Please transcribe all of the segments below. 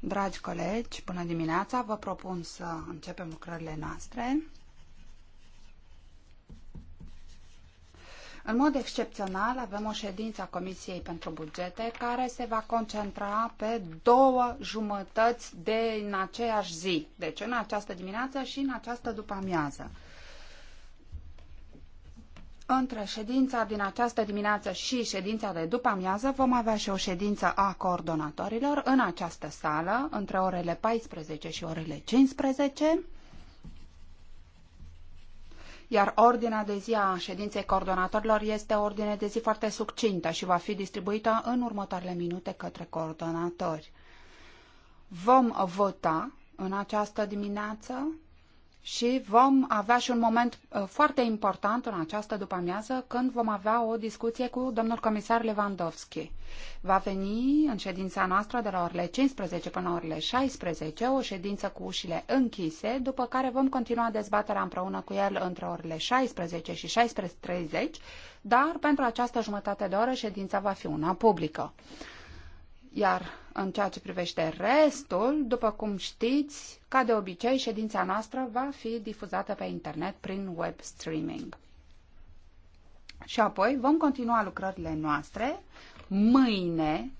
Dragi colegi, bună dimineața! Vă propun să începem lucrările noastre. În mod excepțional, avem o ședință a Comisiei pentru Bugete care se va concentra pe două jumătăți de în aceeași zi, deci în această dimineață și în această după amiază. Între ședința din această dimineață și ședința de după amiază vom avea și o ședință a coordonatorilor în această sală între orele 14 și orele 15 iar ordinea de zi a ședinței coordonatorilor este o ordine de zi foarte succintă și va fi distribuită în următoarele minute către coordonatori. Vom vota în această dimineață și vom avea și un moment uh, foarte important în această după-amiază când vom avea o discuție cu domnul comisar Lewandowski. Va veni în ședința noastră de la orele 15 până la orele 16, o ședință cu ușile închise, după care vom continua dezbaterea împreună cu el între orele 16 și 16.30, dar pentru această jumătate de oră ședința va fi una publică. Iar în ceea ce privește restul, după cum știți, ca de obicei, ședința noastră va fi difuzată pe internet prin web streaming. Și apoi vom continua lucrările noastre mâine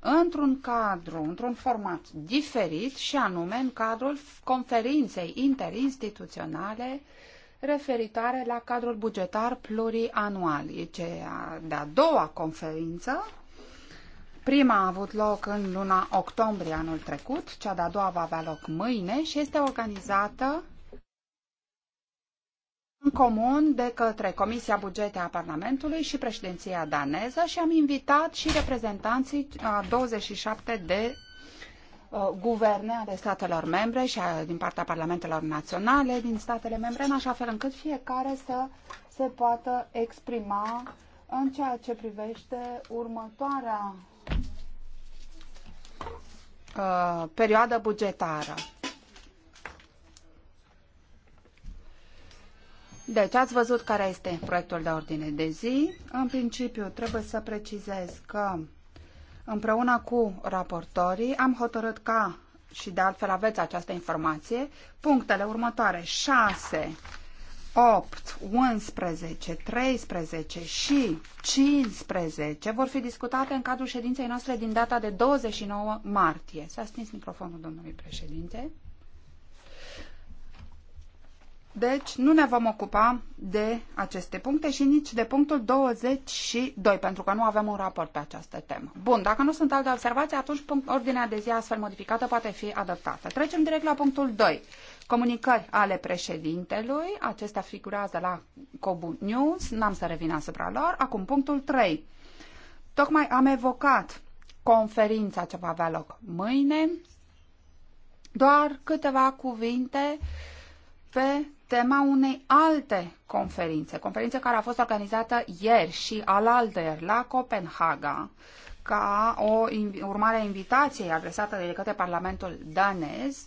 într-un cadru, într-un format diferit și anume în cadrul conferinței interinstituționale referitoare la cadrul bugetar plurianual. E cea de-a doua conferință Prima a avut loc în luna octombrie anul trecut, cea de-a doua va avea loc mâine și este organizată în comun de către Comisia Bugete a Parlamentului și președinția daneză și am invitat și reprezentanții a 27 de guverne ale statelor membre și a, din partea parlamentelor naționale din statele membre, în așa fel încât fiecare să se poată exprima în ceea ce privește următoarea Perioada uh, perioadă bugetară. Deci ați văzut care este proiectul de ordine de zi. În principiu trebuie să precizez că împreună cu raportorii am hotărât ca, și de altfel aveți această informație, punctele următoare 6, 8, 11, 13 și 15 vor fi discutate în cadrul ședinței noastre din data de 29 martie. S-a stins microfonul domnului președinte. Deci nu ne vom ocupa de aceste puncte și nici de punctul 22, pentru că nu avem un raport pe această temă. Bun, dacă nu sunt alte observații, atunci ordinea de zi astfel modificată poate fi adoptată. Trecem direct la punctul 2 comunicări ale președintelui, acestea figurează la Cobu News, n-am să revin asupra lor. Acum, punctul 3. Tocmai am evocat conferința ce va avea loc mâine, doar câteva cuvinte pe tema unei alte conferințe, conferințe care a fost organizată ieri și ieri la Copenhaga, ca o urmare a invitației adresată de către Parlamentul danez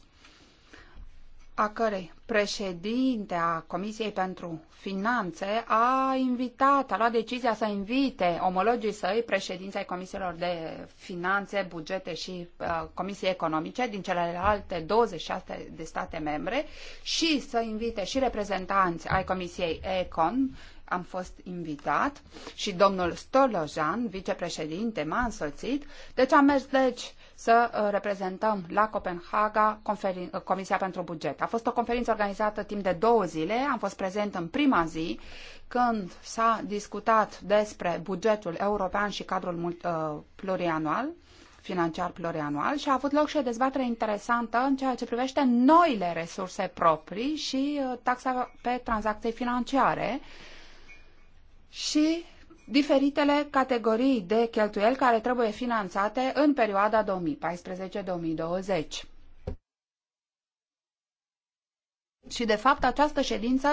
a cărei președinte a Comisiei pentru Finanțe a invitat, a luat decizia să invite omologii săi, președinții Comisiilor de Finanțe, Bugete și uh, Comisii Economice din celelalte 26 de state membre și să invite și reprezentanți ai Comisiei Econ, am fost invitat, și domnul Stolojan, vicepreședinte, m-a însoțit. Deci am mers, deci, să uh, reprezentăm la Copenhaga uh, Comisia pentru Buget. A fost o conferință organizată timp de două zile, am fost prezent în prima zi când s-a discutat despre bugetul european și cadrul uh, plurianual financiar plurianual și a avut loc și o dezbatere interesantă în ceea ce privește noile resurse proprii și taxa pe tranzacții financiare. Și diferitele categorii de cheltuieli care trebuie finanțate în perioada 2014-2020. Și, de fapt, această ședință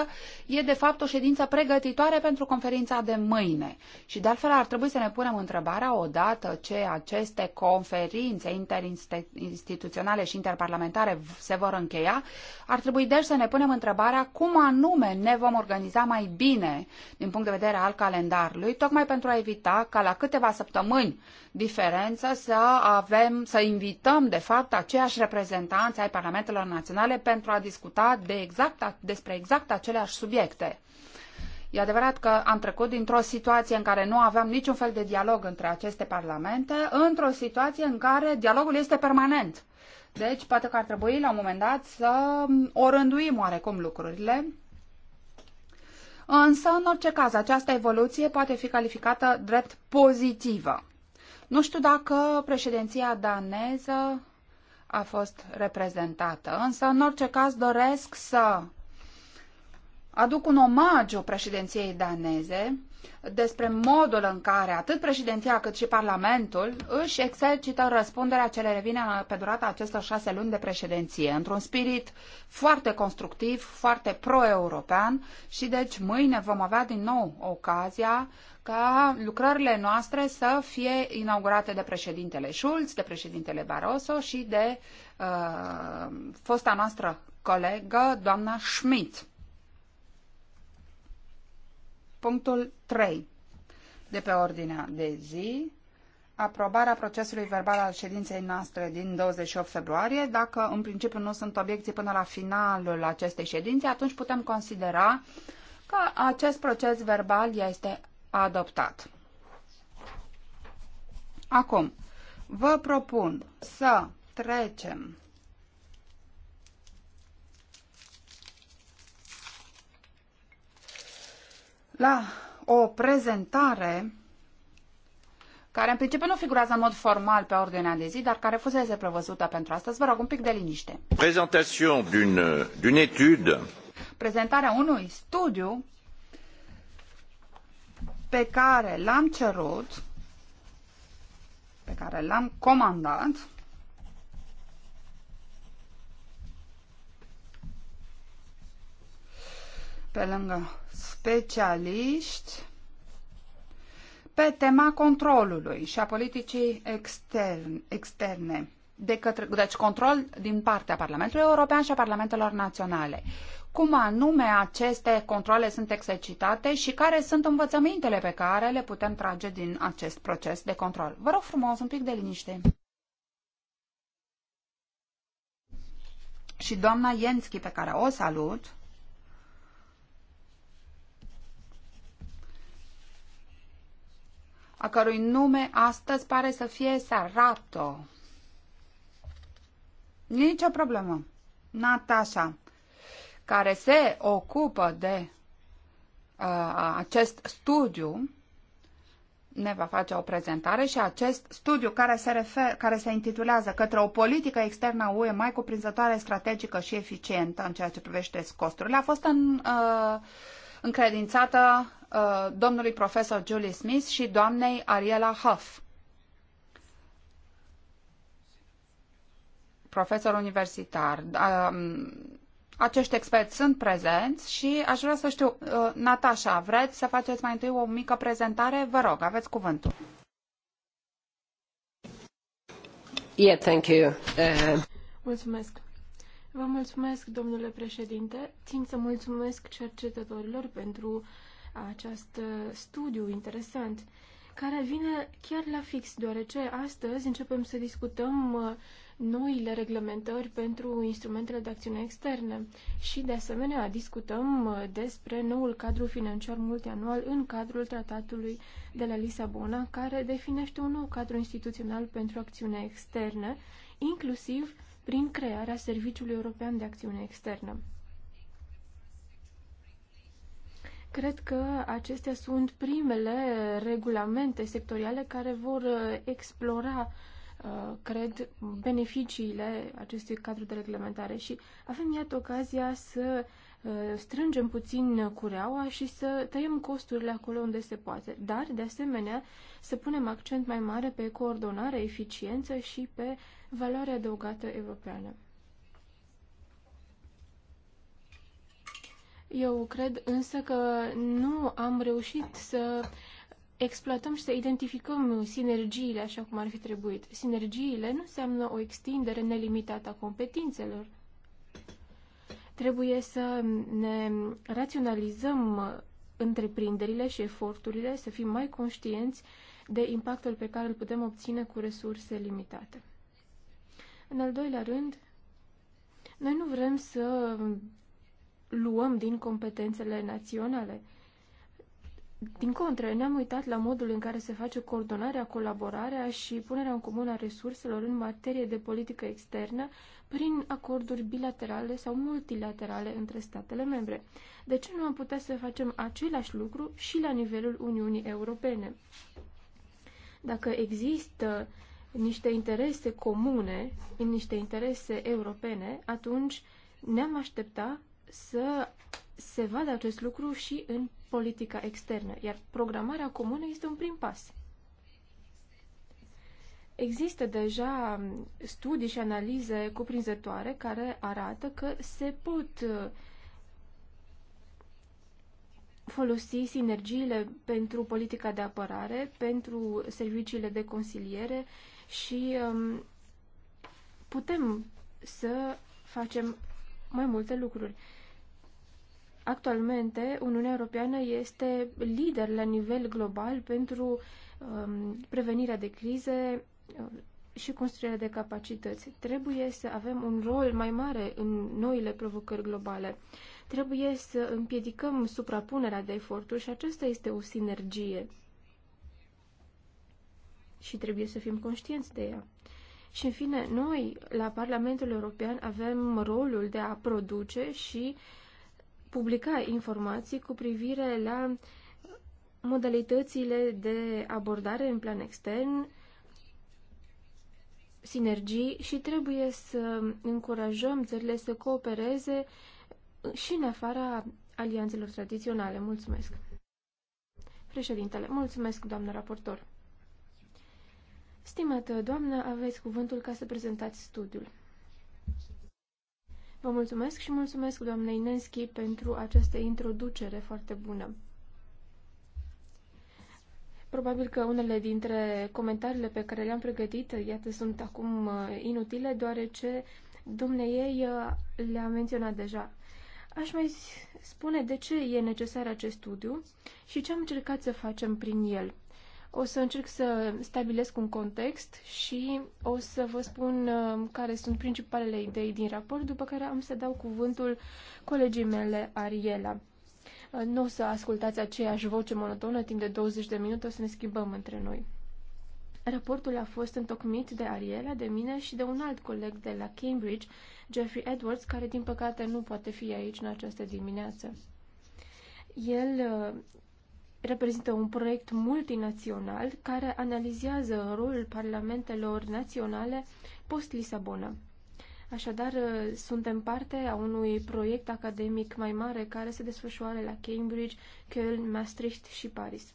e, de fapt, o ședință pregătitoare pentru conferința de mâine. Și, de altfel, ar trebui să ne punem întrebarea, odată ce aceste conferințe interinstituționale și interparlamentare se vor încheia, ar trebui, deci, să ne punem întrebarea cum anume ne vom organiza mai bine din punct de vedere al calendarului, tocmai pentru a evita ca la câteva săptămâni diferență să avem, să invităm, de fapt, aceiași reprezentanți ai Parlamentelor Naționale pentru a discuta de exact, despre exact aceleași subiecte. E adevărat că am trecut dintr-o situație în care nu aveam niciun fel de dialog între aceste parlamente, într-o situație în care dialogul este permanent. Deci, poate că ar trebui la un moment dat să orânduim oarecum lucrurile. Însă, în orice caz, această evoluție poate fi calificată drept pozitivă. Nu știu dacă președinția daneză a fost reprezentată. Însă, în orice caz, doresc să aduc un omagiu președinției daneze despre modul în care atât președinția cât și Parlamentul își exercită răspunderea ce le revine pe durata acestor șase luni de președinție, într-un spirit foarte constructiv, foarte pro-european și deci mâine vom avea din nou ocazia ca lucrările noastre să fie inaugurate de președintele Schulz, de președintele Barroso și de uh, fosta noastră colegă, doamna Schmidt punctul 3 de pe ordinea de zi, aprobarea procesului verbal al ședinței noastre din 28 februarie. Dacă în principiu nu sunt obiecții până la finalul acestei ședințe, atunci putem considera că acest proces verbal este adoptat. Acum, vă propun să trecem la o prezentare care în principiu nu figurează în mod formal pe ordinea de zi, dar care fusese prevăzută pentru astăzi. Vă rog un pic de liniște. Prezentarea unui studiu pe care l-am cerut, pe care l-am comandat, pe lângă specialiști pe tema controlului și a politicii extern, externe. De către, deci control din partea Parlamentului European și a Parlamentelor Naționale. Cum anume aceste controle sunt exercitate și care sunt învățămintele pe care le putem trage din acest proces de control? Vă rog frumos, un pic de liniște. Și doamna Jenski, pe care o salut, a cărui nume astăzi pare să fie Sarato. Nici o problemă. Natasha, care se ocupă de uh, acest studiu, ne va face o prezentare și acest studiu care se, refer, care se intitulează către o politică externă a UE mai cuprinzătoare, strategică și eficientă în ceea ce privește costurile a fost în, uh, încredințată Uh, domnului profesor Julie Smith și doamnei Ariela Huff. profesor universitar. Um, acești experți sunt prezenți și aș vrea să știu, uh, Natasha, vreți să faceți mai întâi o mică prezentare? Vă rog, aveți cuvântul. Yeah, thank you. Uh... Mulțumesc. Vă mulțumesc, domnule președinte. Țin să mulțumesc cercetătorilor pentru uh, acest uh, studiu interesant, care vine chiar la fix, deoarece astăzi începem să discutăm uh, noile reglementări pentru instrumentele de acțiune externă și, de asemenea, discutăm uh, despre noul cadru financiar multianual în cadrul tratatului de la Lisabona, care definește un nou cadru instituțional pentru acțiune externă, inclusiv prin crearea Serviciului European de Acțiune Externă. Cred că acestea sunt primele regulamente sectoriale care vor uh, explora, uh, cred, beneficiile acestui cadru de reglementare și avem, iată, ocazia să uh, strângem puțin cureaua și să tăiem costurile acolo unde se poate, dar, de asemenea, să punem accent mai mare pe coordonare, eficiență și pe valoarea adăugată europeană. Eu cred însă că nu am reușit să exploatăm și să identificăm sinergiile așa cum ar fi trebuit. Sinergiile nu înseamnă o extindere nelimitată a competințelor. Trebuie să ne raționalizăm întreprinderile și eforturile, să fim mai conștienți de impactul pe care îl putem obține cu resurse limitate. În al doilea rând, noi nu vrem să luăm din competențele naționale. Din contră, ne-am uitat la modul în care se face coordonarea, colaborarea și punerea în comun a resurselor în materie de politică externă prin acorduri bilaterale sau multilaterale între statele membre. De ce nu am putea să facem același lucru și la nivelul Uniunii Europene? Dacă există niște interese comune, niște interese europene, atunci ne-am aștepta să se vadă acest lucru și în politica externă, iar programarea comună este un prim pas. Există deja studii și analize cuprinzătoare care arată că se pot uh, folosi sinergiile pentru politica de apărare, pentru serviciile de consiliere și um, putem să facem mai multe lucruri. Actualmente, Uniunea Europeană este lider la nivel global pentru um, prevenirea de crize uh, și construirea de capacități. Trebuie să avem un rol mai mare în noile provocări globale. Trebuie să împiedicăm suprapunerea de eforturi și aceasta este o sinergie. Și trebuie să fim conștienți de ea. Și, în fine, noi, la Parlamentul European, avem rolul de a produce și uh, publica informații cu privire la modalitățile de abordare în plan extern, sinergii și trebuie să încurajăm țările să coopereze și în afara alianțelor tradiționale. Mulțumesc. Președintele, mulțumesc, doamnă raportor. Stimată doamnă, aveți cuvântul ca să prezentați studiul. Vă mulțumesc și mulțumesc doamnei Nenski pentru această introducere foarte bună. Probabil că unele dintre comentariile pe care le-am pregătit, iată, sunt acum uh, inutile, deoarece dumneiei uh, le-a menționat deja. Aș mai spune de ce e necesar acest studiu și ce am încercat să facem prin el. O să încerc să stabilesc un context și o să vă spun um, care sunt principalele idei din raport, după care am să dau cuvântul colegii mele, Ariela. Uh, nu o să ascultați aceeași voce monotonă timp de 20 de minute, o să ne schimbăm între noi. Raportul a fost întocmit de Ariela, de mine și de un alt coleg de la Cambridge, Jeffrey Edwards, care din păcate nu poate fi aici în această dimineață. El uh, reprezintă un proiect multinațional care analizează rolul parlamentelor naționale post-Lisabona. Așadar, uh, suntem parte a unui proiect academic mai mare care se desfășoară la Cambridge, Köln, Maastricht și Paris.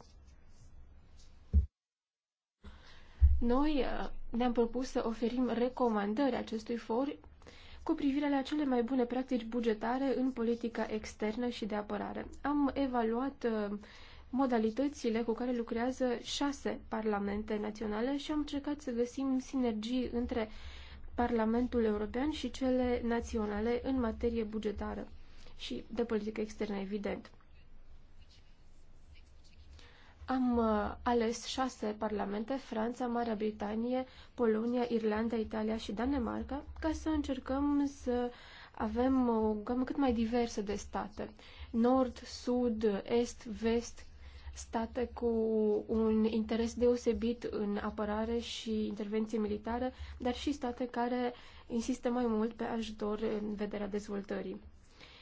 Noi uh, ne-am propus să oferim recomandări acestui for cu privire la cele mai bune practici bugetare în politica externă și de apărare. Am evaluat uh, modalitățile cu care lucrează șase parlamente naționale și am încercat să găsim sinergii între Parlamentul European și cele naționale în materie bugetară și de politică externă, evident. Am uh, ales șase parlamente, Franța, Marea Britanie, Polonia, Irlanda, Italia și Danemarca, ca să încercăm să avem o gamă cât mai diversă de state. Nord, Sud, Est, Vest, state cu un interes deosebit în apărare și intervenție militară, dar și state care insistă mai mult pe ajutor în vederea dezvoltării.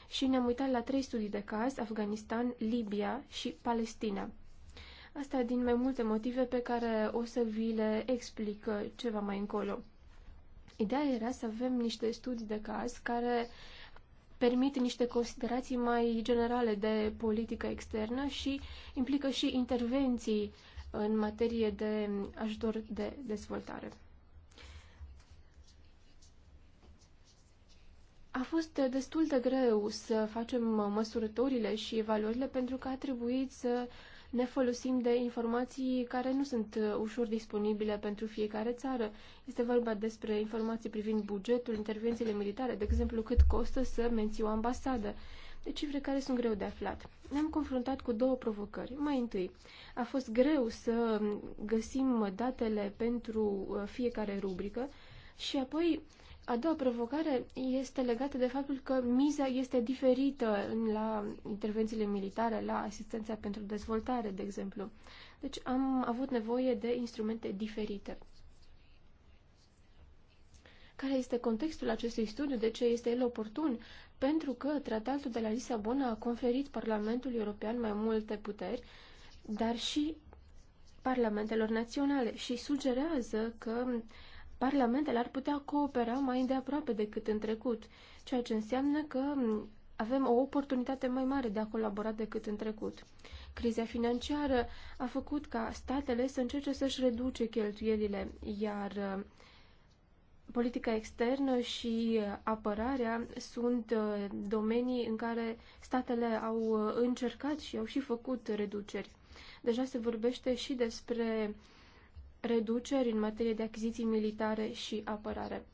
Și ne-am uitat la trei studii de caz, Afganistan, Libia și Palestina. Asta din mai multe motive pe care o să vi le explic ceva mai încolo. Ideea era să avem niște studii de caz care uh, permit niște considerații mai generale de politică externă și implică și intervenții în materie de ajutor de dezvoltare. A fost destul de greu să facem măsurătorile și evaluările pentru că a trebuit să ne folosim de informații care nu sunt uh, ușor disponibile pentru fiecare țară. Este vorba despre informații privind bugetul, intervențiile militare, de exemplu cât costă să menții o ambasadă. De cifre care sunt greu de aflat. Ne-am confruntat cu două provocări. Mai întâi, a fost greu să găsim datele pentru uh, fiecare rubrică și apoi a doua provocare este legată de faptul că miza este diferită la intervențiile militare, la asistența pentru dezvoltare, de exemplu. Deci am avut nevoie de instrumente diferite. Care este contextul acestui studiu? De ce este el oportun? Pentru că tratatul de la Lisabona a conferit Parlamentului European mai multe puteri, dar și parlamentelor naționale și sugerează că parlamentele ar putea coopera mai îndeaproape decât în trecut, ceea ce înseamnă că avem o oportunitate mai mare de a colabora decât în trecut. Criza financiară a făcut ca statele să încerce să-și reduce cheltuielile, iar uh, politica externă și uh, apărarea sunt uh, domenii în care statele au încercat și au și făcut reduceri. Deja se vorbește și despre reduceri în materie de achiziții militare și apărare.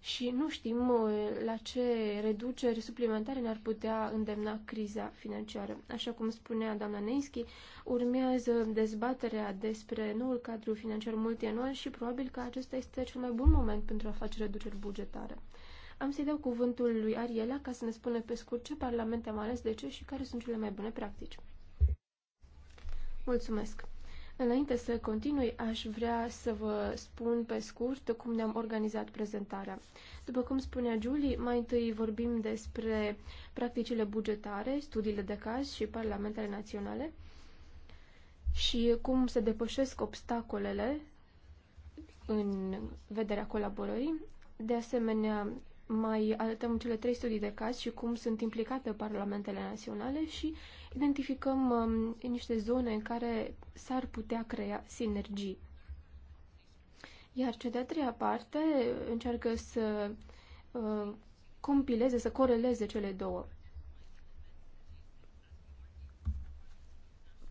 Și nu știm uh, la ce reduceri suplimentare ne-ar putea îndemna criza financiară. Așa cum spunea doamna Neinschi, urmează dezbaterea despre noul cadru financiar multianual și probabil că acesta este cel mai bun moment pentru a face reduceri bugetare. Am să-i dau cuvântul lui Ariela ca să ne spună pe scurt ce parlamente am ales, de ce și care sunt cele mai bune practici. Mulțumesc! Înainte să continui, aș vrea să vă spun pe scurt cum ne-am organizat prezentarea. După cum spunea Julie, mai întâi vorbim despre practicile bugetare, studiile de caz și parlamentele naționale și cum se depășesc obstacolele în vederea colaborării. De asemenea, mai arătăm cele trei studii de caz și cum sunt implicate parlamentele naționale și identificăm um, niște zone în care s-ar putea crea sinergii. Iar cea de-a treia parte încearcă să uh, compileze, să coreleze cele două.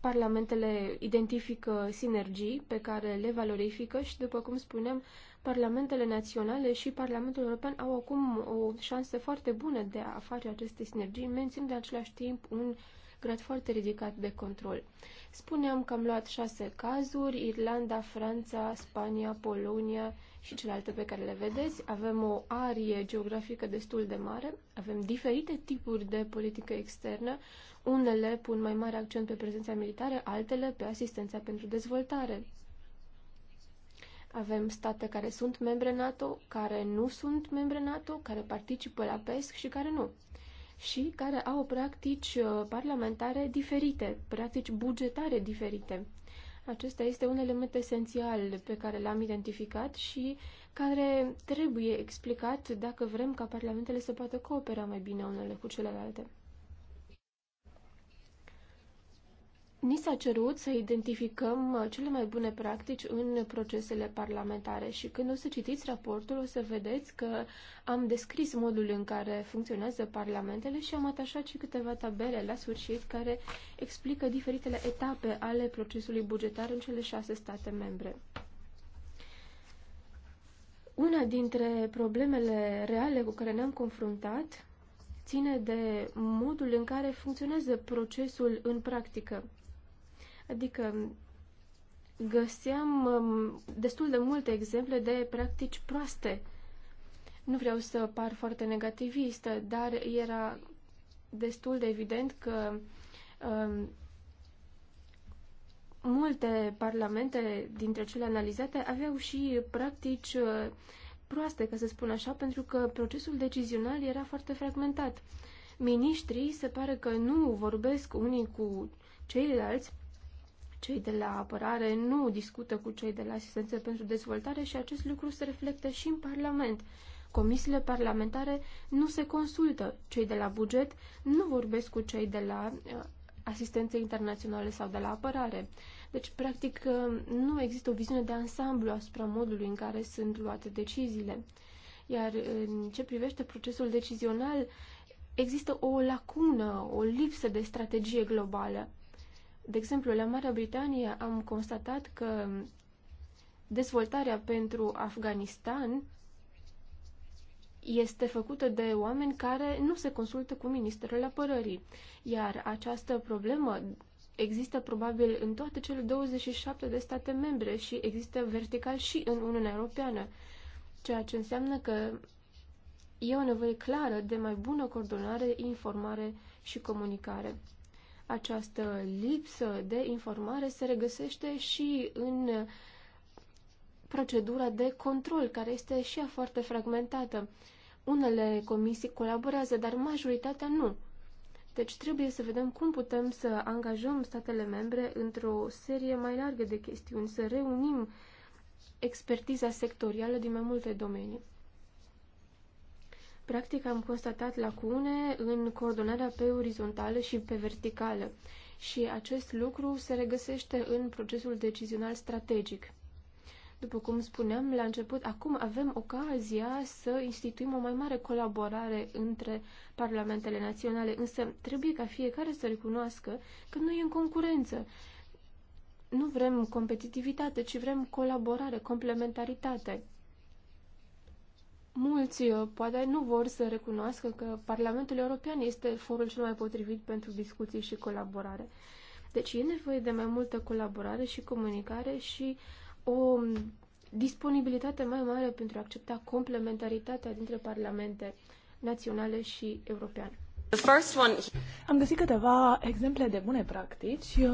Parlamentele identifică sinergii pe care le valorifică și, după cum spuneam, parlamentele naționale și Parlamentul European au acum o șansă foarte bună de a face aceste sinergii, menținând de același timp un uh, grad foarte ridicat de control. Spuneam că am luat șase cazuri, Irlanda, Franța, Spania, Polonia și celelalte pe care le vedeți. Avem o arie geografică destul de mare, avem diferite tipuri de politică externă. Unele pun mai mare accent pe prezența militară, altele pe asistența pentru dezvoltare. Avem state care sunt membre NATO, care nu sunt membre NATO, care participă la PESC și care nu și care au practici uh, parlamentare diferite, practici bugetare diferite. Acesta este un element esențial pe care l-am identificat și care trebuie explicat dacă vrem ca parlamentele să poată coopera mai bine unele cu celelalte. Ni s-a cerut să identificăm uh, cele mai bune practici în procesele parlamentare și când o să citiți raportul o să vedeți că am descris modul în care funcționează parlamentele și am atașat și câteva tabele la sfârșit care explică diferitele etape ale procesului bugetar în cele șase state membre. Una dintre problemele reale cu care ne-am confruntat ține de modul în care funcționează procesul în practică. Adică găseam um, destul de multe exemple de practici proaste. Nu vreau să par foarte negativistă, dar era destul de evident că um, multe parlamente dintre cele analizate aveau și practici uh, proaste, ca să spun așa, pentru că procesul decizional era foarte fragmentat. Miniștrii se pare că nu vorbesc unii cu ceilalți cei de la apărare nu discută cu cei de la asistență pentru dezvoltare și acest lucru se reflectă și în Parlament. Comisiile parlamentare nu se consultă. Cei de la buget nu vorbesc cu cei de la uh, asistență internațională sau de la apărare. Deci, practic, uh, nu există o viziune de ansamblu asupra modului în care sunt luate deciziile. Iar în ce privește procesul decizional, există o lacună, o lipsă de strategie globală. De exemplu, la Marea Britanie am constatat că dezvoltarea pentru Afganistan este făcută de oameni care nu se consultă cu Ministerul Apărării. Iar această problemă există probabil în toate cele 27 de state membre și există vertical și în Uniunea Europeană, ceea ce înseamnă că e o nevoie clară de mai bună coordonare, informare și comunicare. Această lipsă de informare se regăsește și în procedura de control, care este și ea foarte fragmentată. Unele comisii colaborează, dar majoritatea nu. Deci trebuie să vedem cum putem să angajăm statele membre într-o serie mai largă de chestiuni, să reunim expertiza sectorială din mai multe domenii. Practic am constatat lacune în coordonarea pe orizontală și pe verticală și acest lucru se regăsește în procesul decizional strategic. După cum spuneam la început, acum avem ocazia să instituim o mai mare colaborare între parlamentele naționale, însă trebuie ca fiecare să recunoască că nu e în concurență. Nu vrem competitivitate, ci vrem colaborare, complementaritate. Mulți uh, poate nu vor să recunoască că Parlamentul European este forul cel mai potrivit pentru discuții și colaborare. Deci e nevoie de mai multă colaborare și comunicare și o um, disponibilitate mai mare pentru a accepta complementaritatea dintre parlamente naționale și europeane. The first one... Am găsit câteva exemple de bune practici. Uh,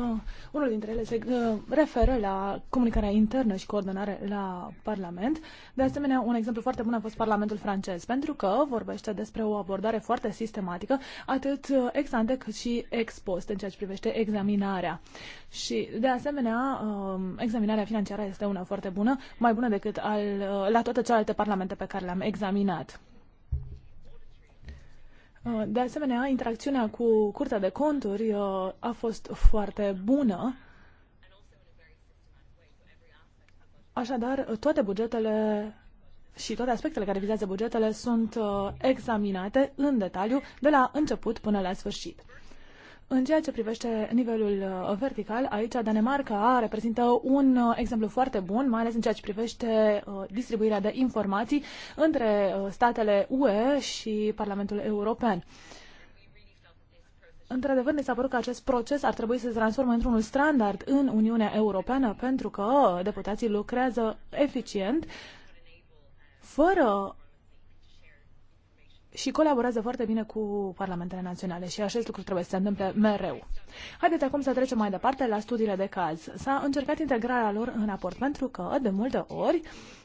unul dintre ele se uh, referă la comunicarea internă și coordonare la Parlament. De asemenea, un exemplu foarte bun a fost Parlamentul francez, pentru că vorbește despre o abordare foarte sistematică, atât uh, ex ante cât și ex post în ceea ce privește examinarea. Și, de asemenea, um, examinarea financiară este una foarte bună, mai bună decât al, la toate celelalte parlamente pe care le-am examinat. Uh, de asemenea, interacțiunea cu Curtea de Conturi uh, a fost foarte bună. Așadar, toate bugetele și toate aspectele care vizează bugetele sunt uh, examinate în detaliu de la început până la sfârșit. În ceea ce privește nivelul uh, vertical, aici Danemarca reprezintă un uh, exemplu foarte bun, mai ales în ceea ce privește uh, distribuirea de informații între statele UE și Parlamentul European. Într-adevăr, ne s-a părut că acest proces ar trebui să se transforme într-unul standard în Uniunea Europeană, pentru că deputații lucrează eficient, fără și colaborează foarte bine cu parlamentele naționale și acest lucru trebuie să se întâmple mereu. Haideți acum să trecem mai departe la studiile de caz. S-a încercat integrarea lor în raport pentru că, de multe ori,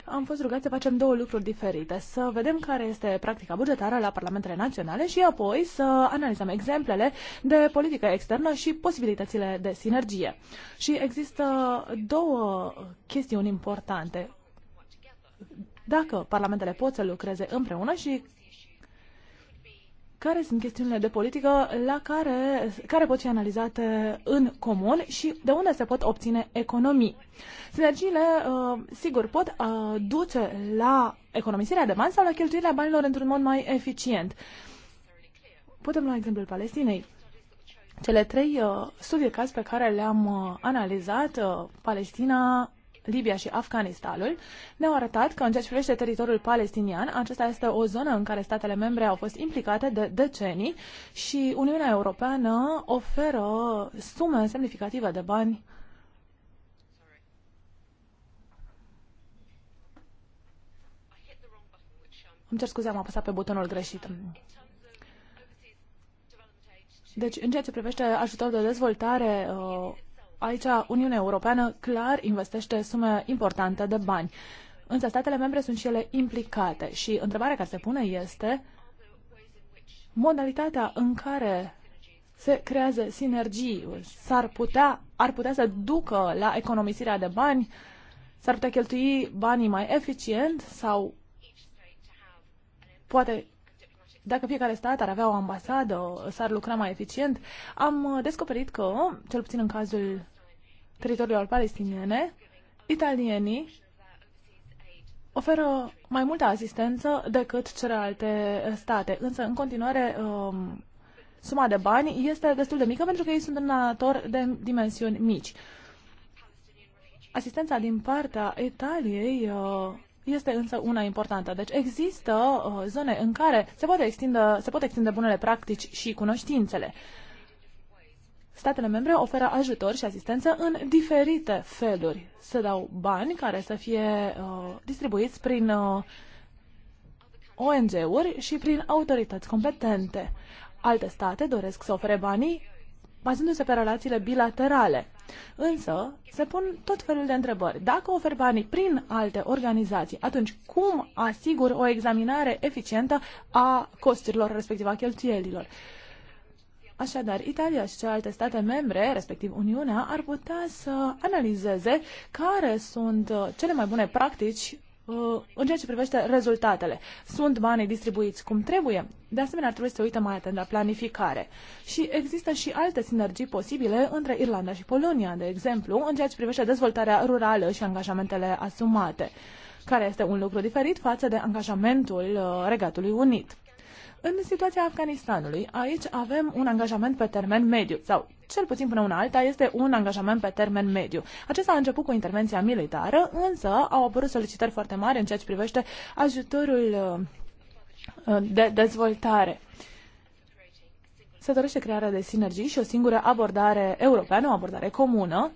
am fost rugați să facem două lucruri diferite. Să vedem care este practica bugetară la parlamentele naționale și apoi să analizăm exemplele de politică externă și posibilitățile de sinergie. Și există două chestiuni importante. Dacă parlamentele pot să lucreze împreună și care sunt chestiunile de politică la care, care pot fi analizate în comun și de unde se pot obține economii. Sinergiile, uh, sigur, pot uh, duce la economisirea de bani sau la cheltuirea banilor într-un mod mai eficient. Putem lua exemplul Palestinei. Cele trei uh, studii caz pe care le-am uh, analizat, uh, Palestina Libia și Afganistanul, ne-au arătat că în ceea ce privește teritoriul palestinian, acesta este o zonă în care statele membre au fost implicate de decenii și Uniunea Europeană oferă sume semnificative de bani Îmi cer scuze, am apăsat pe butonul greșit. Deci, în ceea ce privește ajutorul de dezvoltare uh, aici Uniunea Europeană clar investește sume importante de bani. Însă statele membre sunt și ele implicate și întrebarea care se pune este modalitatea în care se creează sinergii, s-ar putea, ar putea să ducă la economisirea de bani, s-ar putea cheltui banii mai eficient sau poate dacă fiecare stat ar avea o ambasadă, s-ar lucra mai eficient. Am uh, descoperit că, cel puțin în cazul teritoriilor palestiniene, italienii oferă mai multă asistență decât celelalte state. Însă, în continuare, um, suma de bani este destul de mică pentru că ei sunt un donator de dimensiuni mici. Asistența din partea Italiei uh, este însă una importantă. Deci există uh, zone în care se, poate extinde, se pot extinde bunele practici și cunoștințele statele membre oferă ajutor și asistență în diferite feluri. Se dau bani care să fie uh, distribuiți prin uh, ONG-uri și prin autorități competente. Alte state doresc să ofere banii bazându-se pe relațiile bilaterale. Însă, se pun tot felul de întrebări. Dacă ofer banii prin alte organizații, atunci cum asigur o examinare eficientă a costurilor, respectiv a cheltuielilor? Uh, Așadar, Italia și celelalte state membre, respectiv Uniunea, ar putea să analizeze care sunt uh, cele mai bune practici uh, în ceea ce privește rezultatele. Sunt banii distribuiți cum trebuie? De asemenea, ar trebui să uităm mai atent la planificare. Și există și alte sinergii posibile între Irlanda și Polonia, de exemplu, în ceea ce privește dezvoltarea rurală și angajamentele asumate, care este un lucru diferit față de angajamentul uh, Regatului Unit. În situația Afganistanului, aici avem un angajament pe termen mediu, sau cel puțin până una alta este un angajament pe termen mediu. Acesta a început cu intervenția militară, însă au apărut solicitări foarte mari în ceea ce privește ajutorul uh, uh, de dezvoltare. Se dorește crearea de sinergii și o singură abordare europeană, o abordare comună.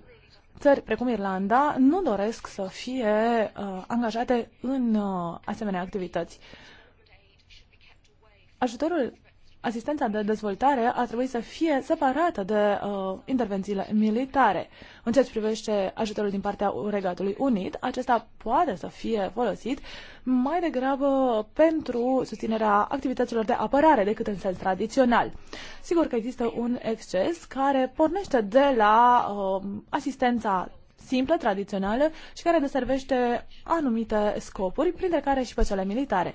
Țări precum Irlanda nu doresc să fie uh, angajate în uh, asemenea activități. Uh, ajutorul, asistența de dezvoltare a trebuit să fie separată de uh, intervențiile militare. În ceea ce privește ajutorul din partea Regatului Unit, acesta poate să fie folosit mai degrabă pentru susținerea activităților de apărare decât în sens tradițional. Sigur că există un exces care pornește de la uh, asistența simplă, tradițională și care deservește anumite scopuri, printre care și pe cele militare.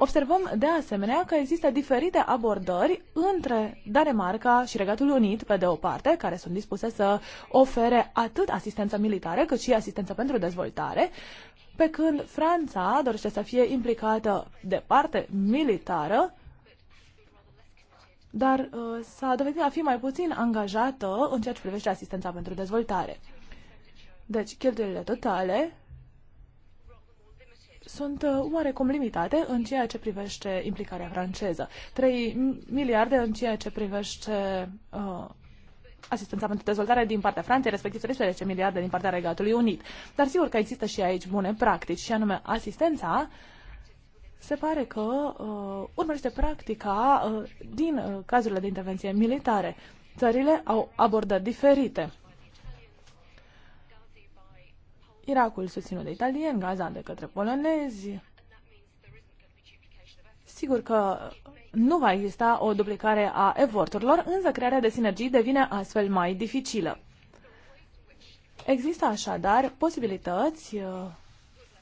Observăm de asemenea că există diferite abordări între Danemarca și Regatul Unit, pe de o parte, care sunt dispuse să ofere atât asistență militară cât și asistență pentru dezvoltare, pe când Franța dorește să fie implicată de parte militară, dar uh, s-a dovedit a fi mai puțin angajată în ceea ce privește asistența pentru dezvoltare. Deci, cheltuielile totale sunt uh, oarecum limitate în ceea ce privește implicarea franceză. 3 miliarde în ceea ce privește uh, asistența pentru dezvoltare din partea Franței, respectiv 13 miliarde din partea Regatului Unit. Dar sigur că există și aici bune practici, și anume asistența se pare că uh, urmărește practica uh, din uh, cazurile de intervenție militare. Țările au abordări diferite. Irakul susținut de italien, Gaza de către polonezi. Sigur că nu va exista o duplicare a eforturilor, însă crearea de sinergii devine astfel mai dificilă. Există așadar posibilități uh,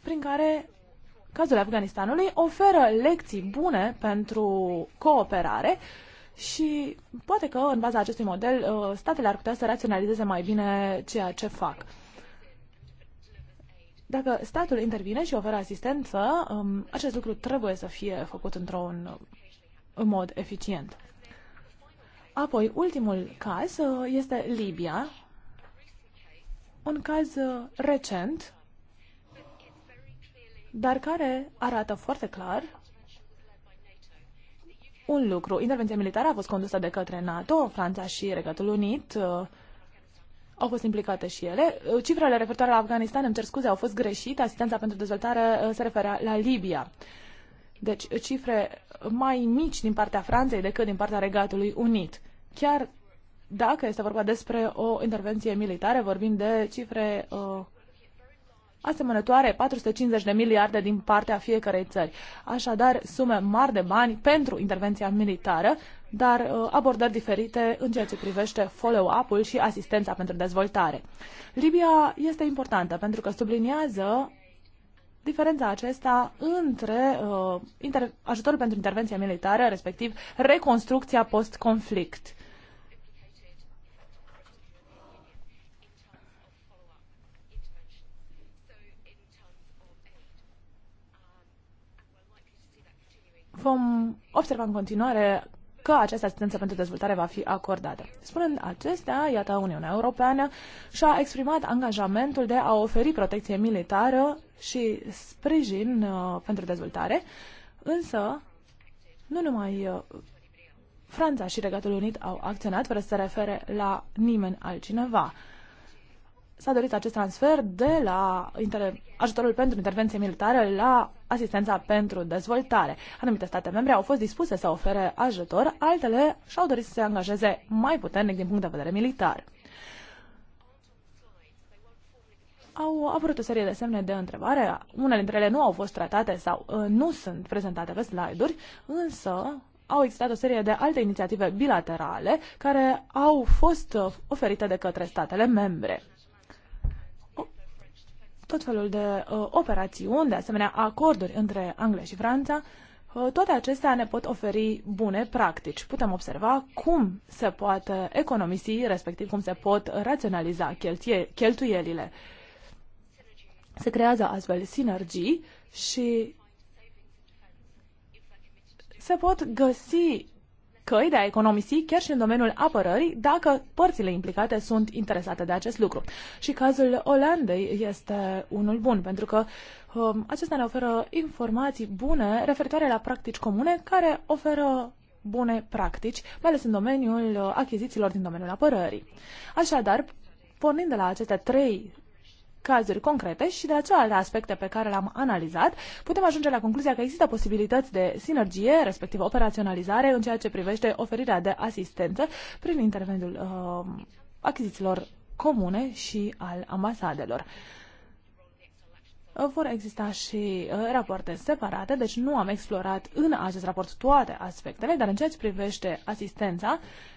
prin care cazul Afganistanului oferă lecții bune pentru cooperare și poate că în baza acestui model uh, statele ar putea să raționalizeze mai bine ceea ce fac. Dacă statul intervine și oferă asistență, um, acest lucru trebuie să fie făcut într-un uh, în mod eficient. Apoi, ultimul caz uh, este Libia, un caz uh, recent, dar care arată foarte clar un lucru. Intervenția militară a fost condusă de către NATO, Franța și Regatul Unit au fost implicate și ele. Uh, Cifrele referitoare la Afganistan, îmi cer scuze, au fost greșite. Asistența pentru dezvoltare uh, se referea la Libia. Deci cifre mai mici din partea Franței decât din partea Regatului Unit. Chiar dacă este vorba despre o intervenție militară, vorbim de cifre uh, asemănătoare, 450 de miliarde din partea fiecarei țări. Așadar, sume mari de bani pentru intervenția militară, dar uh, abordări diferite în ceea ce privește follow-up-ul și asistența pentru dezvoltare. Libia este importantă pentru că subliniază diferența acesta între uh, inter- ajutorul pentru intervenția militară, respectiv reconstrucția post-conflict. Vom observa în continuare că această asistență pentru dezvoltare va fi acordată. Spunând acestea, iată, Uniunea Europeană și-a exprimat angajamentul de a oferi protecție militară și sprijin uh, pentru dezvoltare, însă nu numai uh, Franța și Regatul Unit au acționat fără să se refere la nimeni altcineva s-a dorit acest transfer de la inter- ajutorul pentru intervenție militară la asistența pentru dezvoltare. Anumite state membre au fost dispuse să ofere ajutor, altele și-au dorit să se angajeze mai puternic din punct de vedere militar. Au apărut o serie de semne de întrebare, unele dintre ele nu au fost tratate sau uh, nu sunt prezentate pe slide-uri, însă au existat o serie de alte inițiative bilaterale care au fost uh, oferite de către statele membre tot felul de uh, operațiuni, de asemenea acorduri între Anglia și Franța, uh, toate acestea ne pot oferi bune practici. Putem observa cum se poate economisi, respectiv cum se pot raționaliza cheltie, cheltuielile. Se creează astfel sinergii și se pot găsi căi de a economisi chiar și în domeniul apărării dacă părțile implicate sunt interesate de acest lucru. Și cazul Olandei este unul bun pentru că um, acesta ne oferă informații bune referitoare la practici comune care oferă bune practici, mai ales în domeniul uh, achizițiilor din domeniul apărării. Așadar, pornind de la aceste trei cazuri concrete și de la celelalte aspecte pe care le-am analizat, putem ajunge la concluzia că există posibilități de sinergie, respectiv operaționalizare, în ceea ce privește oferirea de asistență prin intermediul uh, achizițiilor comune și al ambasadelor. Uh, vor exista și uh, rapoarte separate, deci nu am explorat în acest raport toate aspectele, dar în ceea ce privește asistența, uh,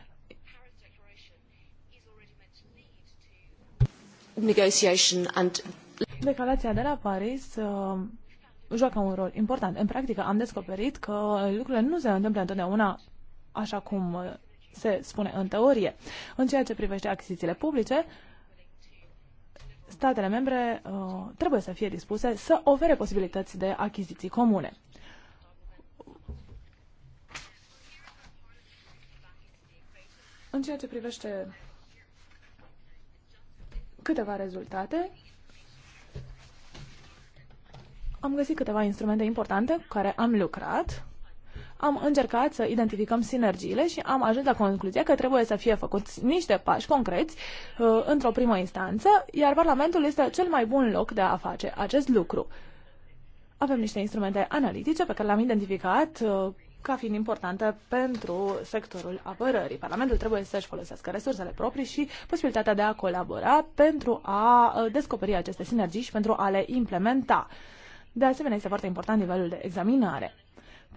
negotiation and Declarația de la Paris uh, joacă un rol important. În practică am descoperit că lucrurile nu se întâmplă întotdeauna așa cum uh, se spune în teorie. În ceea ce privește achizițiile publice, statele membre uh, trebuie să fie dispuse să ofere posibilități de achiziții comune. În ceea ce privește câteva rezultate. Am găsit câteva instrumente importante cu care am lucrat. Am încercat să identificăm sinergiile și am ajuns la concluzia că trebuie să fie făcuți niște pași concreți uh, într-o primă instanță, iar Parlamentul este cel mai bun loc de a face acest lucru. Avem niște instrumente analitice pe care le-am identificat uh, ca fiind importante pentru sectorul apărării. Parlamentul trebuie să-și folosească resursele proprii și posibilitatea de a colabora pentru a descoperi aceste sinergii și pentru a le implementa. De asemenea, este foarte important nivelul de examinare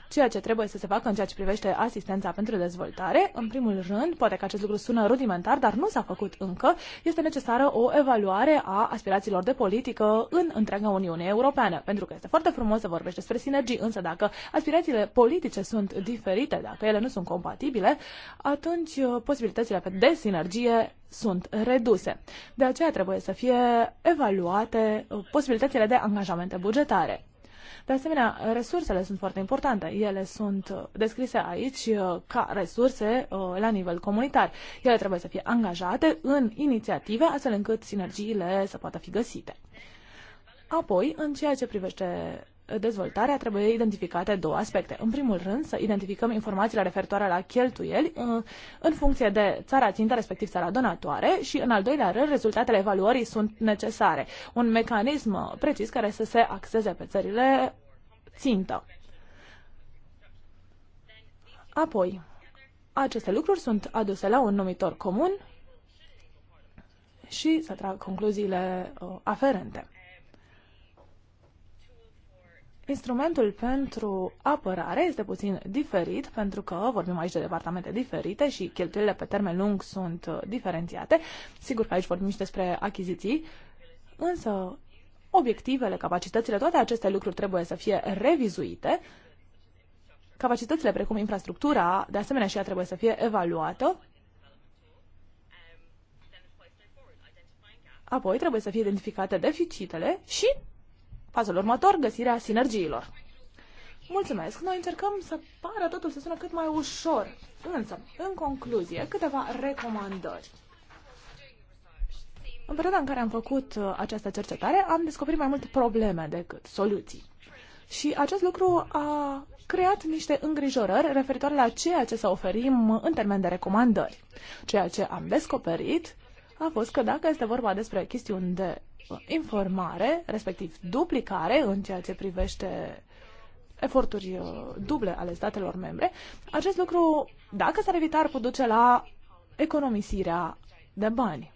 ceea ce trebuie să se facă în ceea ce privește asistența pentru dezvoltare. În primul rând, poate că acest lucru sună rudimentar, dar nu s-a făcut încă, este necesară o evaluare a aspirațiilor de politică în întreaga Uniune Europeană, pentru că este foarte frumos să vorbești despre sinergii, însă dacă aspirațiile politice sunt diferite, dacă ele nu sunt compatibile, atunci uh, posibilitățile de sinergie sunt reduse. De aceea trebuie să fie evaluate uh, posibilitățile de angajamente bugetare. De asemenea, resursele sunt foarte importante. Ele sunt uh, descrise aici uh, ca resurse uh, la nivel comunitar. Ele trebuie să fie angajate în inițiative astfel încât sinergiile să poată fi găsite. Apoi, în ceea ce privește dezvoltare trebuie identificate două aspecte. În primul rând, să identificăm informațiile referitoare la cheltuieli uh, în funcție de țara țintă, respectiv țara donatoare și, în al doilea rând, rezultatele evaluării sunt necesare. Un mecanism precis care să se axeze pe țările țintă. Apoi, aceste lucruri sunt aduse la un numitor comun și să trag concluziile uh, aferente. Instrumentul pentru apărare este puțin diferit, pentru că vorbim aici de departamente diferite și cheltuielile pe termen lung sunt uh, diferențiate. Sigur că aici vorbim și despre achiziții, însă obiectivele, capacitățile, toate aceste lucruri trebuie să fie revizuite. Capacitățile precum infrastructura, de asemenea și ea trebuie să fie evaluată. Apoi trebuie să fie identificate deficitele și Fazul următor, găsirea sinergiilor. Mulțumesc! Noi încercăm să pară totul să sună cât mai ușor. Însă, în concluzie, câteva recomandări. În perioada în care am făcut uh, această cercetare, am descoperit mai multe probleme decât soluții. Și acest lucru a creat niște îngrijorări referitoare la ceea ce să oferim în termen de recomandări. Ceea ce am descoperit a fost că dacă este vorba despre chestiuni de uh, informare, respectiv duplicare în ceea ce privește eforturi uh, duble ale statelor membre, acest lucru, dacă s-ar evita, ar duce la economisirea de bani.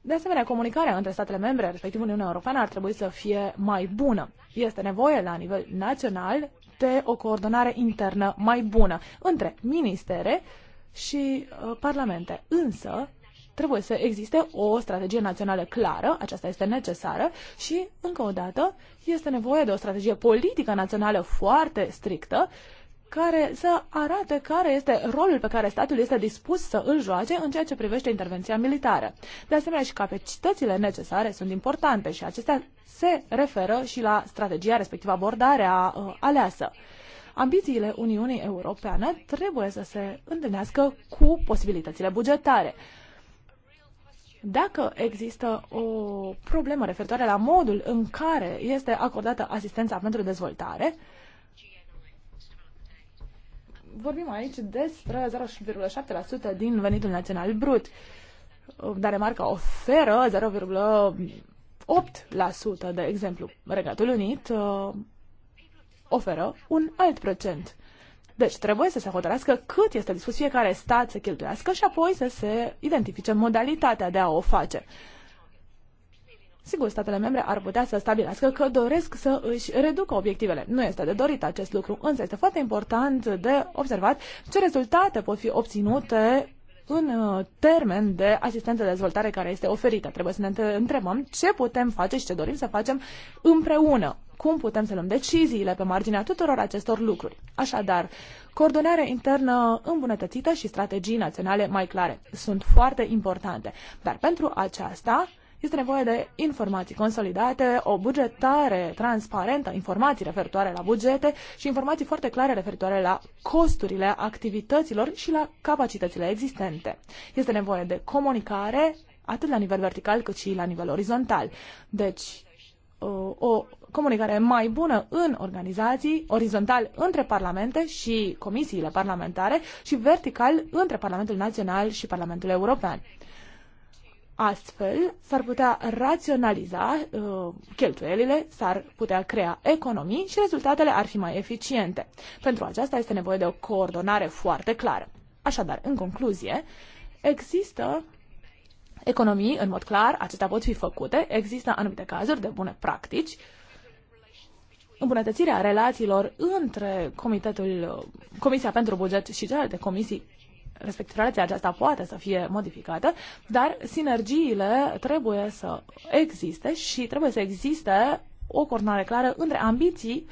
De asemenea, comunicarea între statele membre, respectiv Uniunea Europeană, ar trebui să fie mai bună. Este nevoie, la nivel național, de o coordonare internă mai bună între ministere, uh, și uh, parlamente. Însă, trebuie să existe o strategie națională clară, aceasta este necesară și, încă o dată, este nevoie de o strategie politică națională foarte strictă care să arate care este rolul pe care statul este dispus să îl joace în ceea ce privește intervenția militară. De asemenea, și capacitățile necesare sunt importante și acestea se referă și la strategia, respectivă abordarea uh, aleasă ambițiile Uniunii Europene trebuie să se întâlnească cu posibilitățile bugetare. Dacă există o problemă referitoare la modul în care este acordată asistența pentru dezvoltare, vorbim aici despre 0,7% din venitul național brut. dar Danemarca oferă 0,8%, de exemplu. Regatul Unit oferă un alt procent. Deci trebuie să se hotărască cât este dispus fiecare stat să cheltuiască și apoi să se identifice modalitatea de a o face. Sigur, statele membre ar putea să stabilească că doresc să își reducă obiectivele. Nu este de dorit acest lucru, însă este foarte important de observat ce rezultate pot fi obținute în uh, termen de asistență de dezvoltare care este oferită. Trebuie să ne întrebăm ce putem face și ce dorim să facem împreună. Cum putem să luăm deciziile pe marginea tuturor acestor lucruri. Așadar, coordonare internă îmbunătățită și strategii naționale mai clare sunt foarte importante. Dar pentru aceasta este nevoie de informații consolidate, o bugetare transparentă, informații referitoare la bugete și informații foarte clare referitoare la costurile activităților și la capacitățile existente. Este nevoie de comunicare atât la nivel vertical cât și la nivel orizontal. Deci, uh, o comunicare mai bună în organizații, orizontal între parlamente și comisiile parlamentare și vertical între Parlamentul Național și Parlamentul European. Astfel, s-ar putea raționaliza uh, cheltuielile, s-ar putea crea economii și rezultatele ar fi mai eficiente. Pentru aceasta este nevoie de o coordonare foarte clară. Așadar, în concluzie, există economii, în mod clar, acestea pot fi făcute, există anumite cazuri de bune practici, îmbunătățirea relațiilor între Comitetul, Comisia pentru Buget și celelalte comisii respectiv relația aceasta poate să fie modificată, dar sinergiile trebuie să existe și trebuie să existe o coordonare clară între ambiții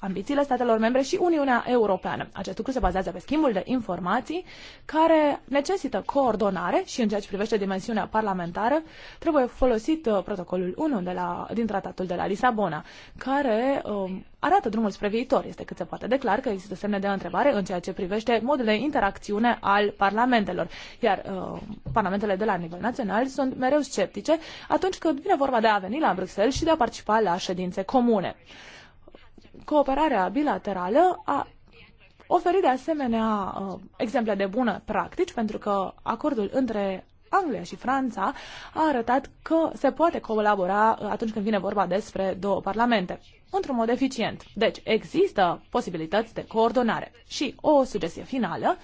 ambițiile statelor membre și Uniunea Europeană. Acest lucru se bazează pe schimbul de informații care necesită coordonare și în ceea ce privește dimensiunea parlamentară trebuie folosit uh, protocolul 1 de la, din tratatul de la Lisabona, care um, arată drumul spre viitor. Este cât se poate declar că există semne de întrebare în ceea ce privește modul de interacțiune al parlamentelor, iar uh, parlamentele de la nivel național sunt mereu sceptice atunci când vine vorba de a veni la Bruxelles și de a participa la ședințe comune. Cooperarea bilaterală a oferit de asemenea uh, exemple de bună practici, pentru că acordul între Anglia și Franța a arătat că se poate colabora uh, atunci când vine vorba despre două parlamente, într-un mod eficient. Deci există posibilități de coordonare. Și o sugestie finală,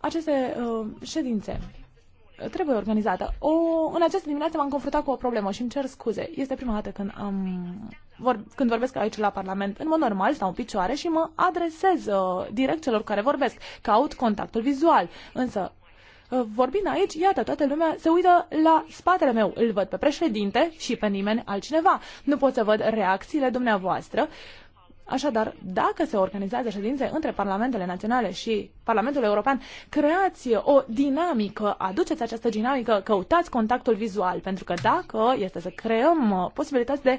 aceste uh, ședințe trebuie organizată. O, în această dimineață m-am confruntat cu o problemă și îmi cer scuze. Este prima dată când, am, vor, când vorbesc aici la Parlament. În mod normal stau în picioare și mă adresez uh, direct celor care vorbesc. Caut contactul vizual. Însă, uh, vorbind aici, iată, toată lumea se uită la spatele meu. Îl văd pe președinte și pe nimeni altcineva. Nu pot să văd reacțiile dumneavoastră. Uh, Așadar, dacă se organizează ședințe între Parlamentele Naționale și Parlamentul European, creați o dinamică, aduceți această dinamică, căutați contactul vizual, pentru că dacă este să creăm uh, posibilități de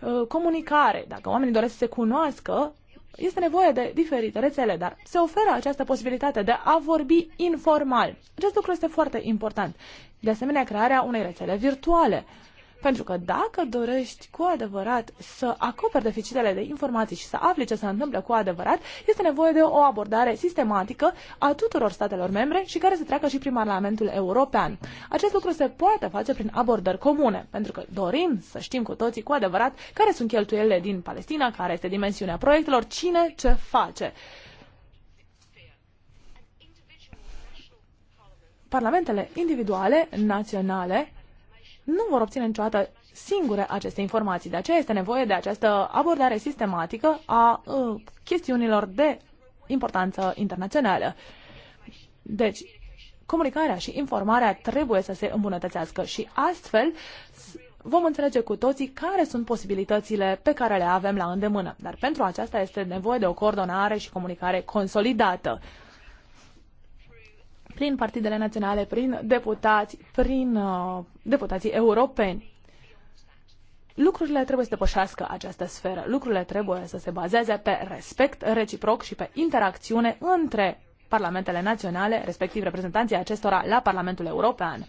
uh, comunicare, dacă oamenii doresc să se cunoască, este nevoie de diferite rețele, dar se oferă această posibilitate de a vorbi informal. Acest lucru este foarte important. De asemenea, crearea unei rețele virtuale. Pentru că dacă dorești cu adevărat să acoperi deficitele de informații și să afli ce se întâmplă cu adevărat, este nevoie de o abordare sistematică a tuturor statelor membre și care să treacă și prin Parlamentul European. Acest lucru se poate face prin abordări comune, pentru că dorim să știm cu toții cu adevărat care sunt cheltuielile din Palestina, care este dimensiunea proiectelor, cine ce face. parlamentele individuale, naționale, nu vor obține niciodată singure aceste informații. De aceea este nevoie de această abordare sistematică a uh, chestiunilor de importanță internațională. Deci, comunicarea și informarea trebuie să se îmbunătățească și astfel vom înțelege cu toții care sunt posibilitățile pe care le avem la îndemână. Dar pentru aceasta este nevoie de o coordonare și comunicare consolidată prin partidele naționale, prin deputați, prin uh, deputații europeni. Lucrurile trebuie să depășească această sferă. Lucrurile trebuie să se bazeze pe respect reciproc și pe interacțiune între parlamentele naționale, respectiv reprezentanții acestora la Parlamentul European.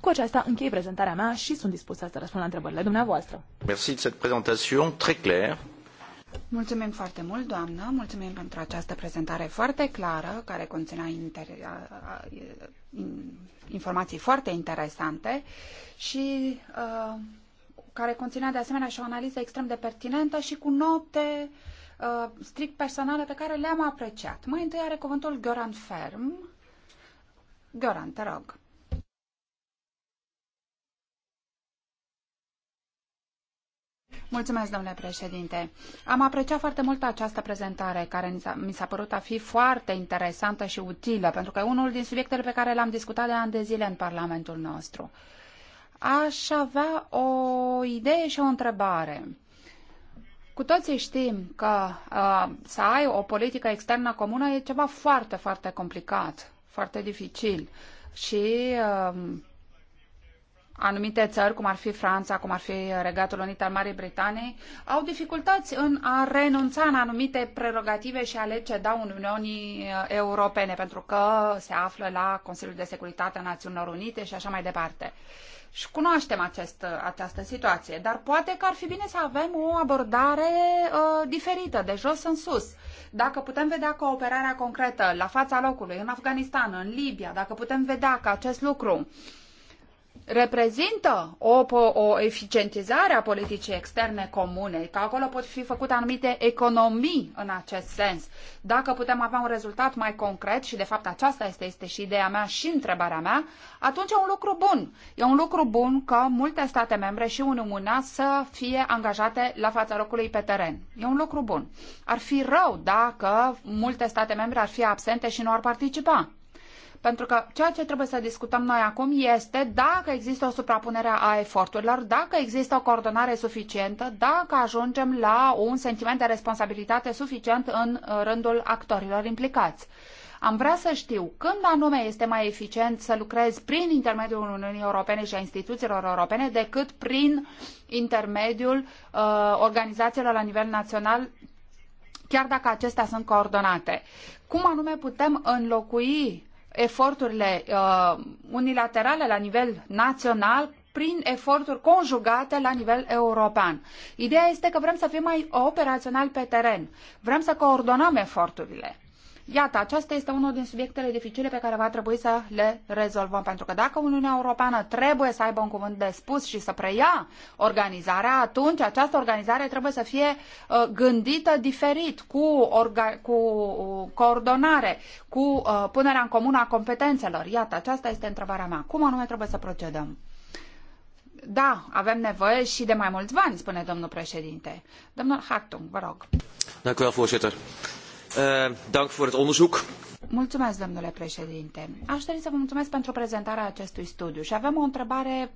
Cu aceasta închei prezentarea mea și sunt dispusă să răspund la întrebările dumneavoastră. Merci de cette prezentare, très claire. Mulțumim foarte mult, doamnă, mulțumim pentru această prezentare foarte clară, care conținea informații foarte interesante și uh, care conținea de asemenea și o analiză extrem de pertinentă și cu note uh, strict personale pe care le-am apreciat. Mai întâi are cuvântul Göran Ferm. Göran, te rog. Mulțumesc, domnule președinte. Am apreciat foarte mult această prezentare, care mi s-a părut a fi foarte interesantă și utilă, pentru că e unul din subiectele pe care l-am discutat de ani de zile în Parlamentul nostru. Aș avea o idee și o întrebare. Cu toții știm că uh, să ai o politică externă comună e ceva foarte, foarte complicat, foarte dificil. Și uh, anumite țări, cum ar fi Franța, cum ar fi Regatul Unit al Marii Britaniei, au dificultăți în a renunța în anumite prerogative și a le ceda Uniunii uh, Europene, pentru că se află la Consiliul de Securitate a Națiunilor Unite și așa mai departe. Și cunoaștem acest, uh, această situație, dar poate că ar fi bine să avem o abordare uh, diferită, de jos în sus. Dacă putem vedea cooperarea concretă la fața locului, în Afganistan, în Libia, dacă putem vedea că acest lucru uh, reprezintă o, o eficientizare a politicii externe comune, că acolo pot fi făcute anumite economii în acest sens. Dacă putem avea un rezultat mai concret, și de fapt aceasta este, este și ideea mea și întrebarea mea, atunci e un lucru bun. E un lucru bun că multe state membre și Uniunea să fie angajate la fața locului pe teren. E un lucru bun. Ar fi rău dacă multe state membre ar fi absente și nu ar participa. Pentru că ceea ce trebuie să discutăm noi acum este dacă există o suprapunere a eforturilor, dacă există o coordonare suficientă, dacă ajungem la un sentiment de responsabilitate suficient în uh, rândul actorilor implicați. Am vrea să știu când anume este mai eficient să lucrezi prin intermediul Uniunii Europene și a instituțiilor europene decât prin intermediul uh, organizațiilor la nivel național, chiar dacă acestea sunt coordonate. Cum anume putem înlocui eforturile uh, unilaterale la nivel național prin eforturi conjugate la nivel european. Ideea este că vrem să fim mai operaționali pe teren. Vrem să coordonăm eforturile. Iată, aceasta este unul din subiectele dificile pe care va trebui să le rezolvăm, pentru că dacă Uniunea Europeană trebuie să aibă un cuvânt de spus și să preia organizarea, atunci această organizare trebuie să fie uh, gândită diferit, cu, orga- cu coordonare, cu uh, punerea în comun a competențelor. Iată, aceasta este întrebarea mea. Cum anume trebuie să procedăm? Da, avem nevoie și de mai mulți bani, spune domnul președinte. Domnul Hartung, vă rog. Dacă fost Eh, dank voor het onderzoek. Mulțumesc, domnule președinte. Aș dori să vă mulțumesc pentru prezentarea acestui studiu și avem o întrebare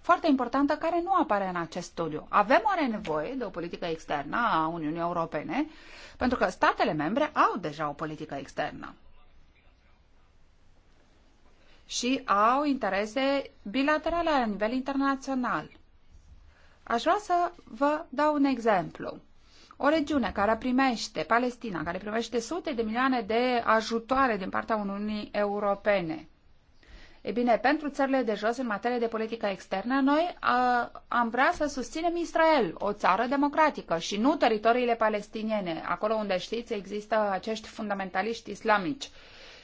foarte importantă care nu apare în acest studiu. Avem oare nevoie de o politică externă a Uniunii Europene? Pentru că statele membre au deja o politică externă și au interese bilaterale la nivel internațional. Aș vrea să vă dau un exemplu. O regiune care primește, Palestina, care primește sute de milioane de ajutoare din partea Uniunii Europene. E bine, pentru țările de jos, în materie de politică externă, noi a, am vrea să susținem Israel, o țară democratică, și nu teritoriile palestiniene, acolo unde știți există acești fundamentaliști islamici. Uh,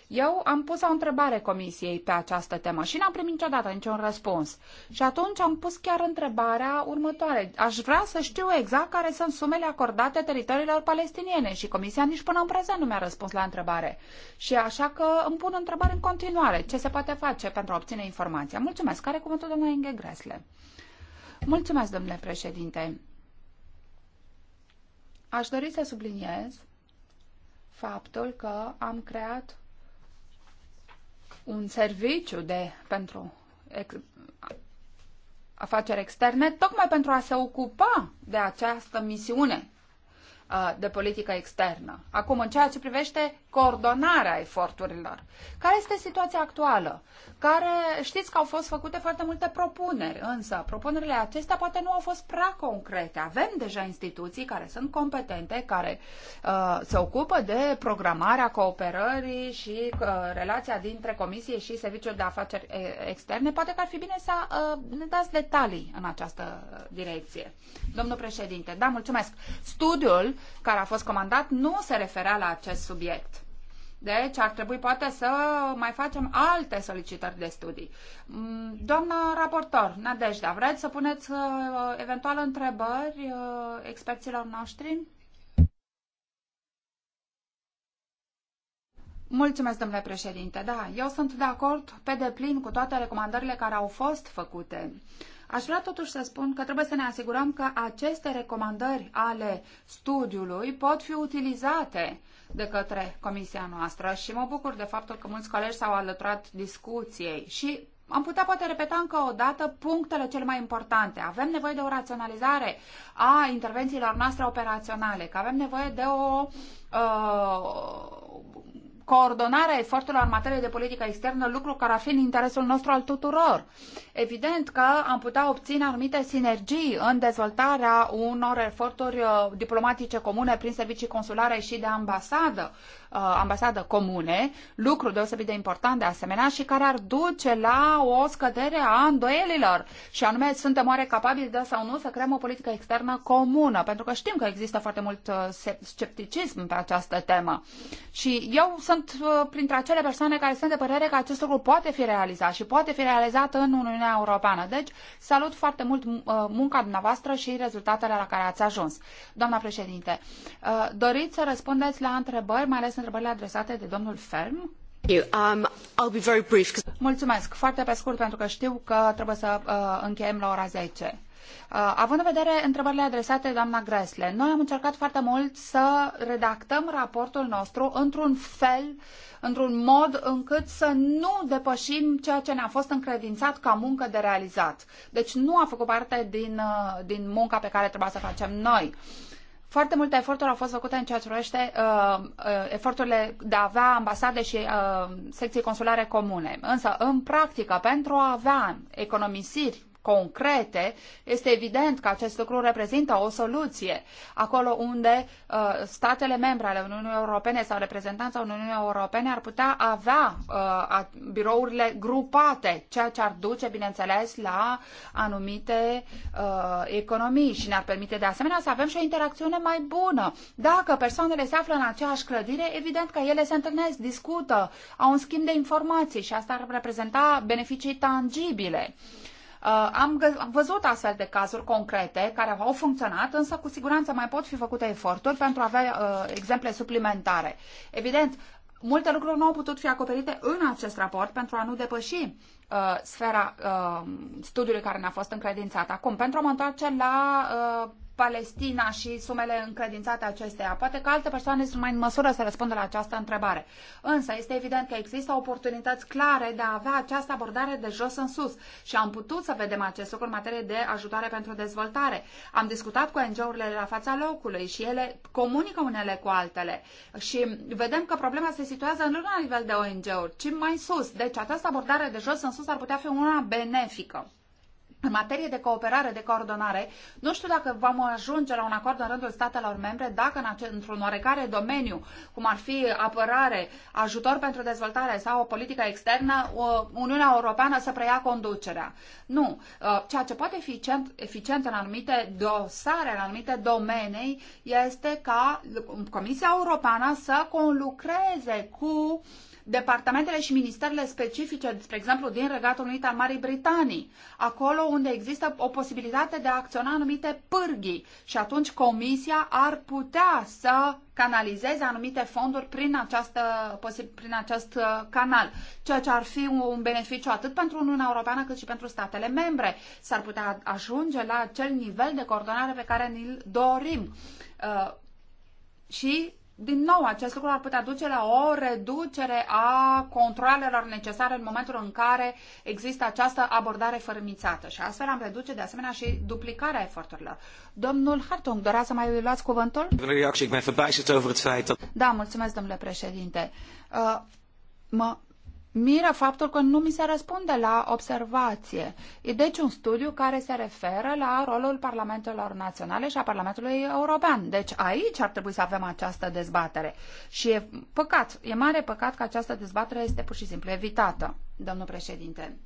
eu am pus o întrebare comisiei pe această temă și n-am primit niciodată niciun răspuns. Și atunci am pus chiar întrebarea următoare. Aș vrea să știu exact care sunt sumele acordate teritoriilor palestiniene și comisia nici până în prezent nu mi-a răspuns la întrebare. Și așa că îmi pun întrebare în continuare. Ce se poate face pentru a obține informația? Mulțumesc. Care cuvântul domnului Inge Gresle? Mulțumesc, domnule președinte. Aș dori să subliniez faptul că am creat un serviciu de, pentru ex, afaceri externe, tocmai pentru a se ocupa de această misiune Uh, de politică externă. Acum, în ceea ce privește coordonarea eforturilor, care este situația actuală? Care, știți că au fost făcute foarte multe propuneri, însă propunerile acestea poate nu au fost prea concrete. Avem deja instituții care sunt competente, care uh, se ocupă de programarea cooperării și uh, relația dintre Comisie și Serviciul de Afaceri uh, Externe. Poate că ar fi bine să uh, ne dați detalii în această uh, direcție. Domnul președinte, da, mulțumesc. Studiul care a fost comandat nu se referea la acest subiect. Deci ar trebui poate să mai facem alte solicitări de studii. Mm, doamna raportor, Nadejda, vreți să puneți uh, eventual întrebări uh, experților noștri? Mulțumesc, domnule președinte. Da, eu sunt de acord pe deplin cu toate recomandările care au fost făcute. Uh, Aș vrea totuși să spun că trebuie să ne asigurăm că aceste recomandări ale studiului pot fi utilizate de către comisia noastră și mă bucur de faptul că mulți colegi s-au alăturat discuției și am putea poate repeta încă o dată punctele cele mai importante. Avem nevoie de o raționalizare a intervențiilor noastre operaționale, că avem nevoie de o uh, coordonarea eforturilor în materie de politică externă, lucru care ar fi în interesul nostru al tuturor. Evident că am putea obține anumite sinergii în dezvoltarea unor eforturi uh, diplomatice comune prin servicii consulare și de ambasadă, Uh, ambasadă comune, lucru deosebit de important de asemenea și care ar duce la o scădere a îndoielilor și anume suntem oare capabili de sau nu să creăm o politică externă comună, pentru că știm că există foarte mult uh, scepticism pe această temă. Și eu sunt uh, printre acele persoane care sunt de părere că acest lucru poate fi realizat și poate fi realizat în Uniunea Europeană. Deci, salut foarte mult munca dumneavoastră și rezultatele la care ați ajuns. Doamna președinte, doriți să răspundeți la întrebări, mai ales întrebările adresate de domnul Ferm. Um, Mulțumesc. Foarte pe scurt, pentru că știu că trebuie să uh, încheiem la ora 10. Uh, având în vedere întrebările adresate doamna Gresle, noi am încercat foarte mult să redactăm raportul nostru într-un fel, într-un mod încât să nu depășim ceea ce ne-a fost încredințat ca muncă de realizat. Deci nu a făcut parte din, uh, din munca pe care trebuia să facem noi. Uh, foarte multe eforturi au fost făcute în ceea ce privește uh, uh, eforturile de a avea ambasade și uh, secții consulare comune. Însă, în practică, pentru a avea economisiri concrete, este evident că acest lucru reprezintă o soluție. Acolo unde uh, statele membre ale Uniunii Europene sau reprezentanța Uniunii Europene ar putea avea uh, birourile grupate, ceea ce ar duce, bineînțeles, la anumite uh, economii și ne-ar permite de asemenea să avem și o interacțiune mai bună. Dacă persoanele se află în aceeași clădire, evident că ele se întâlnesc, discută, au un schimb de informații și asta ar reprezenta beneficii tangibile. Uh, Uh, am, am văzut astfel de cazuri concrete care au funcționat, însă cu siguranță mai pot fi făcute eforturi pentru a avea uh, exemple suplimentare. Evident, multe lucruri nu au putut fi acoperite în acest raport pentru a nu depăși uh, sfera uh, studiului care ne-a fost încredințată. Acum, pentru a mă întoarce la uh, Palestina și sumele încredințate acesteia. Poate că alte persoane sunt mai în măsură să răspundă la această întrebare. Însă este evident că există oportunități clare de a avea această abordare de jos în sus și am putut să vedem acest lucru în materie de ajutoare pentru dezvoltare. Am discutat cu NGO-urile la fața locului și ele comunică unele cu altele și vedem că problema se situează nu la nivel de ONG-uri, ci mai sus. Deci această abordare de jos în sus ar putea fi una benefică în materie de cooperare, de coordonare, nu știu dacă vom ajunge la un acord în rândul statelor membre, dacă în într-un oarecare domeniu, cum ar fi apărare, ajutor pentru dezvoltare sau o politică externă, Uniunea Europeană să preia conducerea. Nu. Uh, ceea ce poate fi eficient, eficient în anumite dosare, în anumite domenii, este ca Comisia Europeană să conlucreze cu uh, departamentele și ministerele specifice, spre exemplu, din Regatul Unit al Marii Britanii, acolo unde există o posibilitate de a acționa anumite pârghii și atunci Comisia ar putea să canalizeze anumite fonduri prin, această, prin acest uh, canal, ceea ce ar fi un beneficiu atât pentru Uniunea Europeană cât și pentru statele membre. S-ar putea ajunge la acel nivel de coordonare pe care ni-l dorim. Uh, și din nou, acest lucru ar putea duce la o reducere a controalelor necesare în momentul în care există această abordare fărâmițată și astfel am reduce de asemenea și duplicarea eforturilor. Domnul Hartung, dorea să mai luați cuvântul? Da, mulțumesc, domnule președinte. Uh, mă miră faptul că nu mi se răspunde la observație. E deci un studiu care se referă la rolul Parlamentelor Naționale și a Parlamentului European. Deci aici ar trebui să avem această dezbatere. Și e păcat, e mare păcat că această dezbatere este pur și simplu evitată, domnul președinte.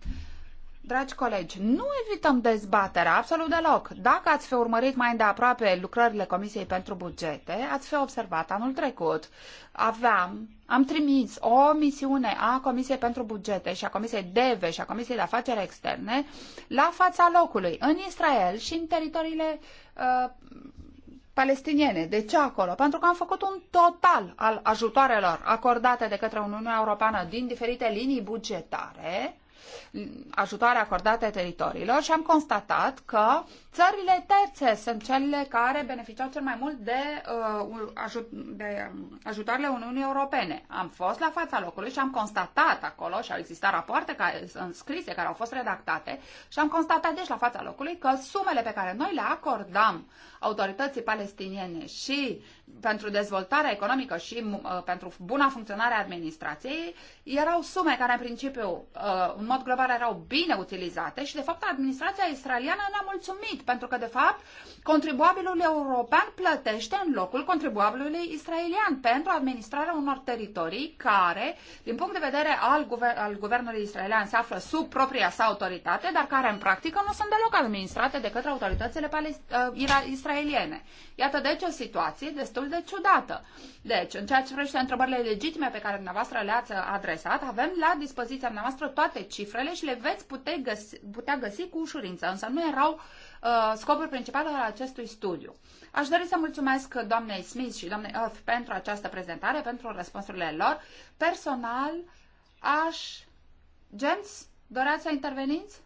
Dragi colegi, nu evităm dezbaterea absolut deloc. Dacă ați fi urmărit mai îndeaproape lucrările Comisiei pentru Bugete, ați fi observat anul trecut. Aveam, am trimis o misiune a Comisiei pentru Bugete și a Comisiei DEVE și a Comisiei de Afaceri Externe la fața locului, în Israel și în teritoriile uh, palestiniene. De ce acolo? Pentru că am făcut un total al ajutoarelor acordate de către Uniunea Europeană din diferite linii bugetare ajutoare acordate teritoriilor și am constatat că țările terțe sunt cele care beneficiau cel mai mult de, uh, ajut, de um, ajutoarele Uniunii Europene. Am fost la fața locului și am constatat acolo și au existat rapoarte care sunt scrise, care au fost redactate și am constatat deci la fața locului că sumele pe care noi le acordam autorității palestiniene și pentru dezvoltarea economică și uh, pentru buna funcționare a administrației, erau sume care în principiu, uh, în mod global, erau bine utilizate și de fapt administrația israeliană ne-a mulțumit pentru că de fapt contribuabilul european plătește în locul contribuabilului israelian pentru administrarea unor teritorii care, din punct de vedere al, guver- al guvernului israelian, se află sub propria sa autoritate, dar care în practică nu sunt deloc administrate de către autoritățile palest- uh, israeliene israeliene. Iată deci o situație destul de ciudată. Deci, în ceea ce vrește întrebările legitime pe care dumneavoastră le-ați adresat, avem la dispoziția noastră toate cifrele și le veți putea găsi, putea găsi cu ușurință, însă nu erau uh, scopul principal al acestui studiu. Aș dori să mulțumesc doamnei Smith și doamnei Earth pentru această prezentare, pentru răspunsurile lor. Personal, aș... James, doreați să interveniți?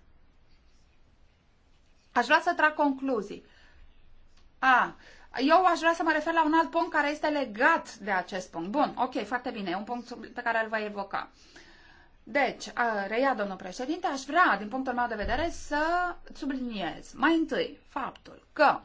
Aș vrea să trag concluzii. A, eu aș vrea să mă refer la un alt punct care este legat de acest punct. Bun, ok, foarte bine, e un punct pe care îl voi evoca. Deci, reia domnul președinte, aș vrea, din punctul meu de vedere, să subliniez mai întâi faptul că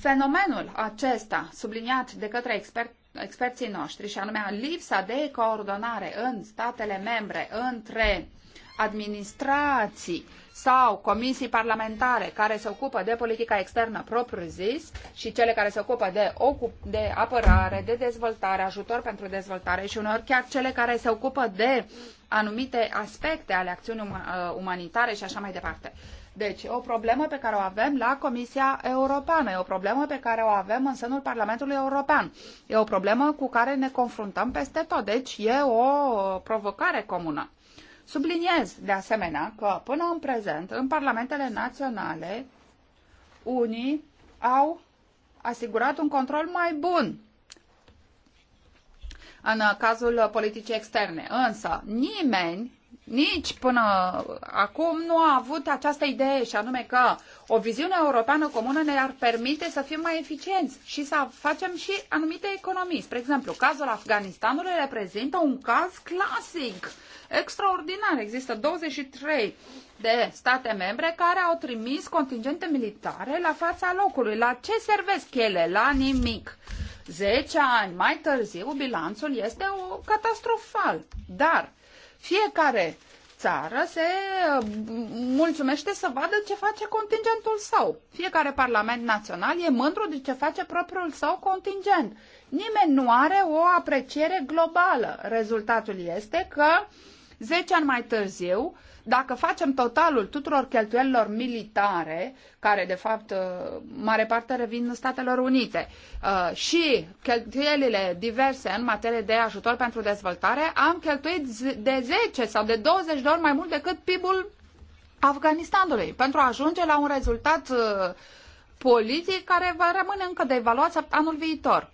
fenomenul acesta subliniat de către expert, experții noștri, și anume lipsa de coordonare în statele membre între administrații, sau comisii parlamentare care se ocupă de politica externă propriu-zis și cele care se ocupă de, ocup- de apărare, de dezvoltare, ajutor pentru dezvoltare și uneori chiar cele care se ocupă de anumite aspecte ale acțiunii um- umanitare și așa mai departe. Deci, o problemă pe care o avem la Comisia Europeană, e o problemă pe care o avem în sânul Parlamentului European, e o problemă cu care ne confruntăm peste tot, deci e o provocare comună. Subliniez, de asemenea, că până în prezent, în parlamentele naționale, unii au asigurat un control mai bun în cazul politicii externe. Însă, nimeni nici până acum nu a avut această idee și anume că o viziune europeană comună ne-ar permite să fim mai eficienți și să facem și anumite economii. Spre exemplu, cazul Afganistanului reprezintă un caz clasic, extraordinar. Există 23 de state membre care au trimis contingente militare la fața locului. La ce servesc ele? La nimic. 10 ani mai târziu, bilanțul este o catastrofal. Dar fiecare țară se uh, mulțumește să vadă ce face contingentul său. Fiecare parlament național e mândru de ce face propriul său contingent. Nimeni nu are o apreciere globală. Rezultatul este că 10 ani mai târziu, dacă facem totalul tuturor cheltuielilor militare, care de fapt uh, mare parte revin Statelor Unite, uh, și cheltuielile diverse în materie de ajutor pentru dezvoltare, am cheltuit de 10 sau de 20 de ori mai mult decât PIB-ul Afganistanului pentru a ajunge la un rezultat uh, politic care va rămâne încă de evaluat anul viitor.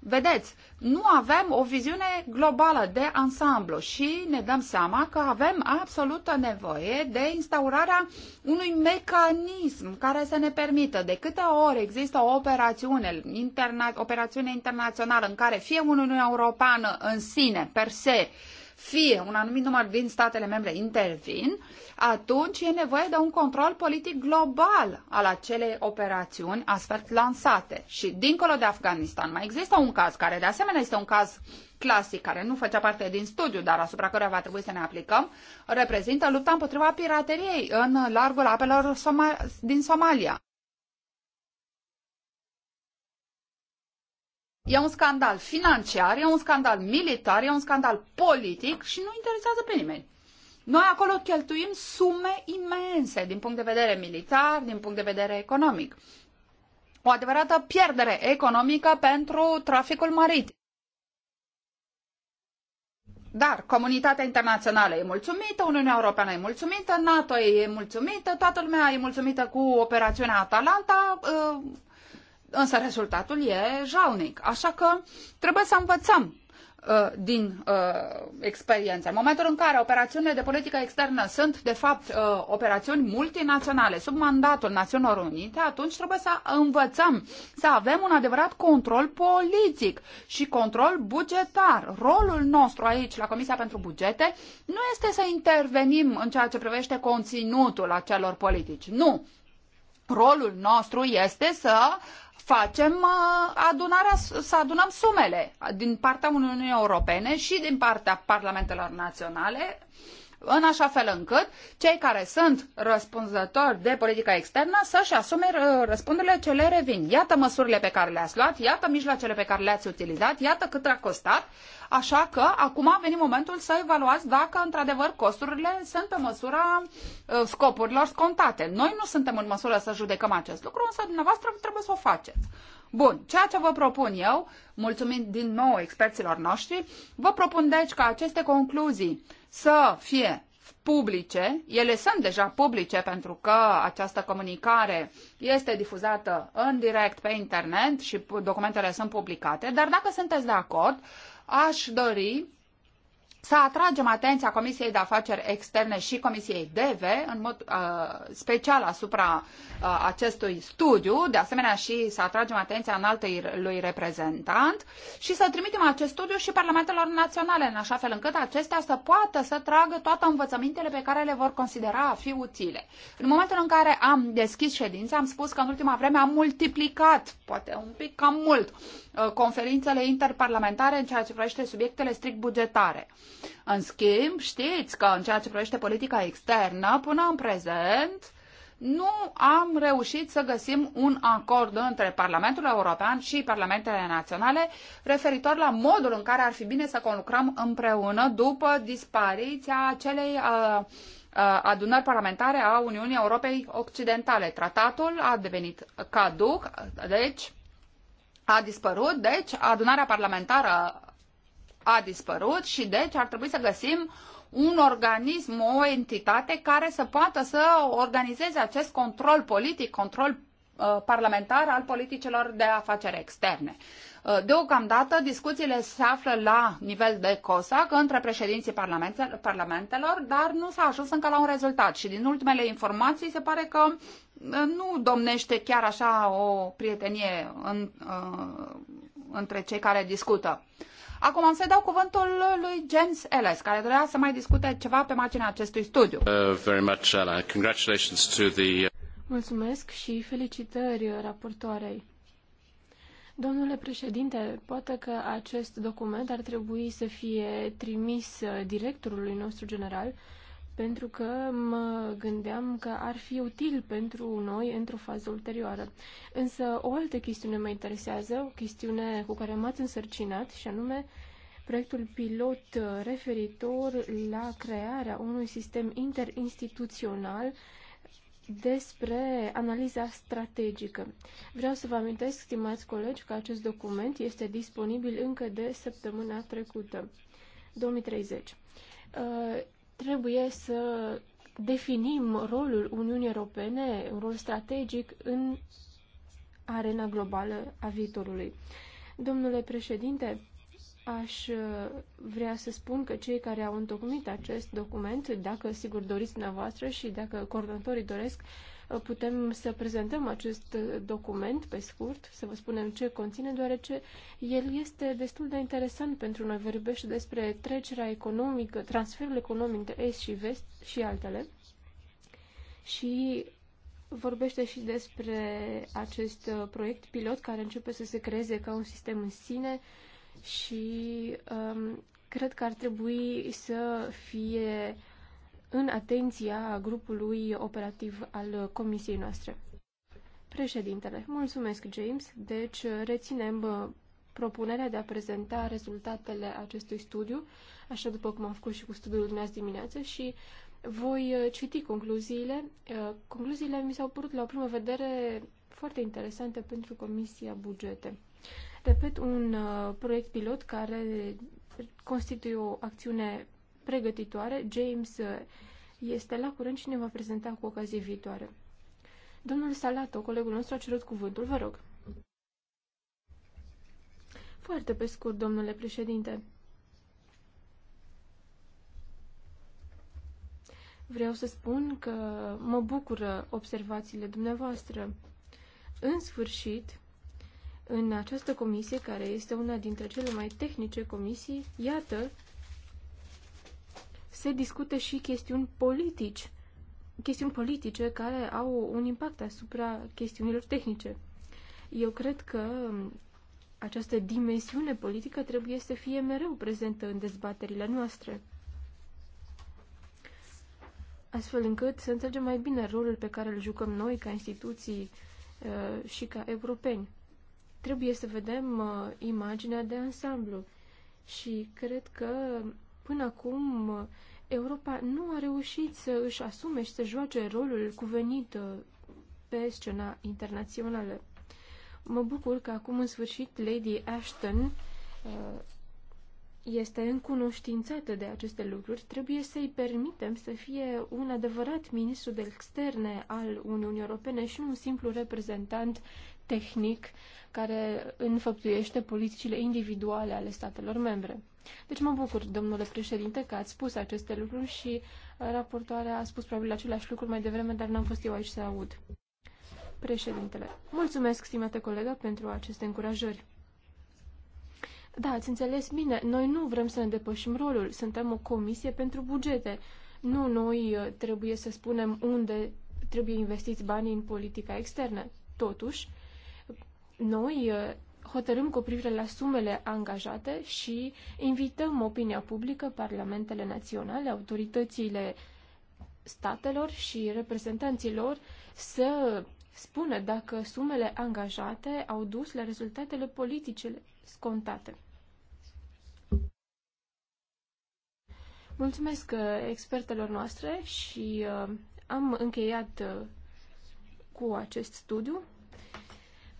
Vedeți, nu avem o viziune globală de ansamblu și ne dăm seama că avem absolută nevoie de instaurarea unui mecanism care să ne permită de câte ori există o operațiune, interna, operațiune internațională în care fie Uniunea Europeană în sine, per se, fie un anumit număr din statele membre intervin, atunci e nevoie de un control politic global al acelei operațiuni astfel lansate. Și dincolo de Afganistan mai există un caz care de asemenea este un caz clasic, care nu făcea parte din studiu, dar asupra căruia va trebui să ne aplicăm, reprezintă lupta împotriva pirateriei în largul apelor Soma din Somalia. E un scandal financiar, e un scandal militar, e un scandal politic și nu interesează pe nimeni. Noi acolo cheltuim sume imense din punct de vedere militar, din punct de vedere economic. O adevărată pierdere economică pentru traficul maritim. Dar comunitatea internațională e mulțumită, Uniunea Europeană e mulțumită, NATO e mulțumită, toată lumea e mulțumită cu operațiunea Atalanta, ă, Însă rezultatul e jalnic. Așa că trebuie să învățăm uh, din uh, experiență. În momentul în care operațiunile de politică externă sunt, de fapt, uh, operațiuni multinaționale sub mandatul Națiunilor Unite, atunci trebuie să învățăm să avem un adevărat control politic și control bugetar. Rolul nostru aici, la Comisia pentru Bugete, nu este să intervenim în ceea ce privește conținutul acelor politici. Nu! Rolul nostru este să uh, facem uh, adunarea, să adunăm sumele din partea Uniunii Europene și din partea Parlamentelor Naționale în așa fel încât cei care sunt răspunzători de politica externă să-și asume uh, răspunderile ce le revin. Iată măsurile pe care le-ați luat, iată mijloacele pe care le-ați utilizat, iată cât a costat, așa că acum a venit momentul să evaluați dacă într-adevăr costurile sunt pe măsura uh, scopurilor scontate. Noi nu suntem în măsură să judecăm acest lucru, însă dumneavoastră trebuie să o faceți. Bun, ceea ce vă propun eu, mulțumind din nou experților noștri, vă propun deci ca aceste concluzii să fie publice, ele sunt deja publice pentru că această comunicare este difuzată în direct pe internet și documentele sunt publicate, dar dacă sunteți de acord, aș dori să atragem atenția Comisiei de Afaceri Externe și Comisiei DEVE, în mod uh, special asupra uh, acestui studiu, de asemenea și să atragem atenția înaltei lui reprezentant și să trimitem acest studiu și parlamentelor naționale, în așa fel încât acestea să poată să tragă toate învățămintele pe care le vor considera a fi utile. În momentul în care am deschis ședința, am spus că în ultima vreme am multiplicat, poate un pic cam mult, uh, Uh, conferințele interparlamentare în ceea ce privește subiectele strict bugetare. În schimb, știți că în ceea ce privește politica externă, până în prezent, nu am reușit să găsim un acord între Parlamentul European și Parlamentele Naționale referitor la modul în care ar fi bine să conlucrăm împreună după dispariția acelei uh, uh adunări parlamentare a Uniunii Europei Occidentale. Tratatul a devenit caduc, deci a dispărut, deci adunarea parlamentară a dispărut și deci ar trebui să găsim un organism, o entitate care să poată să organizeze acest control politic, control uh, parlamentar al politicilor de afaceri externe. Uh, deocamdată, discuțiile se află la nivel de COSAC între președinții parlamentelor, dar nu s-a ajuns încă la un rezultat și din ultimele informații se pare că uh, nu domnește chiar așa o prietenie în, uh, între cei care discută. Acum am să dau cuvântul lui James Ellis, care dorea să mai discute ceva pe marginea acestui studiu. Uh, very much, Congratulations to the... Mulțumesc și felicitări raportoarei. Domnule președinte, poate că acest document ar trebui să fie trimis uh, directorului nostru general, pentru că mă gândeam că ar fi util pentru noi într-o fază ulterioară. Însă o altă chestiune mă interesează, o chestiune cu care m-ați însărcinat, și anume proiectul pilot uh, referitor la crearea unui sistem interinstituțional uh, despre analiza strategică. Vreau să vă amintesc, stimați colegi, că acest document este disponibil încă de săptămâna trecută, 2030. Uh, trebuie să definim rolul Uniunii Europene, un rol strategic în arena globală a viitorului. Domnule președinte, aș uh, vrea să spun că cei care au întocmit acest document, dacă sigur doriți dumneavoastră și dacă coordonatorii doresc, uh, putem să prezentăm acest uh, document pe scurt, să vă spunem ce conține, deoarece el este destul de interesant pentru noi. Vorbește despre trecerea economică, transferul economic de est și vest și altele. Și vorbește și despre acest proiect pilot care începe să se creeze ca un sistem în sine, uh, și um, cred că ar trebui să fie în atenția grupului operativ al comisiei noastre. Președintele, mulțumesc, James. Deci, reținem uh, propunerea de a prezenta rezultatele acestui studiu, așa după cum am făcut și cu studiul dumneavoastră dimineață și voi uh, citi concluziile. Uh, concluziile mi s-au părut la o primă vedere foarte interesante pentru Comisia Bugete. Repet, un uh, proiect pilot care constituie o acțiune pregătitoare. James uh, este la curent și ne va prezenta cu ocazie viitoare. Domnul Salato, colegul nostru, a cerut cuvântul. Vă rog. Foarte pe scurt, domnule președinte. Vreau să spun că mă bucură observațiile dumneavoastră. În sfârșit, în această comisie, care este una dintre cele mai tehnice comisii, iată, se discută și chestiuni politici, chestiuni politice care au un impact asupra chestiunilor tehnice. Eu cred că această dimensiune politică trebuie să fie mereu prezentă în dezbaterile noastre, astfel încât să înțelegem mai bine rolul pe care îl jucăm noi ca instituții uh, și ca europeni. Trebuie să vedem uh, imaginea de ansamblu. Și cred că până acum uh, Europa nu a reușit să își asume și să joace rolul cuvenit uh, pe scena internațională. Mă bucur că acum în sfârșit Lady Ashton uh, este încunoștințată de aceste lucruri, trebuie să-i permitem să fie un adevărat ministru de externe al Uniunii Europene și nu un simplu reprezentant tehnic care înfăptuiește politicile individuale ale statelor membre. Deci mă bucur, domnule președinte, că ați spus aceste lucruri și uh, raportoarea a spus probabil același lucru mai devreme, dar n-am fost eu aici să aud. Președintele, mulțumesc, stimate colegă, pentru aceste încurajări. Da, ați înțeles bine, noi nu vrem să ne depășim rolul, suntem o comisie pentru bugete. Nu noi uh, trebuie să spunem unde trebuie investiți banii în politica externă. Totuși, noi uh, hotărâm cu privire la sumele angajate și invităm opinia publică, parlamentele naționale, autoritățile statelor și reprezentanții lor să spună dacă sumele angajate au dus la rezultatele politice scontate. Mulțumesc uh, expertelor noastre și uh, am încheiat cu acest studiu.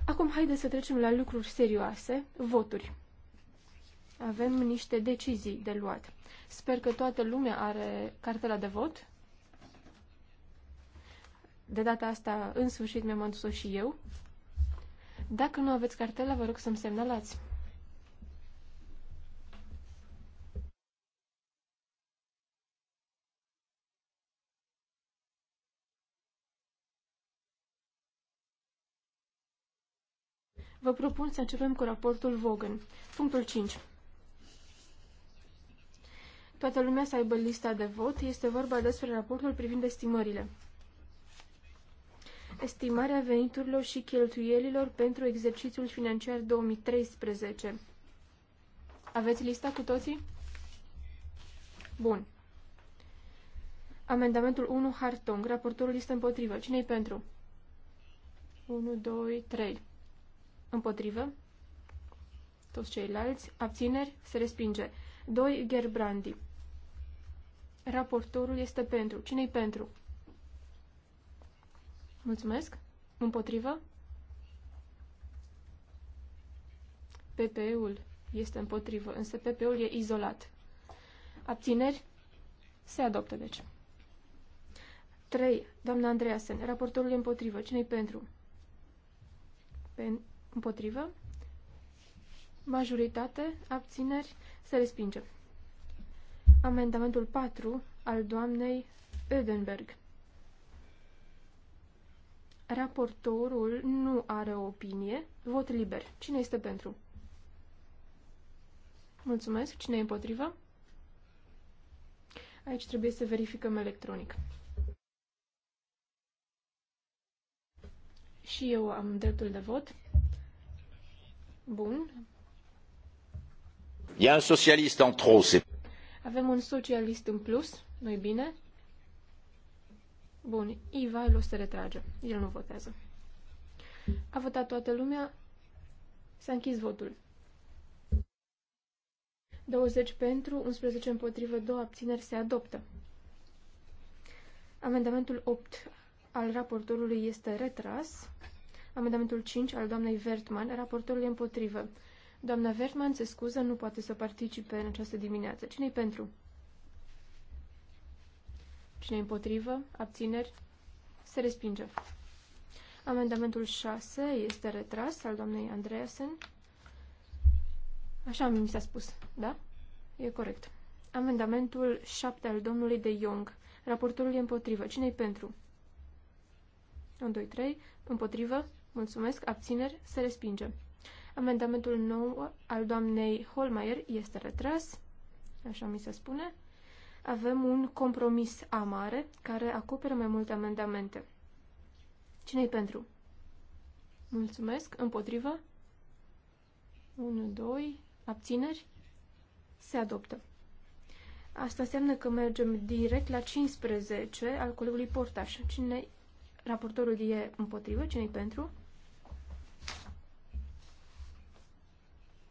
Acum haideți să trecem la lucruri serioase, voturi. Avem niște decizii de luat. Sper că toată lumea are cartela de vot. De data asta, în sfârșit, mi-am adus-o și eu. Dacă nu aveți cartela, vă rog să-mi semnalați. Vă propun să începem cu raportul Vogan. Punctul 5. Toată lumea să aibă lista de vot. Este vorba despre raportul privind estimările. Estimarea veniturilor și cheltuielilor pentru exercițiul financiar 2013. Aveți lista cu toții? Bun. Amendamentul 1, Hartong. Raportorul este împotrivă. Cine-i pentru? 1, 2, 3. Împotrivă. Toți ceilalți. Abțineri. Se respinge. 2. Gerbrandi. Raportorul este pentru. Cine-i pentru? Mulțumesc. Împotrivă. PPE-ul este împotrivă, însă PPE-ul e izolat. Abțineri? Se adoptă, deci. 3. Doamna Andreasen, raportorul e împotrivă. Cine-i pentru? Pen Împotrivă. Majoritate. Abțineri. Se respinge. Amendamentul 4 al doamnei Ödenberg. Raportorul nu are o opinie. Vot liber. Cine este pentru? Mulțumesc. Cine e împotrivă? Aici trebuie să verificăm electronic. Și eu am dreptul de vot. Bun. E un socialist în Avem un socialist în plus, nu-i bine? Bun, Iva o să retrage. El nu votează. A votat toată lumea. S-a închis votul. 20 pentru, 11 împotrivă, 2 abțineri se adoptă. Amendamentul 8 al raportorului este retras. Amendamentul 5 al doamnei Vertman, raportorul e împotrivă. Doamna Vertman se scuză, nu poate să participe în această dimineață. Cine-i pentru? Cine-i împotrivă? Abțineri? Se respinge. Amendamentul 6 este retras al doamnei Andreasen. Așa mi s-a spus, da? E corect. Amendamentul 7 al domnului de Young. Raportorul e împotrivă. Cine-i pentru? 1, 2, 3. Împotrivă? Mulțumesc. Abțineri. Se respinge. Amendamentul nou al doamnei Holmeier este retras. Așa mi se spune. Avem un compromis amare care acoperă mai multe amendamente. cine e pentru? Mulțumesc. Împotrivă? 1, 2. Abțineri? Se adoptă. Asta înseamnă că mergem direct la 15 al colegului Portaș. Cine raportorul e împotrivă, cine pentru?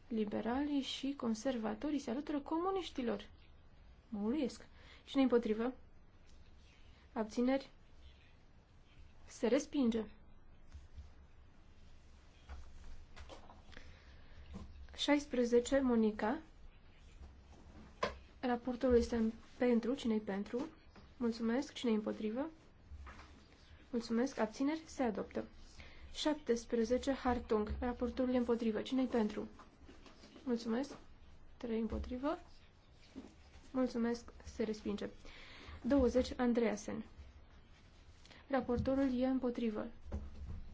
liberalii și conservatorii se alătură comuniștilor. Mă uluiesc. Cine împotrivă? Abțineri? Se respinge. Șaisprezece, Monica. Raportul este pentru. Cine-i pentru? Mulțumesc. Cine-i împotrivă? Mulțumesc. Abțineri? Se adoptă. 17. Hartung. Raportul împotrivă. Cine-i pentru? Mulțumesc. trei împotrivă. Mulțumesc. Se respinge. 20. Andreasen. Raportorul e împotrivă.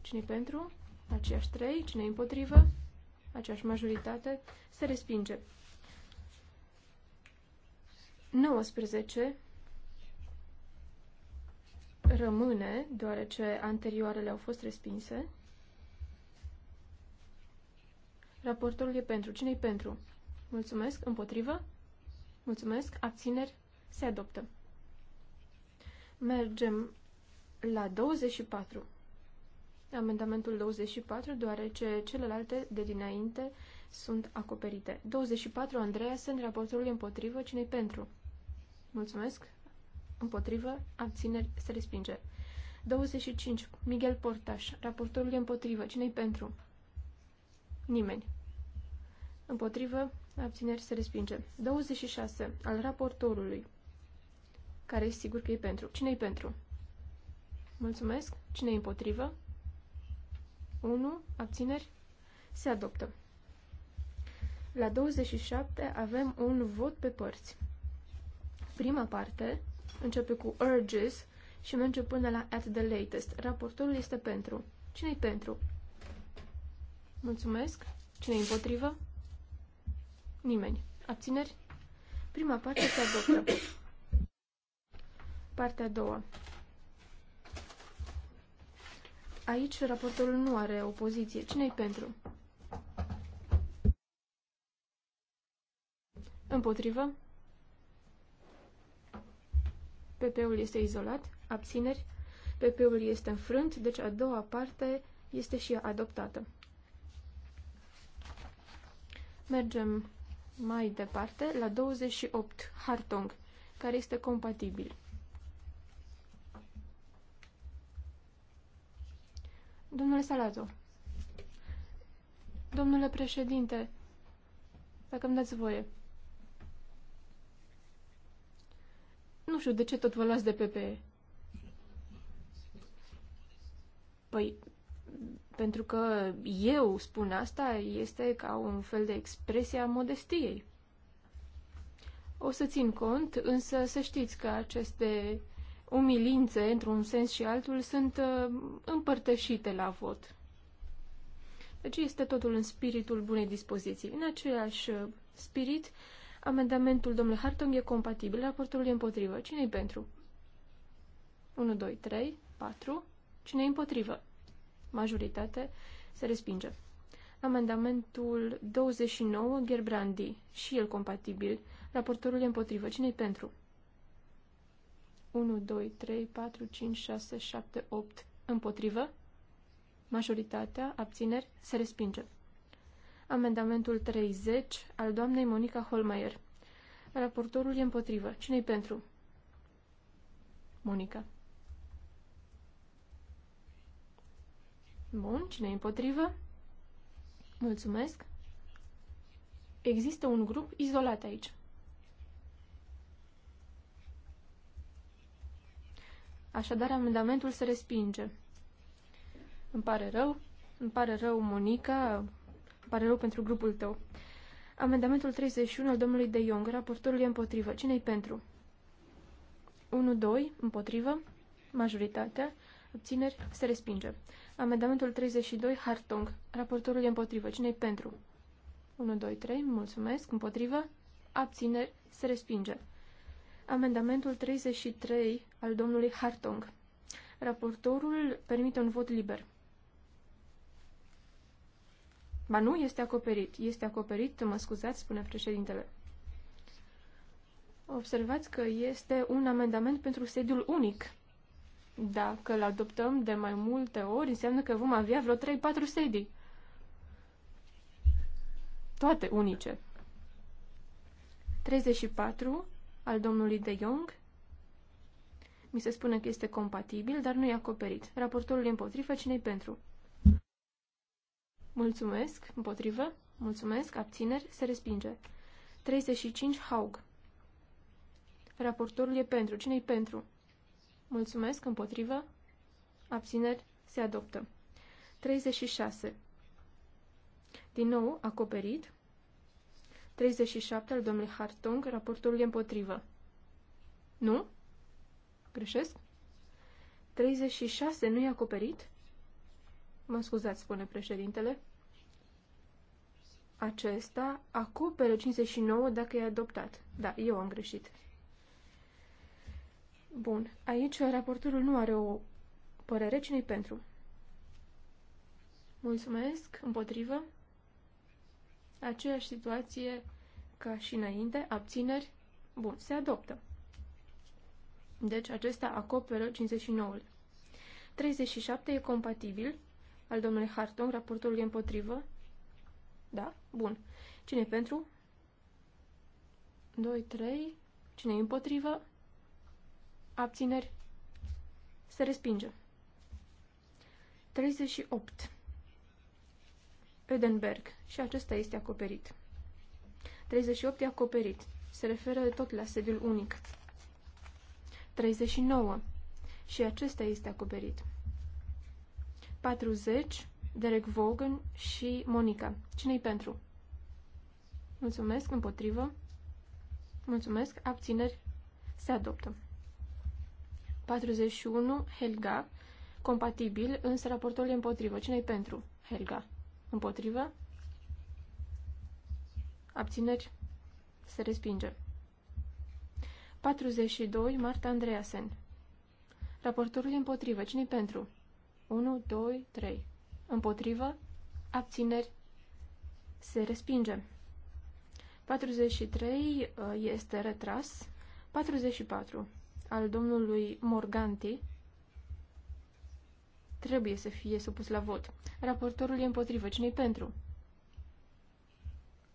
cine pentru? Aceeași trei. cine împotrivă? Aceeași majoritate. Se respinge. 19 rămâne, deoarece anterioarele au fost respinse. Raportorul e pentru. cine E pentru? Mulțumesc. Împotrivă? Mulțumesc. Abțineri? Se adoptă. Mergem la 24. Amendamentul 24, deoarece celelalte de dinainte sunt acoperite. 24, sunt raportorul împotrivă, cine E pentru? Mulțumesc. Împotrivă, abțineri, se respinge. 25, Miguel Portaș, raportorul împotrivă, cine E pentru? Nimeni. Împotrivă, abțineri se respinge. 26. Al raportorului, care e sigur că e pentru. cine e pentru? Mulțumesc. cine e împotrivă? 1. Abțineri se adoptă. La 27 avem un vot pe părți. Prima parte începe cu urges și merge până la at the latest. Raportorul este pentru. cine e pentru? Mulțumesc. cine e împotrivă? Nimeni. Abțineri? Prima parte se adoptă. Partea a doua. Aici raportorul nu are opoziție. Cine-i pentru? Împotrivă? PP-ul este izolat, abțineri, PP-ul este înfrânt, deci a doua parte este și adoptată. Mergem mai departe la 28 Hartong, care este compatibil. Domnule Salato, domnule președinte, dacă îmi dați voie, nu știu de ce tot vă luați de PPE. Păi, pentru că eu spun asta este ca un fel de expresie a modestiei. O să țin cont, însă să știți că aceste umilințe, într-un sens și altul, sunt uh, împărtășite la vot. Deci este totul în spiritul bunei dispoziții. În același uh, spirit, amendamentul domnului Hartong e compatibil, raportul e împotrivă. Cine-i pentru? 1, 2, 3, 4. Cine-i împotrivă? majoritate, se respinge. Amendamentul 29, Gerbrandi, și el compatibil. Raportorul e împotrivă. cine pentru? 1, 2, 3, 4, 5, 6, 7, 8. Împotrivă? Majoritatea, abțineri, se respinge. Amendamentul 30 al doamnei Monica Holmeier. Raportorul e împotrivă. cine pentru? Monica. Bun, cine e împotrivă? Mulțumesc. Există un grup izolat aici. Așadar, amendamentul se respinge. Îmi pare rău. Îmi pare rău, Monica. Îmi pare rău pentru grupul tău. Amendamentul 31 al domnului De Jong. Raportorul e împotrivă. Cine-i pentru? 1, 2, împotrivă. Majoritatea. Obțineri. Se respinge. Amendamentul 32, Hartung. Raportorul e împotrivă. cine pentru? 1, 2, 3. Mulțumesc. Împotrivă. Abțineri. Se respinge. Amendamentul 33 al domnului Hartung. Raportorul permite un vot liber. Ba nu, este acoperit. Este acoperit, mă scuzați, spune președintele. Observați că este un amendament pentru sediul unic. Dacă îl adoptăm de mai multe ori, înseamnă că vom avea vreo 3-4 sedii. Toate unice. 34 al domnului De Jong. Mi se spune că este compatibil, dar nu e acoperit. Raportorul e împotrivă, cine pentru? Mulțumesc, împotrivă, mulțumesc, abțineri, se respinge. 35 Haug. Raportorul e pentru, cine pentru? Mulțumesc. Împotrivă. Abțineri. Se adoptă. 36. Din nou, acoperit. 37 al domnului Hartong, raportul e împotrivă. Nu? Greșesc? 36 nu e acoperit? Mă scuzați, spune președintele. Acesta acoperă 59 dacă e adoptat. Da, eu am greșit. Bun. Aici raportorul nu are o părere. cine pentru? Mulțumesc. Împotrivă. Aceeași situație ca și înainte. Abțineri. Bun. Se adoptă. Deci acesta acoperă 59-ul. 37 e compatibil al domnului Hartung Raportul e împotrivă. Da? Bun. Cine pentru? 2, 3. Cine e împotrivă? abțineri, se respinge. 38. Edenberg. Și acesta este acoperit. 38 e acoperit. Se referă tot la sediul unic. 39. Și acesta este acoperit. 40. Derek Vaughan și Monica. Cine-i pentru? Mulțumesc. Împotrivă. Mulțumesc. Abțineri. Se adoptă. 41, Helga, compatibil, însă raportorul e împotrivă. cine e pentru? Helga. Împotrivă? Abțineri? Se respinge. 42, Marta Andreasen. Raportorul e împotrivă. cine e pentru? 1, 2, 3. Împotrivă? Abțineri? Se respinge. 43 uh, este retras. 44 al domnului Morganti trebuie să fie supus la vot. Raportorul e împotrivă. cine pentru?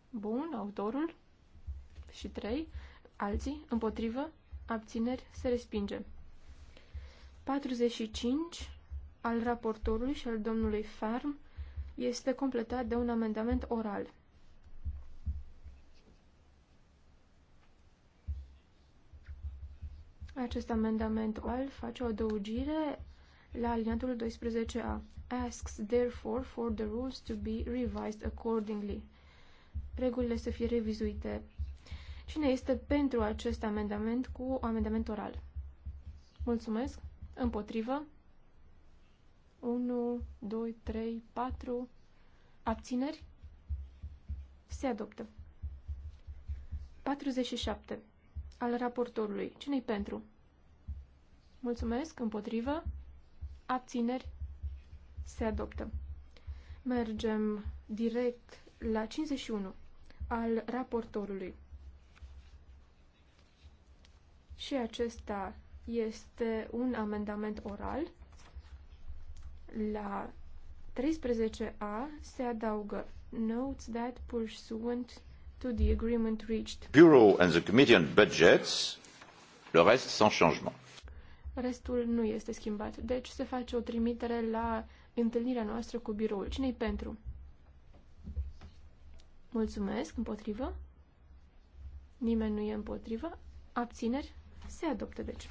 Bun, autorul. Și trei. Alții, împotrivă, abțineri, se respinge. 45 al raportorului și al domnului Farm este completat de un amendament oral. Acest amendament oral face o adăugire la alineatul 12a. Asks, therefore, for the rules to be revised accordingly. Regulile să fie revizuite. Cine este pentru acest amendament cu amendament oral? Mulțumesc. Împotrivă. 1, 2, 3, 4. Abțineri? Se adoptă. 47 al raportorului. Cine-i pentru? Mulțumesc, împotrivă, abțineri, se adoptă. Mergem direct la 51 al raportorului. Și acesta este un amendament oral. La 13a se adaugă Notes that pursuant to the agreement reached. Bureau and the Committee on Budgets, le reste sans changement. Restul nu este schimbat, deci se face o trimitere la întâlnirea noastră cu biroul. Cine-i pentru? Mulțumesc, împotrivă? Nimeni nu e împotrivă? Abțineri? Se adoptă, deci.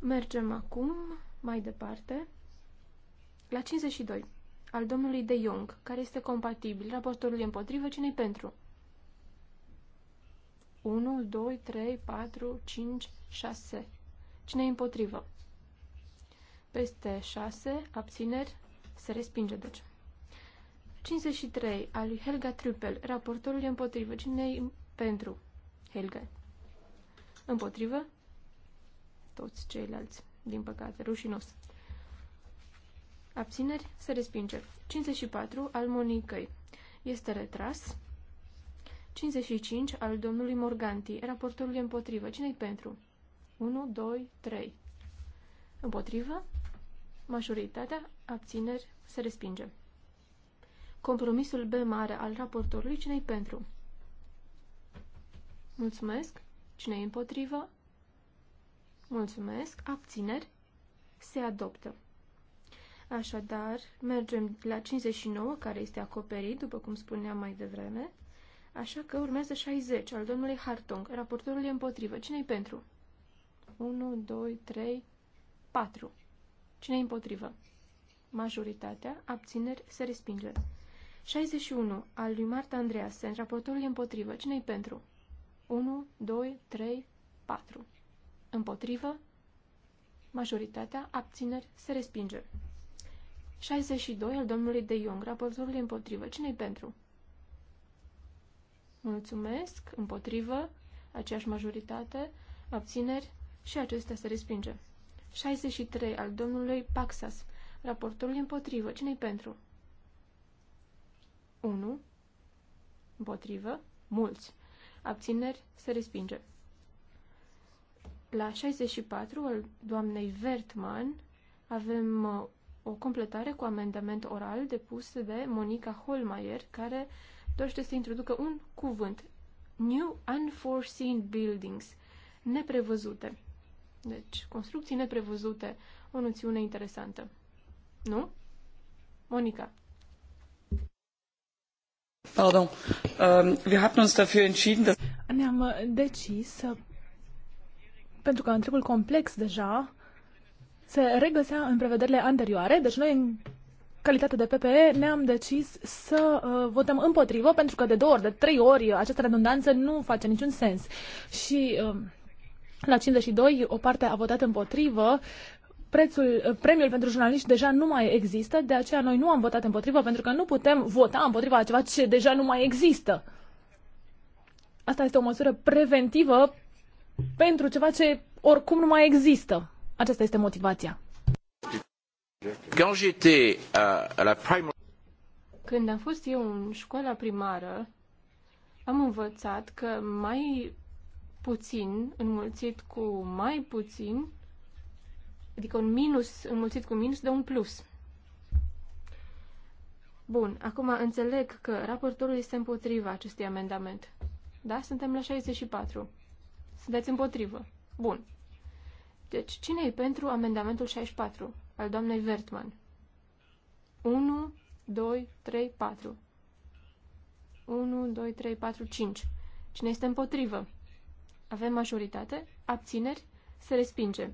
Mergem acum mai departe la 52 al domnului De Jong, care este compatibil. raportorului împotrivă, cine pentru? 1, 2, 3, 4, 5, 6. Cine împotrivă? Peste 6, abțineri, se respinge, deci. 53, al lui Helga Trupel. Raportorul împotrivă. cine pentru? Helga. Împotrivă? Toți ceilalți, din păcate, rușinos. Abțineri? Se respinge. 54 al Monicăi. Este retras. 55 al domnului Morganti. Raportorul e împotrivă. Cine-i pentru? 1, 2, 3. Împotrivă? Majoritatea? Abțineri? Se respinge. Compromisul B mare al raportorului. Cine-i pentru? Mulțumesc. cine e împotrivă? Mulțumesc. Abțineri? Se adoptă. Așadar, mergem la 59, care este acoperit, după cum spuneam mai devreme. Așa că urmează 60, al domnului Hartong. Raportorul e împotrivă. Cine-i pentru? 1, 2, 3, 4. cine e împotrivă? Majoritatea. Abțineri. Se respinge. 61, al lui Marta Andreasen. Raportorul e împotrivă. cine e pentru? 1, 2, 3, 4. Împotrivă. Majoritatea. Abțineri. Se respinge. 62 al domnului de Jong. Raportorul împotrivă. Cine-i pentru? Mulțumesc. Împotrivă. Aceeași majoritate. Abțineri. Și acesta se respinge. 63 al domnului Paxas. Raportorul împotrivă. Cine-i pentru? 1. Împotrivă. Mulți. Abțineri. Se respinge. La 64 al doamnei Vertman avem uh, o completare cu amendament oral depus de Monica Holmeier, care dorește să introducă un cuvânt. New unforeseen buildings, neprevăzute. Deci, construcții neprevăzute, o noțiune interesantă. Nu? Monica. Pardon. Uh, wir haben uns dafür entschieden, dass... Ne-am decis să pentru că întregul complex deja se regăsea în prevederile anterioare, deci noi în calitate de PPE ne-am decis să uh, votăm împotrivă, pentru că de două ori, de trei ori această redundanță nu face niciun sens. Și uh, la 52 o parte a votat împotrivă, prețul, uh, premiul pentru jurnaliști deja nu mai există, de aceea noi nu am votat împotrivă, pentru că nu putem vota împotriva a ceva ce deja nu mai există. Asta este o măsură preventivă pentru ceva ce oricum nu mai există. Aceasta este motivația. Când am fost eu în școala primară, am învățat că mai puțin înmulțit cu mai puțin, adică un minus înmulțit cu minus, dă un plus. Bun, acum înțeleg că raportorul este împotriva acestui amendament. Da? Suntem la 64. Sunteți împotrivă. Bun. Deci, cine e pentru amendamentul 64 al doamnei Vertman? 1, 2, 3, 4. 1, 2, 3, 4, 5. Cine este împotrivă? Avem majoritate? Abțineri? Se respinge.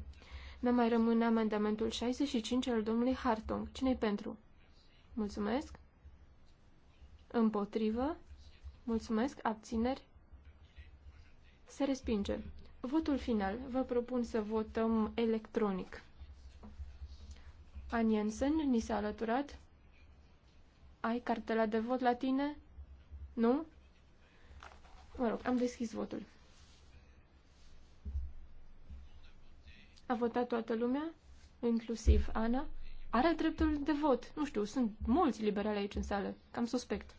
Ne mai rămâne amendamentul 65 al domnului Hartong. cine e pentru? Mulțumesc. Împotrivă? Mulțumesc. Abțineri? Se respinge. Votul final. Vă propun să votăm electronic. Aniensen, Jensen ni s-a alăturat. Ai cartela de vot la tine? Nu? Mă rog, am deschis votul. A votat toată lumea, inclusiv Ana. Are dreptul de vot. Nu știu, sunt mulți liberali aici în sală. Cam suspect.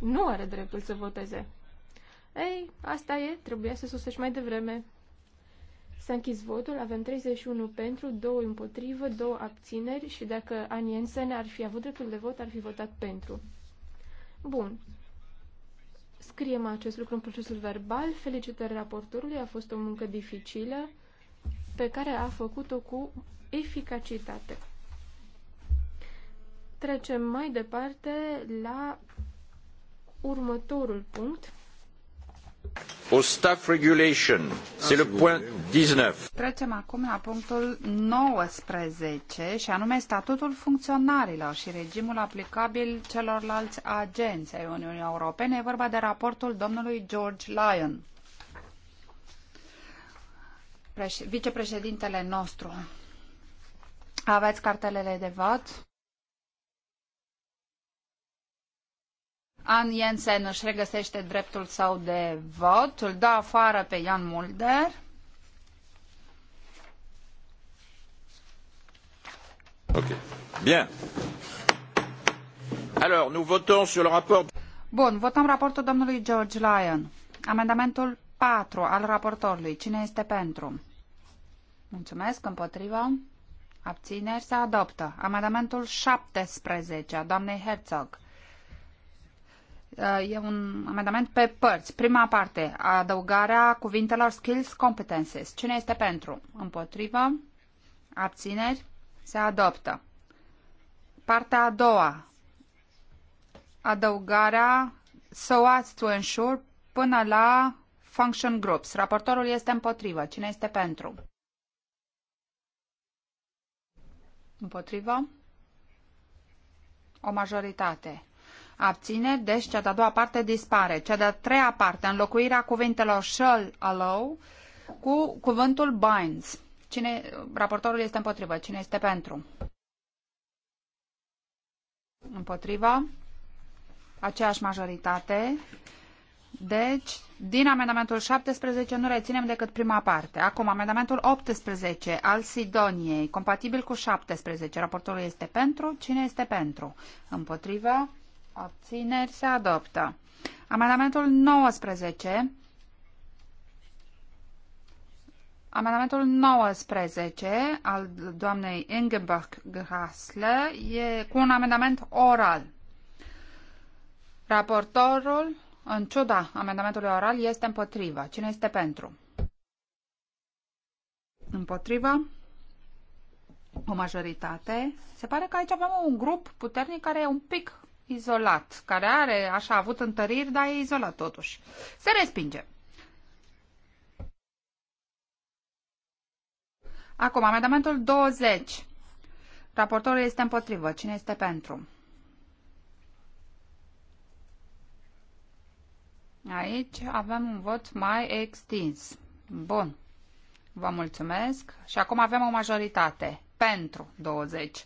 Nu are dreptul să voteze. Ei, asta e, trebuia să sosești mai devreme. S-a închis votul, avem 31 pentru, 2 împotrivă, 2 abțineri și dacă Aniensen ar fi avut dreptul de vot, ar fi votat pentru. Bun. Scriem acest lucru în procesul verbal. Felicitări raportorului, a fost o muncă dificilă pe care a făcut-o cu eficacitate. Trecem mai departe la următorul punct. O staff regulation. C'est le point 19. Trecem acum la punctul 19 și anume statutul funcționarilor și regimul aplicabil celorlalți agenți ai Uniunii Europene. E vorba de raportul domnului George Lyon, vicepreședintele nostru. Aveți cartelele de vot? Ann Jensen își regăsește dreptul său de vot, îl dă afară pe Jan Mulder. Ok. Bien. Alors, nous votons sur le rapport. Bun, votăm raportul domnului George Lyon. Amendamentul 4 al raportorului. Cine este pentru? Mulțumesc. Împotrivă? Abțineri se adoptă. Amendamentul 17 a doamnei Herzog e un amendament pe părți. Prima parte, adăugarea cuvintelor skills competences. Cine este pentru? Împotrivă? Abțineri? Se adoptă. Partea a doua, adăugarea so as to ensure până la function groups. Raportorul este împotrivă. Cine este pentru? Împotrivă? O majoritate abțineri, deci cea de-a doua parte dispare. Cea de-a treia parte, înlocuirea cuvintelor shall allow cu cuvântul binds. Cine, raportorul este împotrivă. Cine este pentru? Împotrivă. Aceeași majoritate. Deci, din amendamentul 17 nu reținem decât prima parte. Acum, amendamentul 18 al Sidoniei, compatibil cu 17. Raportorul este pentru. Cine este pentru? Împotrivă. Abțineri se adoptă. Amendamentul 19. Amendamentul 19 al doamnei Ingeborg Grasle e cu un amendament oral. Raportorul, în ciuda amendamentului oral, este împotriva. Cine este pentru? Împotriva? O majoritate. Se pare că aici avem un grup puternic care e un pic izolat, care are, așa, a avut întăriri, dar e izolat totuși. Se respinge. Acum, amendamentul 20. Raportorul este împotrivă. Cine este pentru? Aici avem un vot mai extins. Bun. Vă mulțumesc. Și acum avem o majoritate. Pentru 20.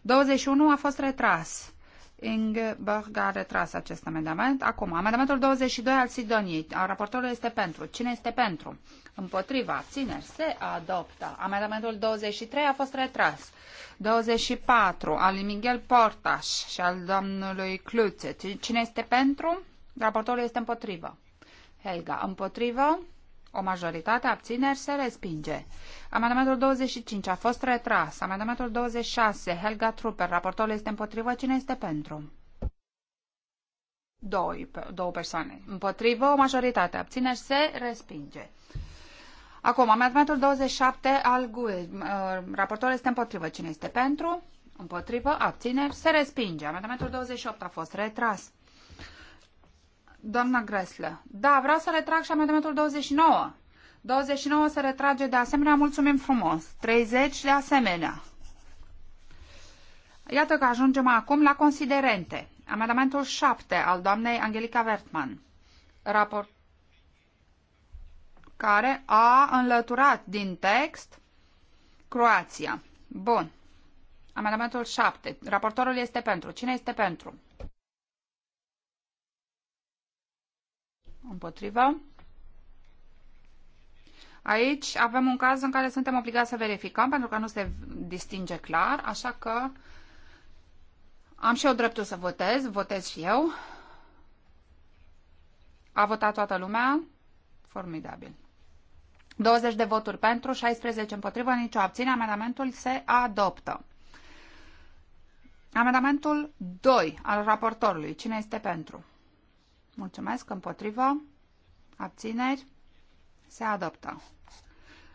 21 a fost retras. Ingeborg a retras acest amendament. Acum, amendamentul 22 al Sidoniei. Raportorul este pentru. Cine este pentru? Împotriva. Abțineri. Se adoptă. Amendamentul 23 a fost retras. 24 al Miguel Portaș și al domnului Cluțe. Cine este pentru? Raportorul este împotrivă. Helga, împotrivă o majoritate, abțineri, se respinge. Amendamentul 25 a fost retras. Amendamentul 26, Helga Trupper, raportorul este împotrivă, cine este pentru? Doi, două persoane. Împotrivă, o majoritate, abțineri, se respinge. Acum, amendamentul 27 al GUE. Uh, raportorul este împotrivă. Cine este pentru? Împotrivă, abțineri, se respinge. Amendamentul 28 a fost retras. Doamna Gresle. Da, vreau să retrag și amendamentul 29. 29 se retrage de asemenea, mulțumim frumos. 30 de asemenea. Iată că ajungem acum la considerente. Amendamentul 7 al doamnei Angelica Wertmann, raport care a înlăturat din text Croația. Bun. Amendamentul 7. Raportorul este pentru. Cine este pentru? Împotrivă. Aici avem un caz în care suntem obligați să verificăm pentru că nu se distinge clar, așa că am și eu dreptul să votez, votez și eu. A votat toată lumea? Formidabil. 20 de voturi pentru, 16 împotrivă, nicio abține. Amendamentul se adoptă. Amendamentul 2 al raportorului. Cine este pentru? Mulțumesc. Împotrivă. Abțineri. Se adoptă.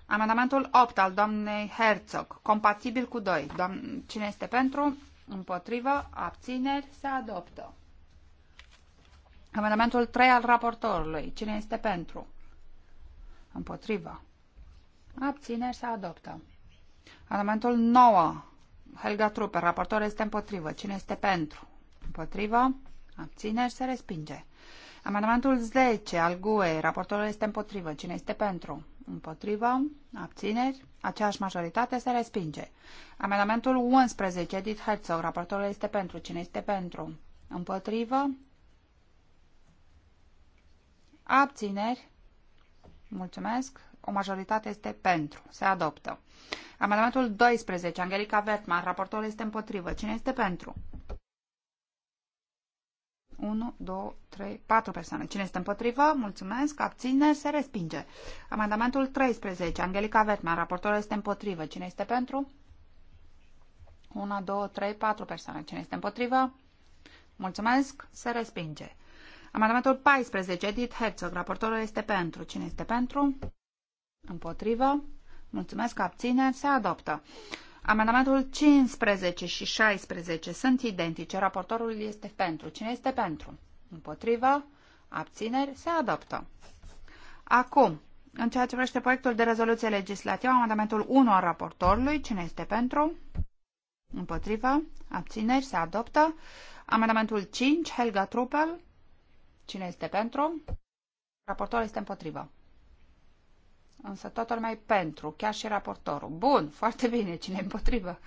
Amendamentul 8 al doamnei Herzog, compatibil cu 2. Doam Cine este pentru? Împotrivă. Abțineri. Se adoptă. Amendamentul 3 al raportorului. Cine este pentru? Împotrivă. Abțineri. Se adoptă. Amendamentul 9. Helga Trupe, raportor este împotrivă. Cine este pentru? Împotrivă. Abțineri. Se respinge. Amendamentul 10 al GUE. Raportorul este împotrivă. Cine este pentru? Împotrivă. Abțineri. Aceeași majoritate se respinge. Amendamentul 11. Edith Herzog. Raportorul este pentru. Cine este pentru? Împotrivă. Abțineri. Mulțumesc. O majoritate este pentru. Se adoptă. Amendamentul 12. Angelica Vertman. Raportorul este împotrivă. Cine este pentru? 1, 2, 3, 4 persoane. Cine este împotrivă? Mulțumesc. Abține? Se respinge. Amendamentul 13. Angelica Vertman, raportorul este împotrivă. Cine este pentru? 1, 2, 3, 4 persoane. Cine este împotrivă? Mulțumesc. Se respinge. Amendamentul 14. Edith Herzog, raportorul este pentru. Cine este pentru? Împotrivă. Mulțumesc. Abține? Se adoptă. Amendamentul 15 și 16 sunt identice. Raportorul este pentru. Cine este pentru? Împotrivă? Abțineri? Se adoptă. Acum, în ceea ce privește proiectul de rezoluție legislativă, amendamentul 1 al raportorului, cine este pentru? Împotrivă? Abțineri? Se adoptă. Amendamentul 5, Helga Trupel. Cine este pentru? Raportorul este împotrivă. Însă toată lumea e pentru, chiar și raportorul. Bun, foarte bine, cine e împotrivă?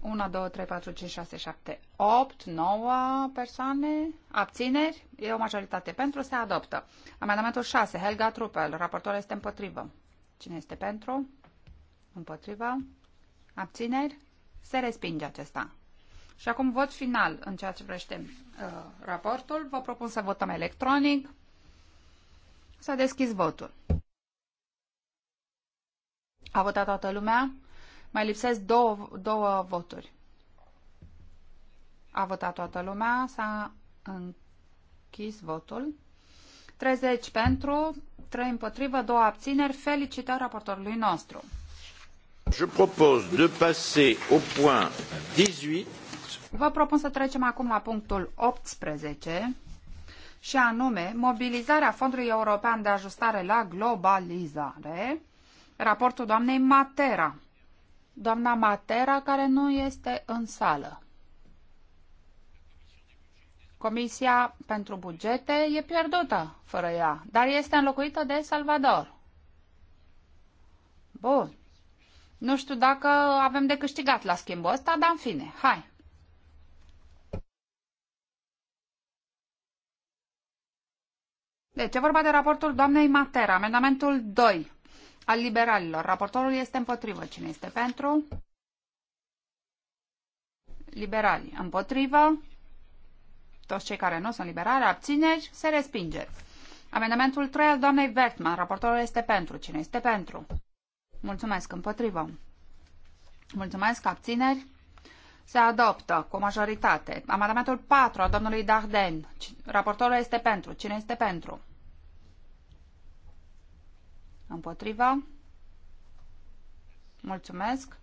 1, 2, 3, 4, 5, 6, 7, 8, 9 persoane, abțineri, e o majoritate pentru, se adoptă. Amendamentul 6, Helga Trupel, raportorul este împotrivă. Cine este pentru? Împotrivă. Abțineri? Se respinge acesta. Și acum vot final în ceea ce vrește uh, raportul. Vă propun să votăm electronic. S-a deschis votul. A votat toată lumea. Mai lipsesc două, două voturi. A votat toată lumea. S-a închis votul. 30 pentru, 3 împotrivă, 2 abțineri. Felicitări raportorului nostru. Je propose de passer au point 18. Vă propun să trecem acum la punctul 18 și anume mobilizarea Fondului European de Ajustare la Globalizare, raportul doamnei Matera. Doamna Matera, care nu este în sală. Comisia pentru bugete e pierdută fără ea, dar este înlocuită de Salvador. Bun. Nu știu dacă avem de câștigat la schimbul ăsta, dar în fine, hai. Deci e vorba de raportul doamnei Matera, amendamentul 2 al liberalilor. Raportorul este împotrivă. Cine este pentru? Liberali împotrivă. Toți cei care nu sunt liberali, abțineri, se respinge. Amendamentul 3 al doamnei Vertman. Raportorul este pentru. Cine este pentru? Mulțumesc. Împotrivă. Mulțumesc. Abțineri. Se adoptă cu majoritate. Amendamentul 4 a domnului Darden. Raportorul este pentru. Cine este pentru? Împotriva? Mulțumesc.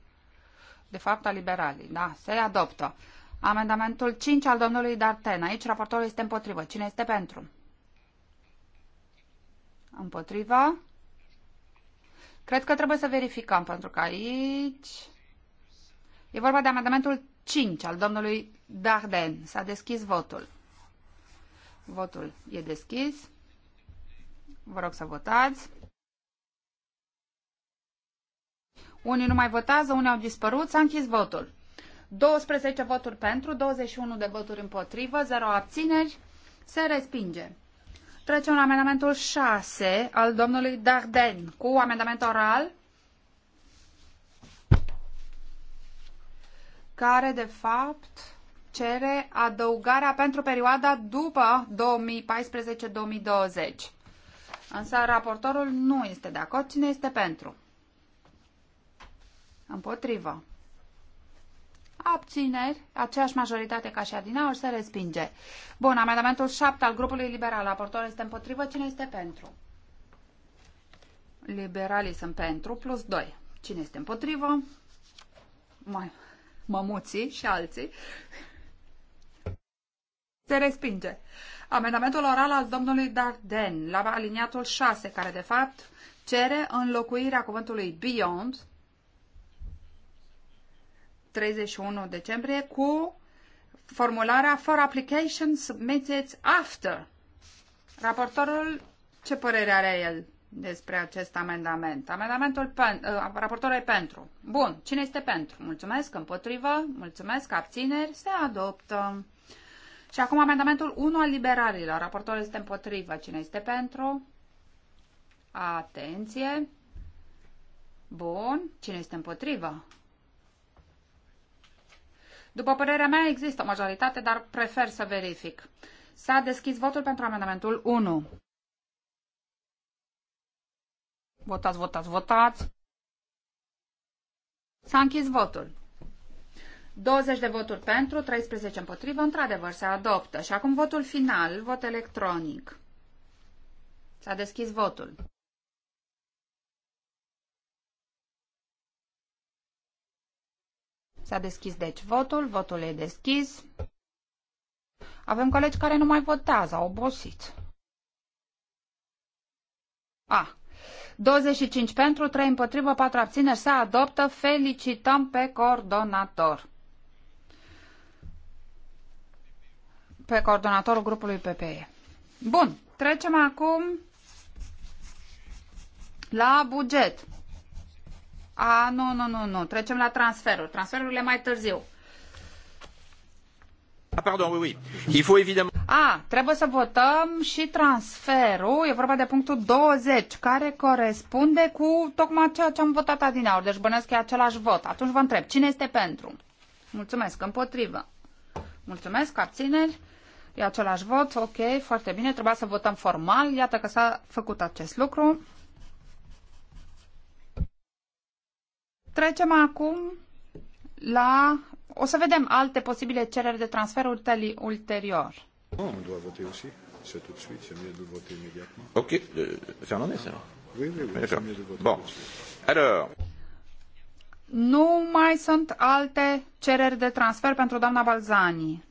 De fapt, a liberalii. Da, se adoptă. Amendamentul 5 al domnului Darten. Aici raportorul este împotrivă. Cine este pentru? Împotriva? Cred că trebuie să verificăm, pentru că aici... E vorba de amendamentul 5 al domnului Darden. S-a deschis votul. Votul e deschis. Vă rog să votați. Unii nu mai votează, unii au dispărut. S-a închis votul. 12 voturi pentru, 21 de voturi împotrivă, 0 abțineri. Se respinge. Trecem la amendamentul 6 al domnului Darden cu amendament oral. care de fapt cere adăugarea pentru perioada după 2014-2020. Însă raportorul nu este de acord. Cine este pentru? Împotrivă. Abțineri, aceeași majoritate ca și Adina, se respinge. Bun, amendamentul 7 al grupului liberal. Raportorul este împotrivă. Cine este pentru? Liberalii sunt pentru, plus 2. Cine este împotrivă? Mai mămuții și alții, se respinge. Amendamentul oral al domnului Darden la aliniatul 6, care de fapt cere înlocuirea cuvântului beyond 31 decembrie cu formularea for applications submitted after. Raportorul, ce părere are el? despre acest amendament. Amendamentul pen, uh, raportorului pentru. Bun. Cine este pentru? Mulțumesc. Împotrivă. Mulțumesc. Abțineri. Se adoptă. Și acum amendamentul 1 al liberalilor. Raportorul este împotrivă. Cine este pentru? Atenție. Bun. Cine este împotrivă? După părerea mea, există o majoritate, dar prefer să verific. S-a deschis votul pentru amendamentul 1. Votați, votați, votați. S-a închis votul. 20 de voturi pentru, 13 împotrivă, într-adevăr, se adoptă. Și acum votul final, vot electronic. S-a deschis votul. S-a deschis deci votul, votul e deschis. Avem colegi care nu mai votează, au obosit. A, 25 pentru, 3 împotrivă, 4 abțineri. Se adoptă. Felicităm pe coordonator. Pe coordonatorul grupului PPE. Bun. Trecem acum la buget. A, nu, nu, nu, nu. Trecem la transferuri. Transferurile mai târziu. Ah, pardon, oui, oui. Il faut évidemment... A, trebuie să votăm și transferul, e vorba de punctul 20, care corespunde cu tocmai ceea ce am votat adineauri, deci bănesc că e același vot. Atunci vă întreb, cine este pentru? Mulțumesc, împotrivă. Mulțumesc, abțineri. E același vot, ok, foarte bine, trebuia să votăm formal, iată că s-a făcut acest lucru. Trecem acum la... O să vedem alte posibile cereri de transfer ulterior. Non, on doit voter aussi. C'est tout de suite, c'est mieux de voter immédiatement. Ok, Fernandez euh, alors. Oui, oui, oui. C'est mieux de voter bon. alors. Nu mai sunt alte cereri de transfer pentru doamna Balzani.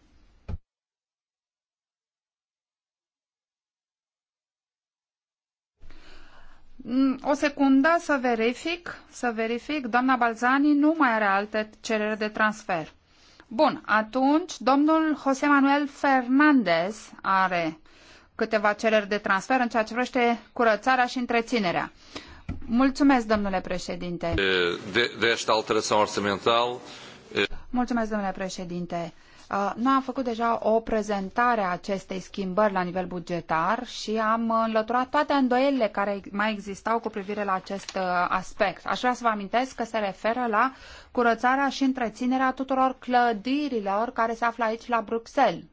Mm, o secundă să verific, să verific. Doamna Balzani nu mai are alte cereri de transfer. Bun, atunci domnul José Manuel Fernández are câteva cereri de transfer în ceea ce vrește curățarea și întreținerea. Mulțumesc, domnule președinte. De, de, de Mulțumesc, domnule președinte. Uh, noi am făcut deja o prezentare a acestei schimbări la nivel bugetar și am înlăturat toate îndoielile care mai existau cu privire la acest uh, aspect. Aș vrea să vă amintesc că se referă la curățarea și întreținerea tuturor clădirilor care se află aici la Bruxelles.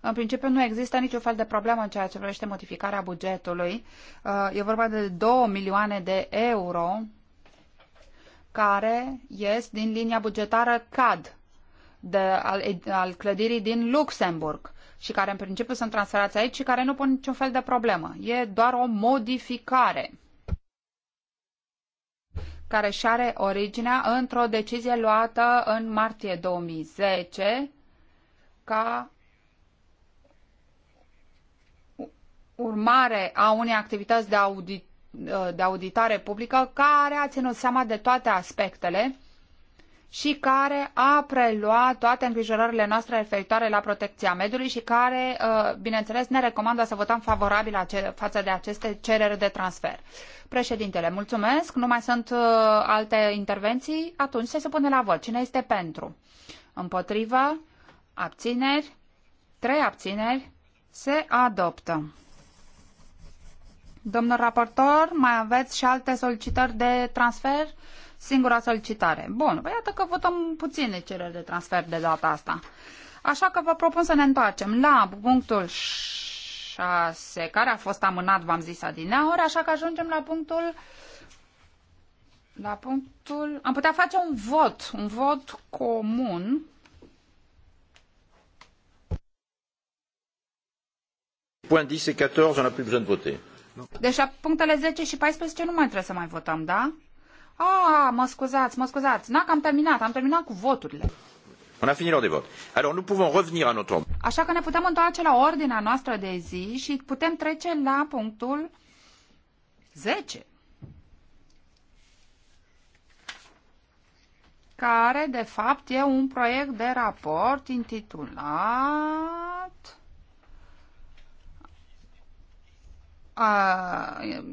În principiu nu există niciun fel de problemă în ceea ce privește modificarea bugetului. Uh, e vorba de 2 milioane de euro care ies din linia bugetară CAD de, al, al clădirii din Luxemburg și care în principiu sunt transferați aici și care nu pun niciun fel de problemă. E doar o modificare care și are originea într-o decizie luată în martie 2010 ca urmare a unei activități de audit Uh, de auditare publică care a ținut seama de toate aspectele și care a preluat toate îngrijorările noastre referitoare la protecția mediului și care, uh, bineînțeles, ne recomandă să votăm favorabil față de aceste cereri de transfer. Președintele, mulțumesc. Nu mai sunt uh, alte intervenții? Atunci se supune la vot. Cine este pentru? Împotrivă? Abțineri? Trei abțineri? Se adoptă. Domnul raportor, mai aveți și alte solicitări de transfer? Singura solicitare. Bun, păi iată că votăm puține cereri de transfer de data asta. Așa că vă propun să ne întoarcem la punctul 6, care a fost amânat, v-am zis, adineaori, așa că ajungem la punctul la punctul... Am putea face un vot, un vot comun. Point 10 et 14, on n'a plus besoin de voter. Nu. Deci la punctele 10 și 14 nu mai trebuie să mai votăm, da? Ah, mă scuzați, mă scuzați. Na, am am terminat, am terminat cu voturile. On a fini de vot. Alors nous pouvons revenir à notre Așa că ne putem întoarce la ordinea noastră de zi și putem trece la punctul 10. care de fapt e un proiect de raport intitulat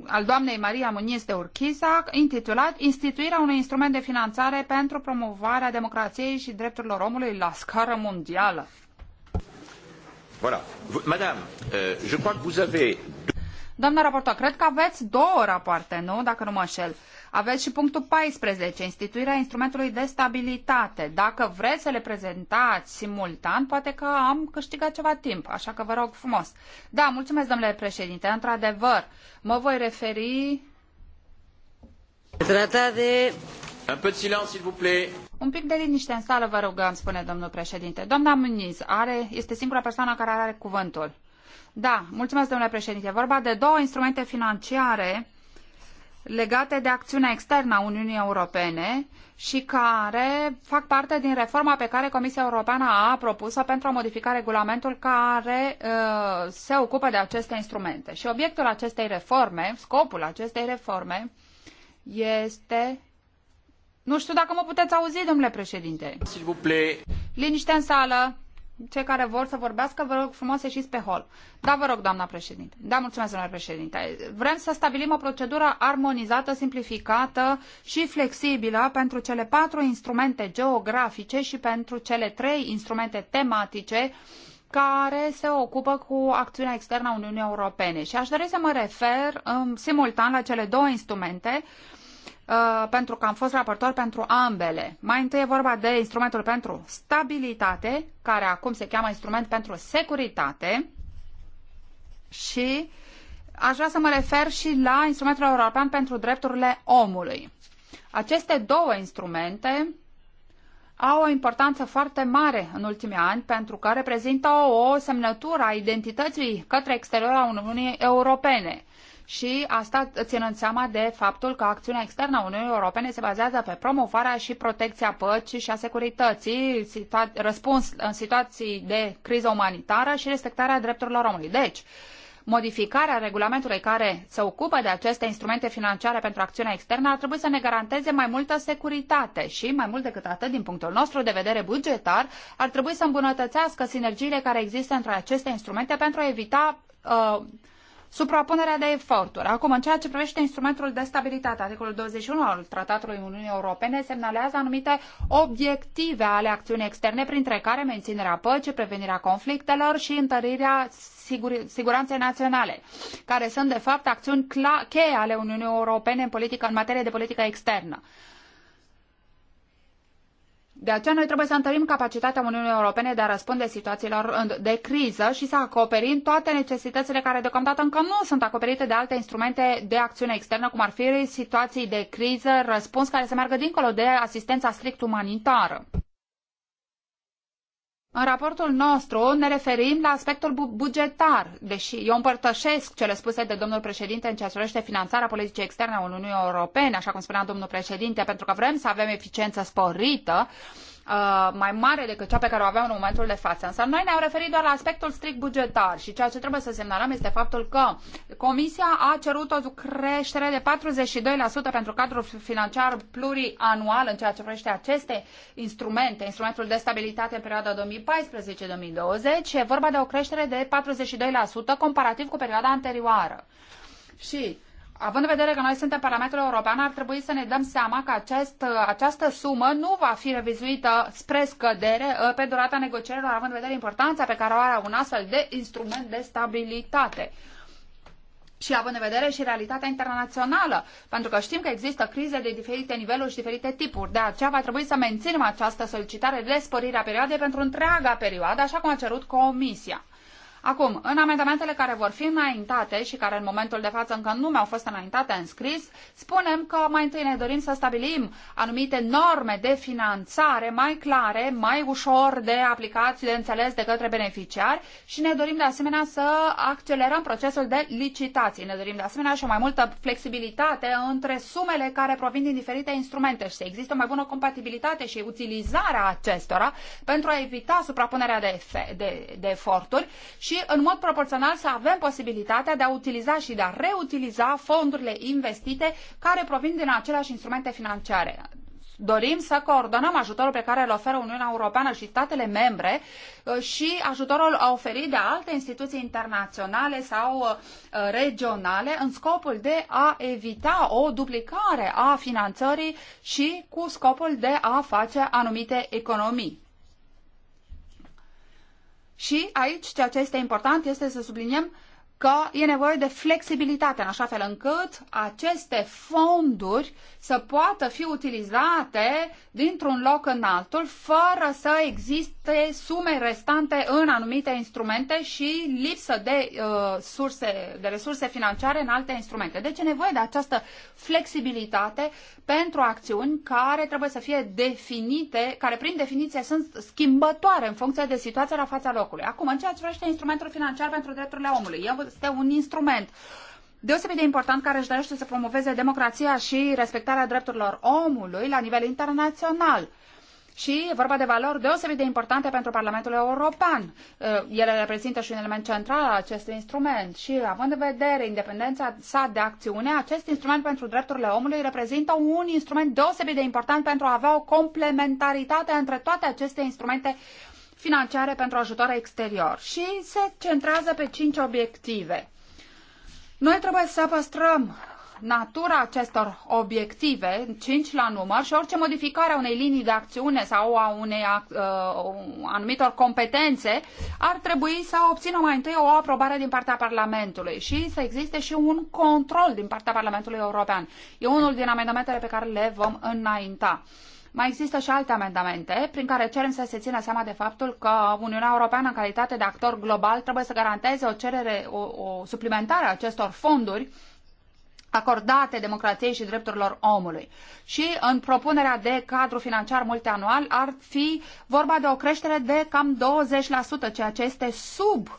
al doamnei Maria Muniz de Urchiza, intitulat Instituirea unui instrument de finanțare pentru promovarea democrației și drepturilor omului la scară mondială. Voilà. Madame, euh, je crois que vous avez... Doamna cred că aveți două rapoarte, nu? Dacă nu mă înșel. Uh, aveți și punctul 14, instituirea instrumentului de stabilitate. Dacă vreți să le prezentați simultan, poate că am câștigat ceva timp, așa că vă rog frumos. Da, mulțumesc, domnule președinte. Într-adevăr, mă voi referi... de... Un de silence, s'il vous plaît. Un pic de liniște în sală, vă rugăm, spune domnul președinte. Doamna Muniz are, este singura persoană care are cuvântul. Da, mulțumesc, domnule președinte. Vorba de două instrumente financiare legate de acțiunea externă a Uniunii Europene și care fac parte din reforma pe care Comisia Europeană a propus-o pentru a modifica regulamentul care uh, se ocupă de aceste instrumente. Și obiectul acestei reforme, scopul acestei reforme, este... Nu știu dacă mă puteți auzi, domnule președinte. Liniște în sală! cei care vor să vorbească, vă rog frumos ieșiți pe hol. Da, vă rog, doamna președinte. Da, mulțumesc, doamna președinte. Vrem să stabilim o procedură armonizată, simplificată și flexibilă pentru cele patru instrumente geografice și pentru cele trei instrumente tematice care se ocupă cu acțiunea externă a Uniunii Europene. Și aș dori să mă refer um, simultan la cele două instrumente uh, Uh, pentru că am fost raportor pentru ambele. Mai întâi e vorba de instrumentul pentru stabilitate, care acum se cheamă instrument pentru securitate și aș vrea să mă refer și la instrumentul european pentru drepturile omului. Aceste două instrumente au o importanță foarte mare în ultimii ani pentru că reprezintă o semnătură a identității către exterior a Uniunii Europene și asta ținând seama de faptul că acțiunea externă a Uniunii Europene se bazează pe promovarea și protecția păcii și a securității, situa- răspuns în situații de criză umanitară și respectarea drepturilor omului. Deci, modificarea regulamentului care se ocupă de aceste instrumente financiare pentru acțiunea externă ar trebui să ne garanteze mai multă securitate și, mai mult decât atât, din punctul nostru de vedere bugetar, ar trebui să îmbunătățească sinergiile care există între aceste instrumente pentru a evita uh, Suprapunerea de eforturi. Acum, în ceea ce privește instrumentul de stabilitate, articolul 21 al Tratatului Uniunii Europene semnalează anumite obiective ale acțiunii externe, printre care menținerea păcii, prevenirea conflictelor și întărirea sigur- siguranței naționale, care sunt, de fapt, acțiuni cheie ale Uniunii Europene în, politică, în materie de politică externă. De aceea noi trebuie să întărim capacitatea Uniunii Europene de a răspunde situațiilor de criză și să acoperim toate necesitățile care deocamdată încă nu sunt acoperite de alte instrumente de acțiune externă, cum ar fi situații de criză, răspuns care să meargă dincolo de asistența strict umanitară. În raportul nostru ne referim la aspectul bugetar, deși eu împărtășesc cele spuse de domnul președinte în ceea ce privește finanțarea politicii externe a Uniunii Europene, așa cum spunea domnul președinte, pentru că vrem să avem eficiență sporită, Uh, mai mare decât cea pe care o aveam în momentul de față. Însă noi ne-am referit doar la aspectul strict bugetar și ceea ce trebuie să semnalăm este faptul că Comisia a cerut o creștere de 42% pentru cadrul financiar plurianual în ceea ce privește aceste instrumente, instrumentul de stabilitate în perioada 2014-2020 și e vorba de o creștere de 42% comparativ cu perioada anterioară. Și având în vedere că noi suntem Parlamentul European, ar trebui să ne dăm seama că acest, această sumă nu va fi revizuită spre scădere ă, pe durata negocierilor, având în vedere importanța pe care o are un astfel de instrument de stabilitate. Și având în vedere și realitatea internațională, pentru că știm că există crize de diferite niveluri și diferite tipuri. De aceea va trebui să menținem această solicitare de sporire a perioadei pentru întreaga perioadă, așa cum a cerut Comisia. Acum, în amendamentele care vor fi înaintate și care în momentul de față încă nu mi-au fost înaintate în scris, spunem că mai întâi ne dorim să stabilim anumite norme de finanțare mai clare, mai ușor de aplicat, și de înțeles de către beneficiari și ne dorim de asemenea să accelerăm procesul de licitații. Ne dorim de asemenea și o mai multă flexibilitate între sumele care provin din diferite instrumente și să există o mai bună compatibilitate și utilizarea acestora pentru a evita suprapunerea de, de, de eforturi și în mod proporțional să avem posibilitatea de a utiliza și de a reutiliza fondurile investite care provin din aceleași instrumente financiare. Dorim să coordonăm ajutorul pe care îl oferă Uniunea Europeană și statele membre uh, și ajutorul oferit de alte instituții internaționale sau uh, regionale în scopul de a evita o duplicare a finanțării și cu scopul de a face anumite economii. Și aici ceea ce este important este să subliniem că e nevoie de flexibilitate, în așa fel încât aceste fonduri să poată fi utilizate dintr-un loc în altul, fără să existe sume restante în anumite instrumente și lipsă de, uh, surse, de resurse financiare în alte instrumente. Deci e nevoie de această flexibilitate pentru acțiuni care trebuie să fie definite, care prin definiție sunt schimbătoare în funcție de situația la fața locului. Acum, în ceea ce vrește instrumentul financiar pentru drepturile omului, eu este un instrument deosebit de important care își dorește să promoveze democrația și respectarea drepturilor omului la nivel internațional. Și e vorba de valori deosebit de importante pentru Parlamentul European. Uh, ele reprezintă și un element central al acestui instrument și, având în vedere independența sa de acțiune, acest instrument pentru drepturile omului reprezintă un instrument deosebit de important pentru a avea o complementaritate între toate aceste instrumente financiare pentru ajutor exterior și se centrează pe cinci obiective. Noi trebuie să păstrăm natura acestor obiective, cinci la număr, și orice modificare a unei linii de acțiune sau a unei uh, a, anumitor competențe ar trebui să obțină mai întâi o aprobare din partea Parlamentului și să existe și un control din partea Parlamentului European. E unul din amendamentele pe care le vom înainta. Uh, mai există și alte amendamente prin care cerem să se țină seama de faptul că Uniunea Europeană, în calitate de actor global, trebuie să garanteze o cerere, o, o suplimentare a acestor fonduri acordate democrației și drepturilor omului. Și în propunerea de cadru financiar multianual ar fi vorba de o creștere de cam 20%, ceea ce este sub uh,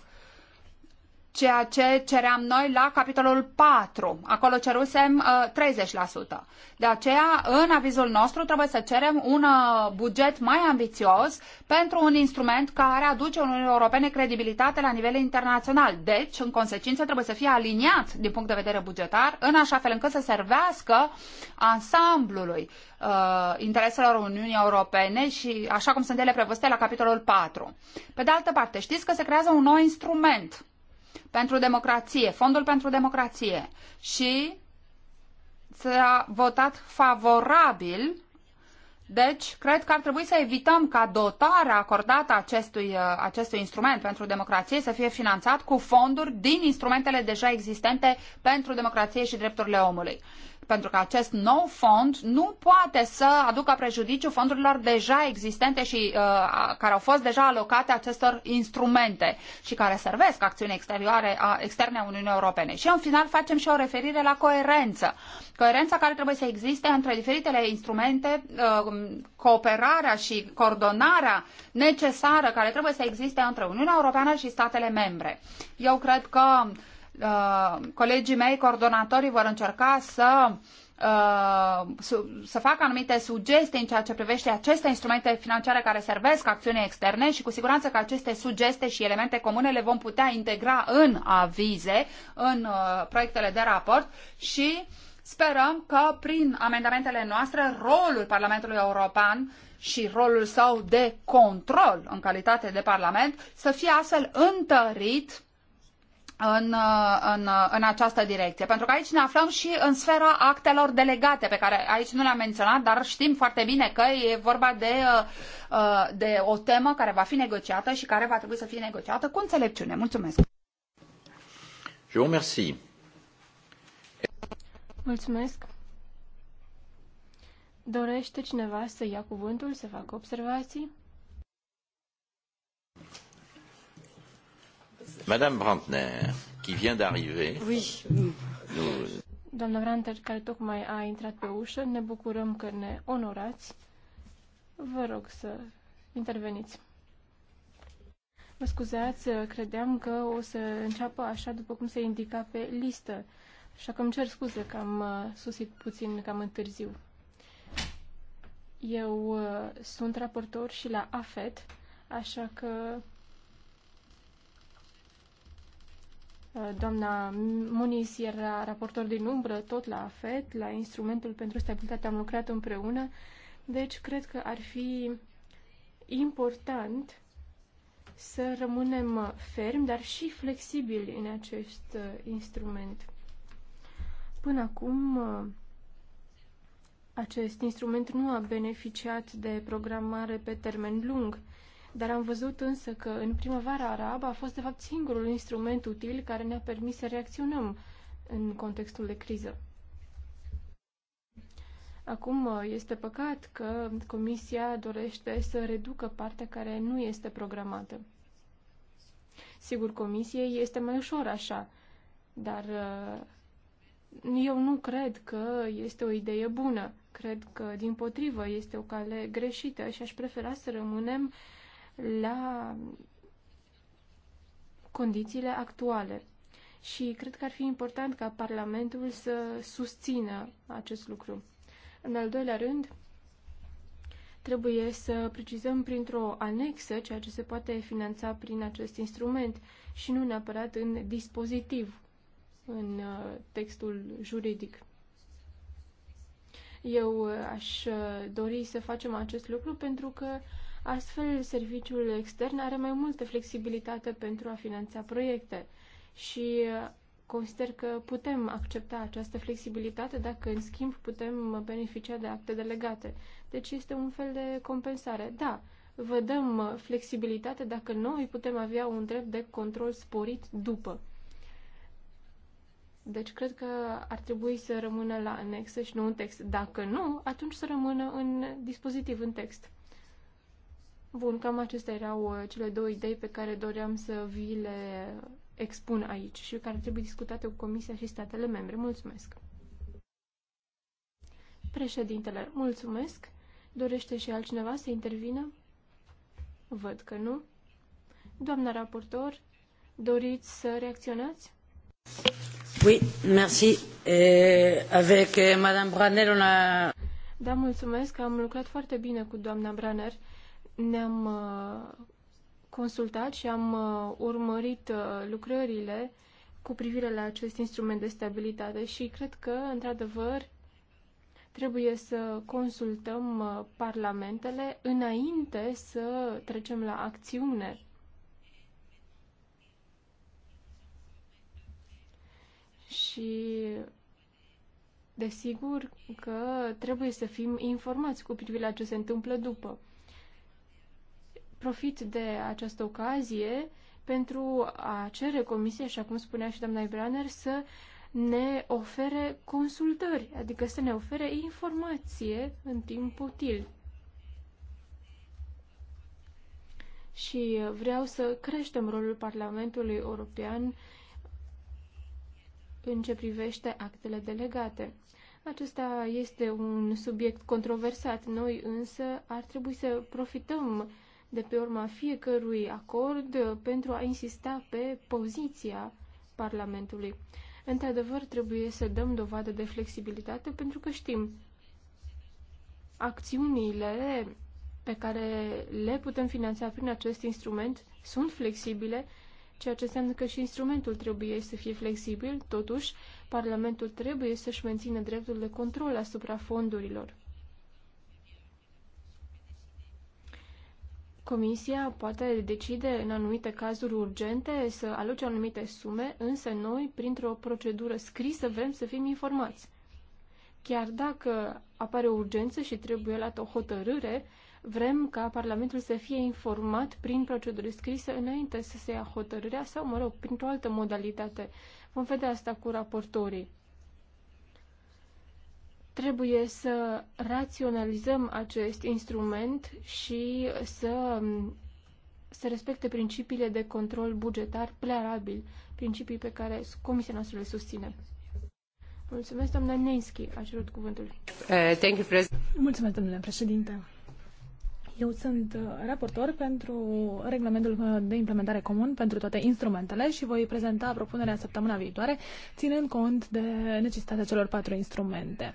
ceea ce ceream noi la capitolul 4. Acolo cerusem uh, 30%. De aceea, în avizul nostru, trebuie să cerem un uh, buget mai ambițios pentru un instrument care aduce Uniunii Europene credibilitate la nivel internațional. Deci, în consecință, trebuie să fie aliniat din punct de vedere bugetar, în așa fel încât să servească ansamblului uh, intereselor Uniunii Europene și așa cum sunt ele prevăzute la capitolul 4. Pe de altă parte, știți că se creează un nou instrument pentru democrație, Fondul pentru democrație și s-a votat favorabil deci, cred că ar trebui să evităm ca dotarea acordată acestui, uh, acestui instrument pentru democrație să fie finanțat cu fonduri din instrumentele deja existente pentru democrație și drepturile omului pentru că acest nou fond nu poate să aducă prejudiciu fondurilor deja existente și uh, care au fost deja alocate acestor instrumente și care servesc acțiunii exterioare a, externe a Uniunii Europene. Și în final facem și o referire la coerență. Coerența care trebuie să existe între diferitele instrumente, uh, cooperarea și coordonarea necesară care trebuie să existe între Uniunea Europeană și statele membre. Eu cred că Uh, colegii mei, coordonatorii, vor încerca să uh, să facă anumite sugestii în ceea ce privește aceste instrumente financiare care servesc acțiunii externe și cu siguranță că aceste sugestii și elemente comune le vom putea integra în avize, în uh, proiectele de raport și sperăm că prin amendamentele noastre rolul Parlamentului European și rolul său de control în calitate de Parlament să fie astfel întărit în, în, în această direcție. Pentru că aici ne aflăm și în sfera actelor delegate, pe care aici nu le-am menționat, dar știm foarte bine că e vorba de, uh, de o temă care va fi negociată și care va trebui să fie negociată cu înțelepciune. Mulțumesc! Je vous remercie. Mulțumesc! Dorește cineva să ia cuvântul, să facă observații? Madame Brantner, qui vient d'arriver. Oui. Nous... Doamna Branter, care tocmai a intrat pe ușă, ne bucurăm că ne onorați. Vă rog să interveniți. Mă scuzați, credeam că o să înceapă așa după cum se indica pe listă. Așa că îmi cer scuze că am uh, susit puțin cam târziu. Eu uh, sunt raportor și la AFET, așa că Uh, doamna Muniz era raportor din umbră, tot la AFET, la Instrumentul pentru Stabilitate am lucrat împreună, deci cred că ar fi important să rămânem fermi, dar și flexibili în acest uh, instrument. Până acum, uh, acest instrument nu a beneficiat de programare pe termen lung. Dar am văzut însă că în primăvara arabă a fost de fapt singurul instrument util care ne-a permis să reacționăm în contextul de criză. Acum uh, este păcat că Comisia dorește să reducă partea care nu este programată. Sigur, Comisiei este mai ușor așa, dar uh, eu nu cred că este o idee bună. Cred că, din potrivă, este o cale greșită și aș prefera să rămânem uh, la condițiile actuale. Și cred că ar fi important ca Parlamentul să susțină acest lucru. În al doilea rând, trebuie să precizăm printr-o anexă ceea ce se poate finanța prin acest instrument și nu neapărat în dispozitiv, în uh, textul juridic. Eu uh, aș uh, dori să facem acest lucru pentru că Astfel, serviciul extern are mai multă flexibilitate pentru a finanța proiecte și uh, consider că putem accepta această flexibilitate dacă, în schimb, putem beneficia de acte delegate. Deci este un fel de compensare. Da, vă dăm uh, flexibilitate dacă noi putem avea un drept de control sporit după. Deci cred că ar trebui să rămână la anexă și nu în text. Dacă nu, atunci să rămână în dispozitiv, în text. Bun, cam acestea erau uh, cele două idei pe care doream să vi le expun aici și care trebuie discutate cu Comisia și statele membre. Mulțumesc! Președintele, mulțumesc! Dorește și altcineva să intervină? Văd că nu. Doamna raportor, doriți să reacționați? Oui, merci. Eh, avec eh, Madame Branner, on a... Da, mulțumesc. Am lucrat foarte bine cu doamna Branner ne-am uh, consultat și am uh, urmărit uh, lucrările cu privire la acest instrument de stabilitate și cred că, într-adevăr, trebuie să consultăm parlamentele înainte să trecem la acțiune. Și desigur că trebuie să fim informați cu privire la ce se întâmplă după. Profit de această ocazie pentru a cere comisie, așa cum spunea și doamna Ibraner, să ne ofere consultări, adică să ne ofere informație în timp util. Și vreau să creștem rolul Parlamentului European în ce privește actele delegate. Acesta este un subiect controversat. Noi însă ar trebui să profităm de pe urma fiecărui acord pentru a insista pe poziția Parlamentului. Într-adevăr, trebuie să dăm dovadă de flexibilitate pentru că știm acțiunile pe care le putem finanța prin acest instrument sunt flexibile, ceea ce înseamnă că și instrumentul trebuie să fie flexibil, totuși Parlamentul trebuie să-și mențină dreptul de control asupra fondurilor. Comisia poate decide în anumite cazuri urgente să aloce anumite sume, însă noi, printr-o procedură scrisă, vrem să fim informați. Chiar dacă apare o urgență și trebuie luată o hotărâre, vrem ca Parlamentul să fie informat prin procedură scrisă înainte să se ia hotărârea sau, mă rog, printr-o altă modalitate. Vom vedea asta cu raportorii. Trebuie să raționalizăm acest instrument și să să respecte principiile de control bugetar plearabil, principii pe care Comisia noastră le susține. Mulțumesc, doamna Nenski, a cerut cuvântul. Uh, thank you, Mulțumesc, domnule președinte. Eu sunt uh, raportor pentru regulamentul uh, de implementare comun pentru toate instrumentele și voi prezenta propunerea săptămâna viitoare, ținând cont de necesitatea celor patru instrumente.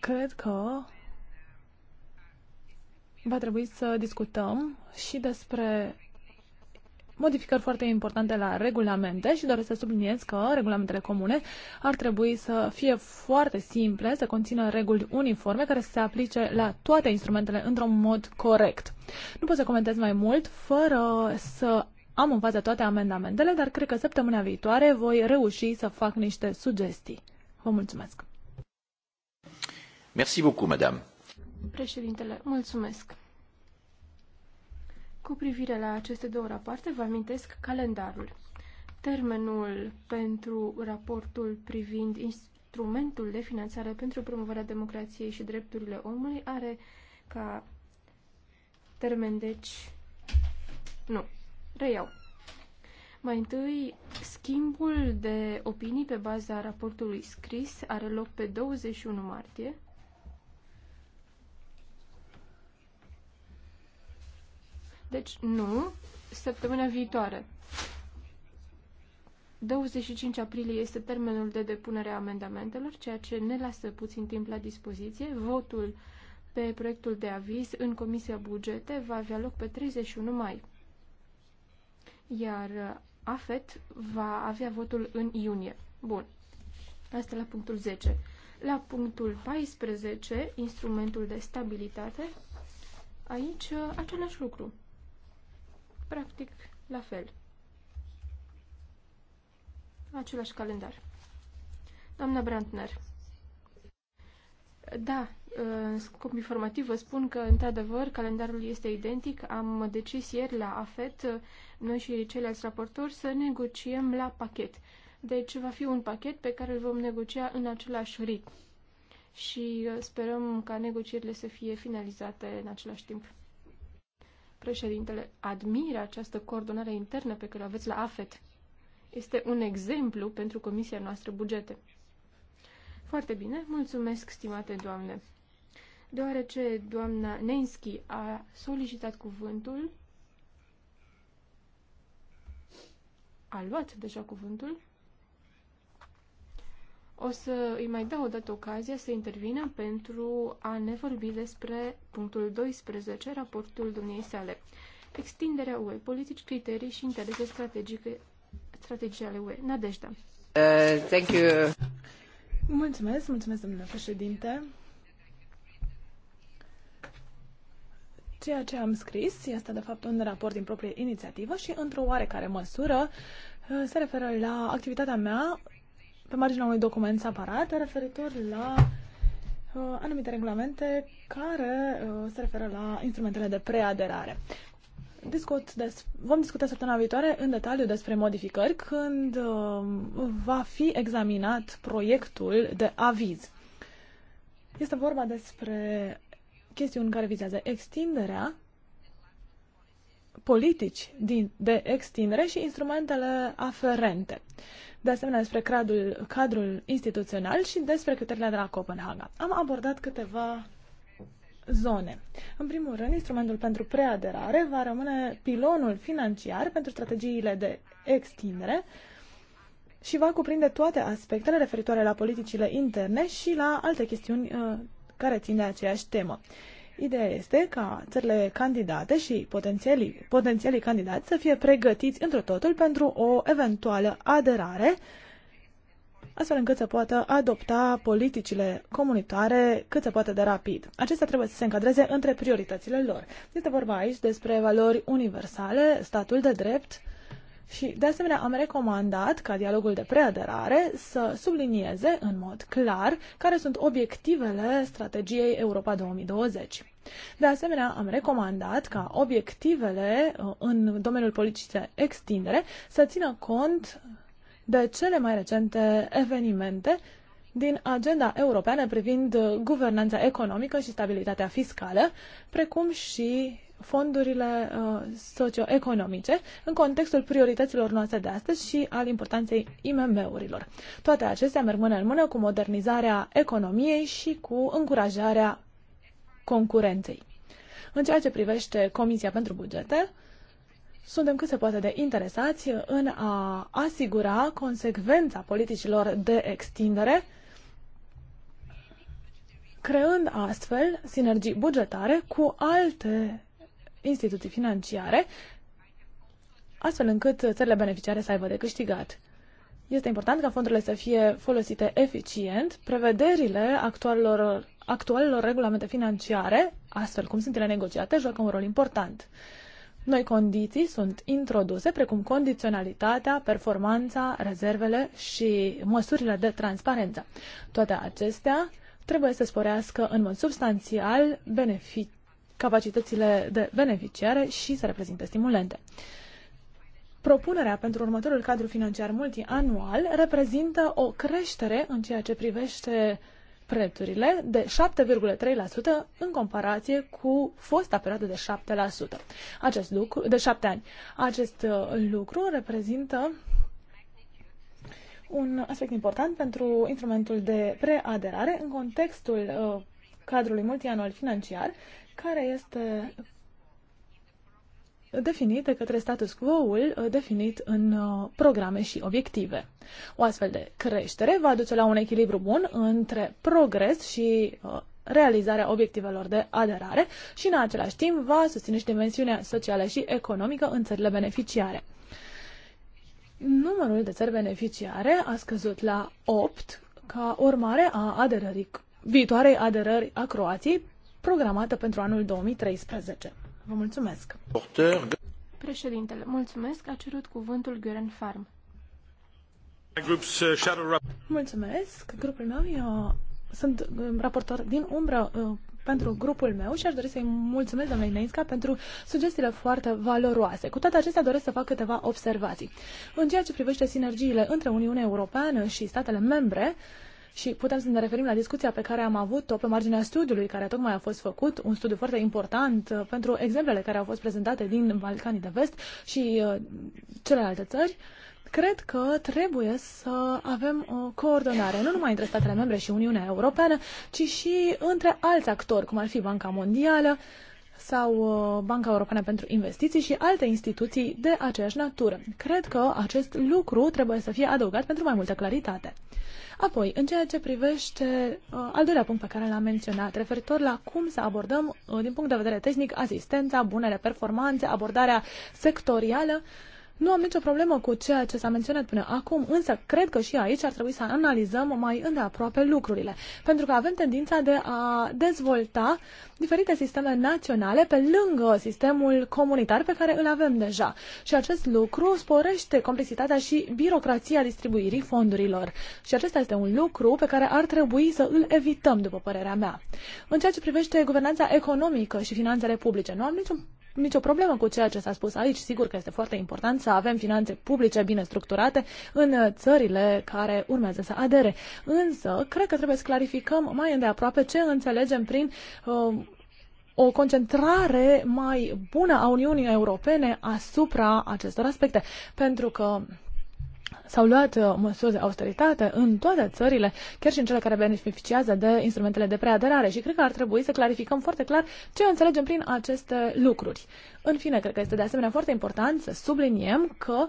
Cred că va trebui să discutăm și despre modificări foarte importante la regulamente și doresc să subliniez că regulamentele comune ar trebui să fie foarte simple, să conțină reguli uniforme care să se aplice la toate instrumentele într-un mod corect. Nu pot să comentez mai mult fără să am în față toate amendamentele, dar cred că săptămâna viitoare voi reuși să fac niște sugestii. Vă mulțumesc! Merci beaucoup, madame. Președintele, mulțumesc. Cu privire la aceste două rapoarte, vă amintesc calendarul. Termenul pentru raportul privind instrumentul de finanțare pentru promovarea democrației și drepturile omului are ca termen, deci... Nu, reiau. Mai întâi, schimbul de opinii pe baza raportului scris are loc pe 21 martie Deci, nu, săptămâna viitoare. 25 aprilie este termenul de depunere a amendamentelor, ceea ce ne lasă puțin timp la dispoziție. Votul pe proiectul de aviz în Comisia Bugete va avea loc pe 31 mai, iar uh, AFET va avea votul în iunie. Bun. Asta la punctul 10. La punctul 14, instrumentul de stabilitate, aici uh, același lucru. Practic, la fel. Același calendar. Doamna Brandner. Da, în scop informativ vă spun că, într-adevăr, calendarul este identic. Am decis ieri la AFET, noi și ceilalți raportori, să negociem la pachet. Deci va fi un pachet pe care îl vom negocia în același ritm. Și uh, sperăm ca negocierile să fie finalizate în același timp. Președintele admiră această coordonare internă pe care o aveți la AFET. Este un exemplu pentru Comisia noastră bugete. Foarte bine, mulțumesc, stimate doamne. Deoarece doamna Nenski a solicitat cuvântul, a luat deja cuvântul, o să îi mai dau o dată ocazia să intervină pentru a ne vorbi despre punctul 12, raportul dumnei sale. Extinderea UE, politici, criterii și interese strategice, strategice ale UE. Nadejda. Uh, thank you. Mulțumesc, mulțumesc, domnule președinte. Ceea ce am scris este, de fapt, un raport din proprie inițiativă și, într-o oarecare măsură, se referă la activitatea mea pe marginea unui document separat referitor la uh, anumite regulamente care uh, se referă la instrumentele de preaderare. Discut des, vom discuta săptămâna viitoare în detaliu despre modificări când uh, va fi examinat proiectul de aviz. Este vorba despre chestiuni care vizează extinderea politici din, de extindere și instrumentele aferente. De asemenea, despre cradul, cadrul instituțional și despre criteriile de la Copenhaga. Am abordat câteva zone. În primul rând, instrumentul pentru preaderare va rămâne pilonul financiar pentru strategiile de extindere și va cuprinde toate aspectele referitoare la politicile interne și la alte chestiuni uh, care țin de aceeași temă. Uh, Ideea este ca țările candidate și potențialii, potențialii candidați să fie pregătiți într totul pentru o eventuală aderare, astfel încât să poată adopta politicile comunitare cât se poate de rapid. Acestea trebuie să se încadreze între prioritățile lor. Este vorba aici despre valori universale, statul de drept, și, de asemenea, am recomandat ca dialogul de preaderare să sublinieze în mod clar care sunt obiectivele strategiei Europa 2020. De asemenea, am recomandat ca obiectivele uh, în domeniul politicii de extindere să țină cont de cele mai recente evenimente din agenda europeană privind uh, guvernanța economică și stabilitatea fiscală, precum și fondurile uh, socioeconomice în contextul priorităților noastre de astăzi și al importanței IMM-urilor. Toate acestea merg mână în mână cu modernizarea economiei și cu încurajarea concurenței. În ceea ce privește Comisia pentru Bugete, suntem cât se poate de interesați în a asigura consecvența politicilor de extindere, creând astfel sinergii bugetare cu alte instituții financiare, astfel încât țările beneficiare să aibă de câștigat. Este important ca fondurile să fie folosite eficient. Prevederile actualelor, actualelor regulamente financiare, astfel cum sunt ele negociate, joacă un rol important. Noi condiții sunt introduse, precum condiționalitatea, performanța, rezervele și măsurile de transparență. Toate acestea trebuie să sporească în mod substanțial benefic capacitățile de beneficiare și să reprezinte stimulente. Propunerea pentru următorul cadru financiar multianual reprezintă o creștere în ceea ce privește prețurile de 7,3% în comparație cu fosta perioadă de 7%. Acest lucru, de 7 ani. Acest uh, lucru reprezintă un aspect important pentru instrumentul de preaderare în contextul uh, cadrului multianual financiar care este definit de către status quo-ul uh, definit în uh, programe și obiective. O astfel de creștere va duce la un echilibru bun între progres și uh, realizarea obiectivelor de aderare și în același timp va susține și dimensiunea socială și economică în țările beneficiare. Numărul de țări beneficiare a scăzut la 8 ca urmare a aderării viitoarei aderări a Croației programată pentru anul 2013. Vă mulțumesc! Președintele, mulțumesc, a cerut cuvântul Guren Farm. Uh, mulțumesc, grupul meu, eu sunt uh, raportor din umbră uh, pentru grupul meu și aș dori să-i mulțumesc doamnei Neinska pentru sugestiile foarte valoroase. Cu toate acestea doresc să fac câteva observații. În ceea ce privește sinergiile între Uniunea Europeană și statele membre, uh, și putem să ne referim la discuția pe care am avut-o pe marginea studiului care tocmai a fost făcut, un studiu foarte important uh, pentru exemplele care au fost prezentate din Balcanii de Vest și uh, celelalte țări. Cred că trebuie să avem o coordonare nu numai între statele membre și Uniunea Europeană, ci și între alți actori, cum ar fi Banca Mondială, sau uh, Banca Europeană pentru Investiții și alte instituții de aceeași natură. Cred că acest lucru trebuie să fie adăugat pentru mai multă claritate. Apoi, în ceea ce privește uh, al doilea punct pe care l-am menționat, referitor la cum să abordăm, uh, din punct de vedere tehnic, asistența, bunele performanțe, abordarea sectorială, uh, nu am nicio problemă cu ceea ce s-a menționat până acum, însă cred că și aici ar trebui să analizăm mai îndeaproape lucrurile, pentru că avem tendința de a dezvolta diferite sisteme naționale pe lângă sistemul comunitar pe care îl avem deja. Și acest lucru sporește complexitatea și birocrația distribuirii fondurilor. Și acesta este un lucru pe care ar trebui să îl evităm, după părerea mea. În ceea ce privește guvernanța economică și finanțele publice, nu am niciun nicio problemă cu ceea ce s-a spus aici. Sigur că este foarte important să avem finanțe publice bine structurate în uh, țările care urmează să adere. Însă, cred că trebuie să clarificăm mai îndeaproape ce înțelegem prin uh, o concentrare mai bună a Uniunii Europene asupra acestor aspecte. Pentru că s-au luat uh, măsuri de austeritate în toate țările, chiar și în cele care beneficiază de instrumentele de preaderare și cred că ar trebui să clarificăm foarte clar ce înțelegem prin aceste lucruri. În fine, cred că este de asemenea foarte important să subliniem că uh,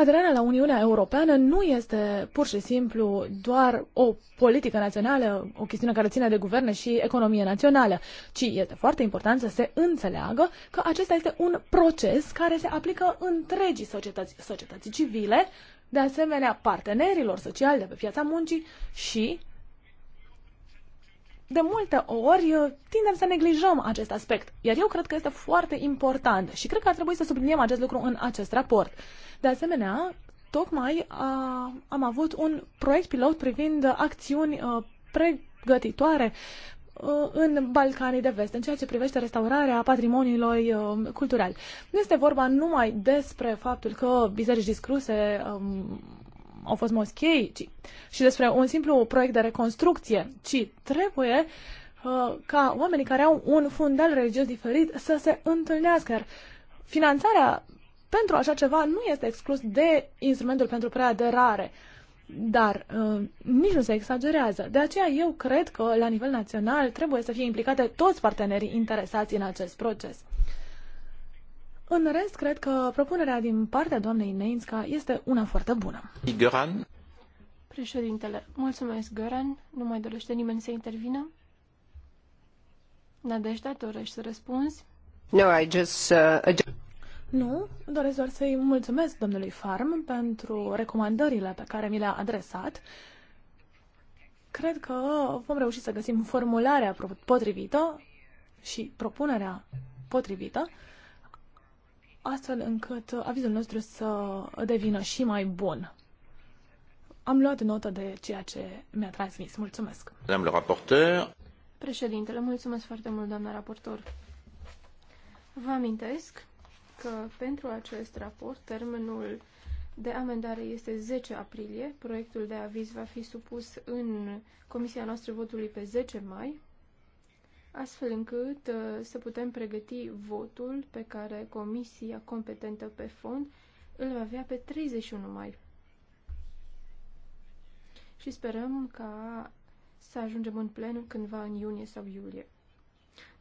Aderarea la Uniunea Europeană nu este pur și simplu doar o politică națională, o chestiune care ține de guverne și economie națională, ci este foarte important să se înțeleagă că acesta este un proces care se aplică întregii societăți, societății civile, de asemenea partenerilor sociali de pe piața muncii și de multe ori uh, tindem să neglijăm acest aspect, iar eu cred că este foarte important și cred că ar trebui să subliniem acest lucru în acest raport. De asemenea, tocmai a, am avut un proiect pilot privind acțiuni a, uh, pregătitoare uh, în Balcanii de Vest, în ceea ce privește restaurarea patrimoniilor cultural. Nu este vorba numai despre faptul că biserici discruse um, au fost moschei, ci, și despre un simplu proiect de reconstrucție, ci trebuie uh, ca oamenii care au un fundal religios diferit să se întâlnească. Iar finanțarea pentru așa ceva nu este exclus de instrumentul pentru preaderare, dar uh, nici nu se exagerează. De aceea eu cred că la nivel național trebuie să fie implicate toți partenerii interesați în acest proces. În rest, cred că propunerea din partea doamnei Neinska este una foarte bună. Igoran. Președintele, mulțumesc, Göran. Nu mai dorește nimeni să intervină? Nadejda, dorești să răspunzi? No, I just, uh, nu, doresc doar să-i mulțumesc domnului Farm pentru recomandările pe care mi le-a adresat. Cred că vom reuși să găsim formularea potrivită și propunerea potrivită astfel încât uh, avizul nostru să devină și mai bun. Am luat notă de ceea ce mi-a transmis. Mulțumesc. Madame le raporteur. Președintele, mulțumesc foarte mult, doamna raportor. Vă amintesc că pentru acest raport termenul de amendare este 10 aprilie. Proiectul de aviz va fi supus în comisia noastră votului pe 10 mai astfel încât uh, să putem pregăti votul pe care comisia competentă pe fond îl va avea pe 31 mai. Și sperăm ca să ajungem în plen cândva în iunie sau iulie.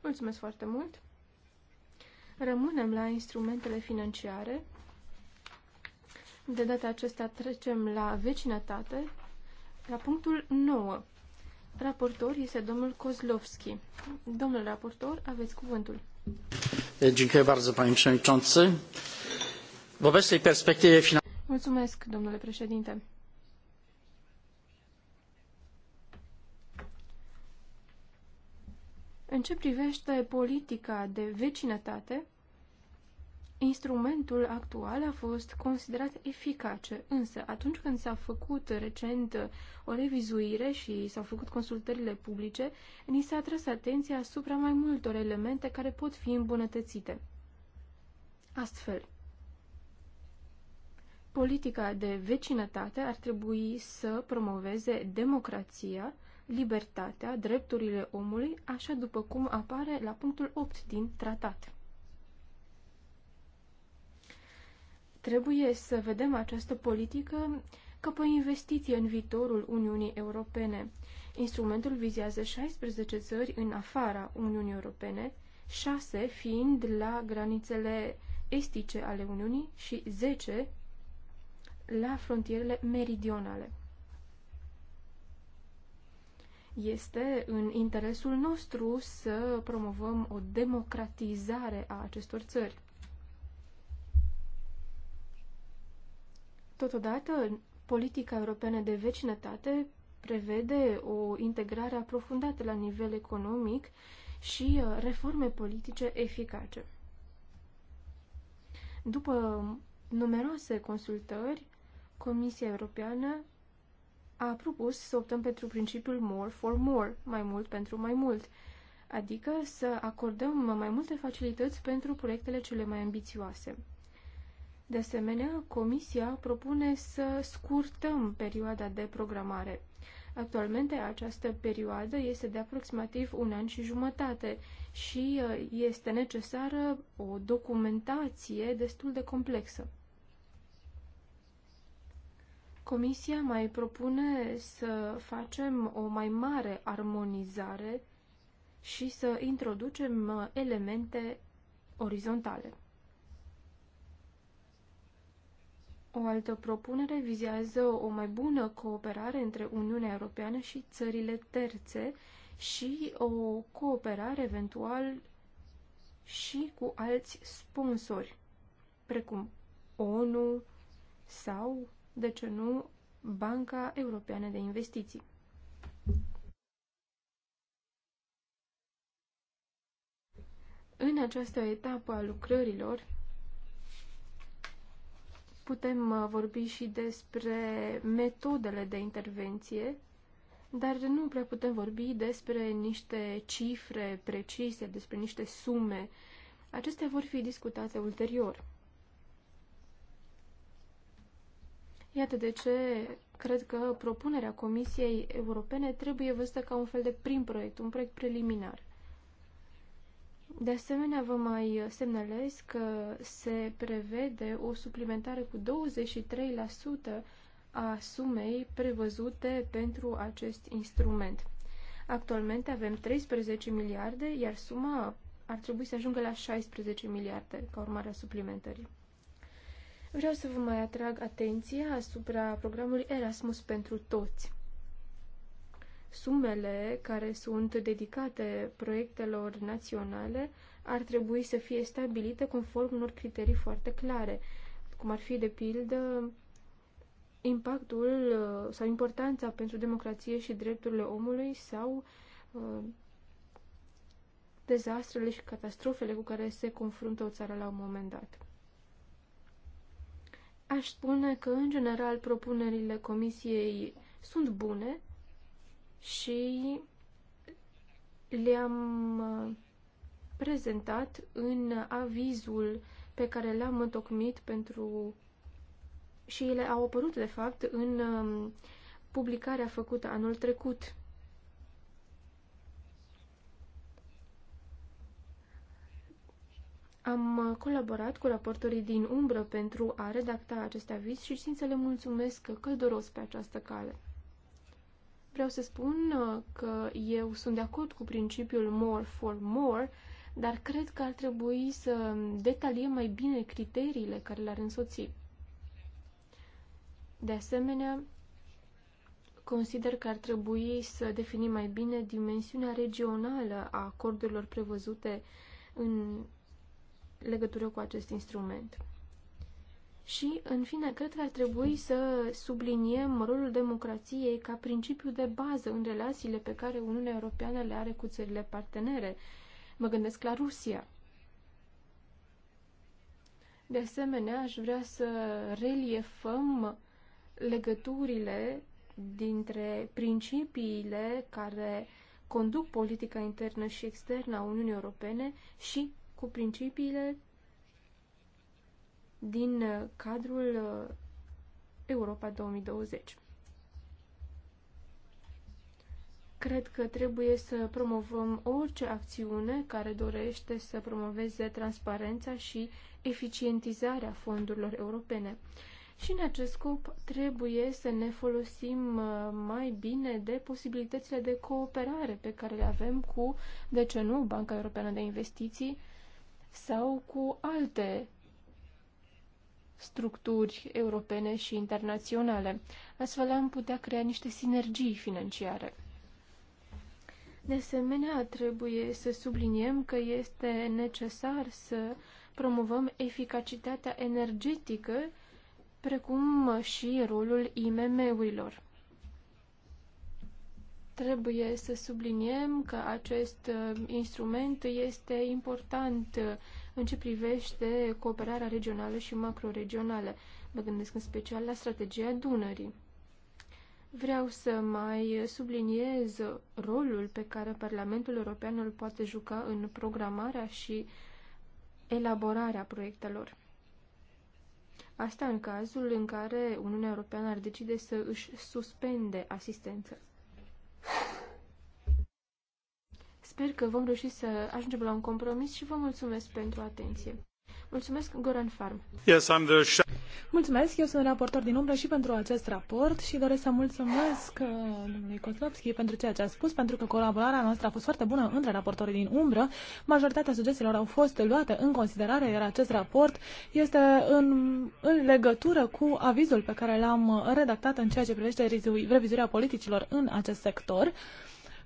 Mulțumesc foarte mult! Rămânem la instrumentele financiare. De data aceasta trecem la vecinătate, la punctul 9. Raportor este domnul Kozlowski. Domnul raportor, aveți cuvântul. Dziękuję bardzo, panie przewodniczący. W obecnej perspektywie finansowej... Mulțumesc, domnule președinte. În ce privește politica de vecinătate, Instrumentul actual a fost considerat eficace, însă atunci când s-a făcut recent o revizuire și s-au făcut consultările publice, ni s-a atras atenția asupra mai multor elemente care pot fi îmbunătățite. Astfel, politica de vecinătate ar trebui să promoveze democrația, libertatea, drepturile omului, așa după cum apare la punctul 8 din tratat. Trebuie să vedem această politică ca pe investiție în viitorul Uniunii Europene. Instrumentul vizează 16 țări în afara Uniunii Europene, 6 fiind la granițele estice ale Uniunii și 10 la frontierele meridionale. Este în interesul nostru să promovăm o democratizare a acestor țări. Totodată, politica europeană de vecinătate prevede o integrare aprofundată la nivel economic și uh, reforme politice eficace. După numeroase consultări, Comisia Europeană a propus să optăm pentru principiul more for more, mai mult pentru mai mult, adică să acordăm mai multe facilități pentru proiectele cele mai ambițioase. De asemenea, Comisia propune să scurtăm perioada de programare. Actualmente, această perioadă este de aproximativ un an și jumătate și uh, este necesară o documentație destul de complexă. Comisia mai propune să facem o mai mare armonizare și să introducem uh, elemente orizontale. O altă propunere vizează o mai bună cooperare între Uniunea Europeană și țările terțe și o cooperare eventual și cu alți sponsori, precum ONU sau, de ce nu, Banca Europeană de Investiții. În această etapă a lucrărilor, putem uh, vorbi și despre metodele de intervenție, dar nu prea putem vorbi despre niște cifre precise, despre niște sume. Acestea vor fi discutate ulterior. Iată de ce cred că propunerea Comisiei Europene trebuie văzută ca un fel de prim proiect, un proiect preliminar. De asemenea, vă mai semnalez că se prevede o suplimentare cu 23% a sumei prevăzute pentru acest instrument. Actualmente avem 13 miliarde, iar suma ar trebui să ajungă la 16 miliarde ca urmare a suplimentării. Vreau să vă mai atrag atenția asupra programului Erasmus pentru toți sumele care sunt dedicate proiectelor naționale ar trebui să fie stabilite conform unor criterii foarte clare, cum ar fi, de pildă, impactul uh, sau importanța pentru democrație și drepturile omului sau uh, dezastrele și catastrofele cu care se confruntă o țară la un moment dat. Aș spune că, în general, propunerile Comisiei sunt bune, și le-am uh, prezentat în avizul pe care l-am întocmit pentru și ele au apărut de fapt în um, publicarea făcută anul trecut. Am uh, colaborat cu raportorii din umbră pentru a redacta acest aviz și țin să le mulțumesc călduros pe această cale. Vreau să spun uh, că eu sunt de acord cu principiul more for more, dar cred că ar trebui să detaliem mai bine criteriile care le-ar însoți. De asemenea, consider că ar trebui să definim mai bine dimensiunea regională a acordurilor prevăzute în legătură cu acest instrument. Și, în fine, cred că ar trebui să subliniem rolul democrației ca principiu de bază în relațiile pe care Uniunea Europeană le are cu țările partenere. Mă gândesc la Rusia. De asemenea, aș vrea să reliefăm legăturile dintre principiile care conduc politica internă și externă a Uniunii Europene și cu principiile din uh, cadrul uh, Europa 2020. Cred că trebuie să promovăm orice acțiune care dorește să promoveze transparența și eficientizarea fondurilor europene. Și în acest scop trebuie să ne folosim uh, mai bine de posibilitățile de cooperare pe care le avem cu, de ce nu, Banca Europeană de Investiții sau cu alte structuri europene și internaționale. Astfel am putea crea niște sinergii financiare. De asemenea, trebuie să subliniem că este necesar să promovăm eficacitatea energetică, precum și rolul IMM-urilor. Trebuie să subliniem că acest uh, instrument este important uh, în ce privește cooperarea regională și macroregională. Mă gândesc în special la strategia Dunării. Vreau să mai subliniez rolul pe care Parlamentul European îl poate juca în programarea și elaborarea proiectelor. Asta în cazul în care Uniunea Europeană ar decide să își suspende asistența. Sper că vom reuși să ajungem la un compromis și vă mulțumesc pentru atenție. Mulțumesc, Goran Farm. Yes, I'm the... Mulțumesc, eu sunt raportor din umbră și pentru acest raport și doresc să mulțumesc uh, domnului Kozlovski pentru ceea ce a spus, pentru că colaborarea noastră a fost foarte bună între raportorii din umbră. Majoritatea sugestiilor au fost luate în considerare, iar acest raport este în, în legătură cu avizul pe care l-am redactat în ceea ce privește revizuirea politicilor în acest sector. Uh,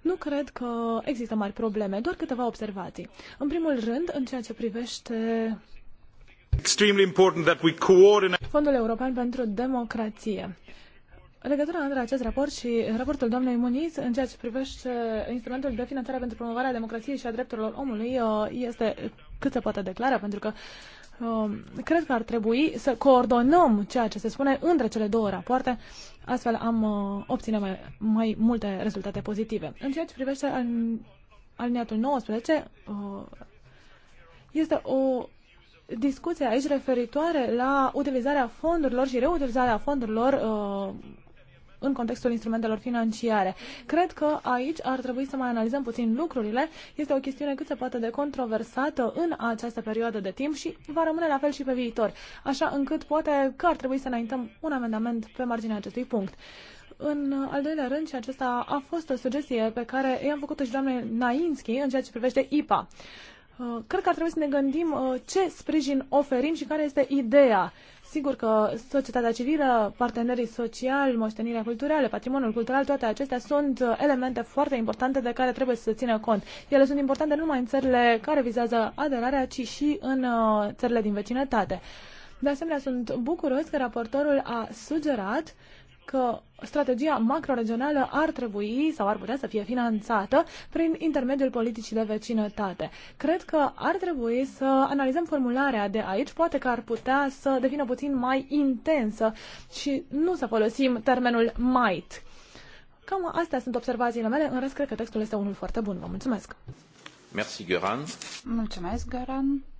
nu cred că există mari probleme, doar câteva observații. În primul rând, în ceea ce privește Fondul European pentru Democrație. Legătura între acest raport și raportul doamnei Muniz în ceea ce privește instrumentul de finanțare pentru promovarea democrației și a drepturilor omului uh, este cât se poate declara, pentru că Um, cred că ar trebui să coordonăm ceea ce se spune între cele două rapoarte, astfel am uh, obține mai, mai multe rezultate pozitive. În ceea ce privește aliniatul 19, uh, este o discuție aici referitoare la utilizarea fondurilor și reutilizarea fondurilor uh, în contextul instrumentelor financiare. Cred că aici ar trebui să mai analizăm puțin lucrurile. Este o chestiune cât se poate de controversată în această perioadă de timp și va rămâne la fel și pe viitor, așa încât poate că ar trebui să înaintăm un amendament pe marginea acestui punct. În al doilea rând, și acesta a fost o sugestie pe care i-am făcut-o și doamnei Nainski în ceea ce privește IPA. Uh, cred că ar trebui să ne gândim uh, ce sprijin oferim și care este ideea. Sigur că societatea civilă, partenerii sociali, moștenirea culturală, patrimoniul cultural, toate acestea sunt uh, elemente foarte importante de care trebuie să se țină cont. Ele sunt importante nu numai în țările care vizează aderarea, ci și în țările din vecinătate. De asemenea, sunt bucuros că raportorul a sugerat uh, că strategia macroregională ar trebui sau ar putea să fie finanțată prin intermediul politicii de vecinătate. Cred că ar trebui să analizăm formularea de aici, poate că ar putea să devină puțin mai intensă și nu să folosim termenul might. Cam astea sunt observațiile mele, în rest cred că textul este unul foarte bun. Vă mulțumesc! Merci, Göran. Mulțumesc, Göran.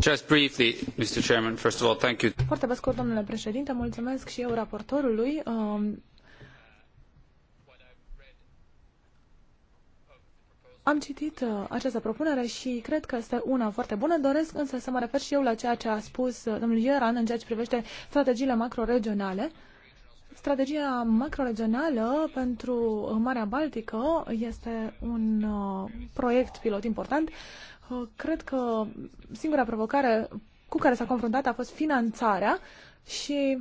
Just briefly, Mr. Chairman, first of all, thank you. Foarte pe scurt, domnule președinte, mulțumesc și eu raportorului. Um, am citit uh, această propunere și cred că este una foarte bună. Doresc însă să mă refer și eu la ceea ce a spus uh, domnul Ieran în ceea ce privește strategiile macroregionale. Strategia macroregională pentru Marea Baltică este un uh, proiect pilot important Cred că singura provocare cu care s-a confruntat a fost finanțarea și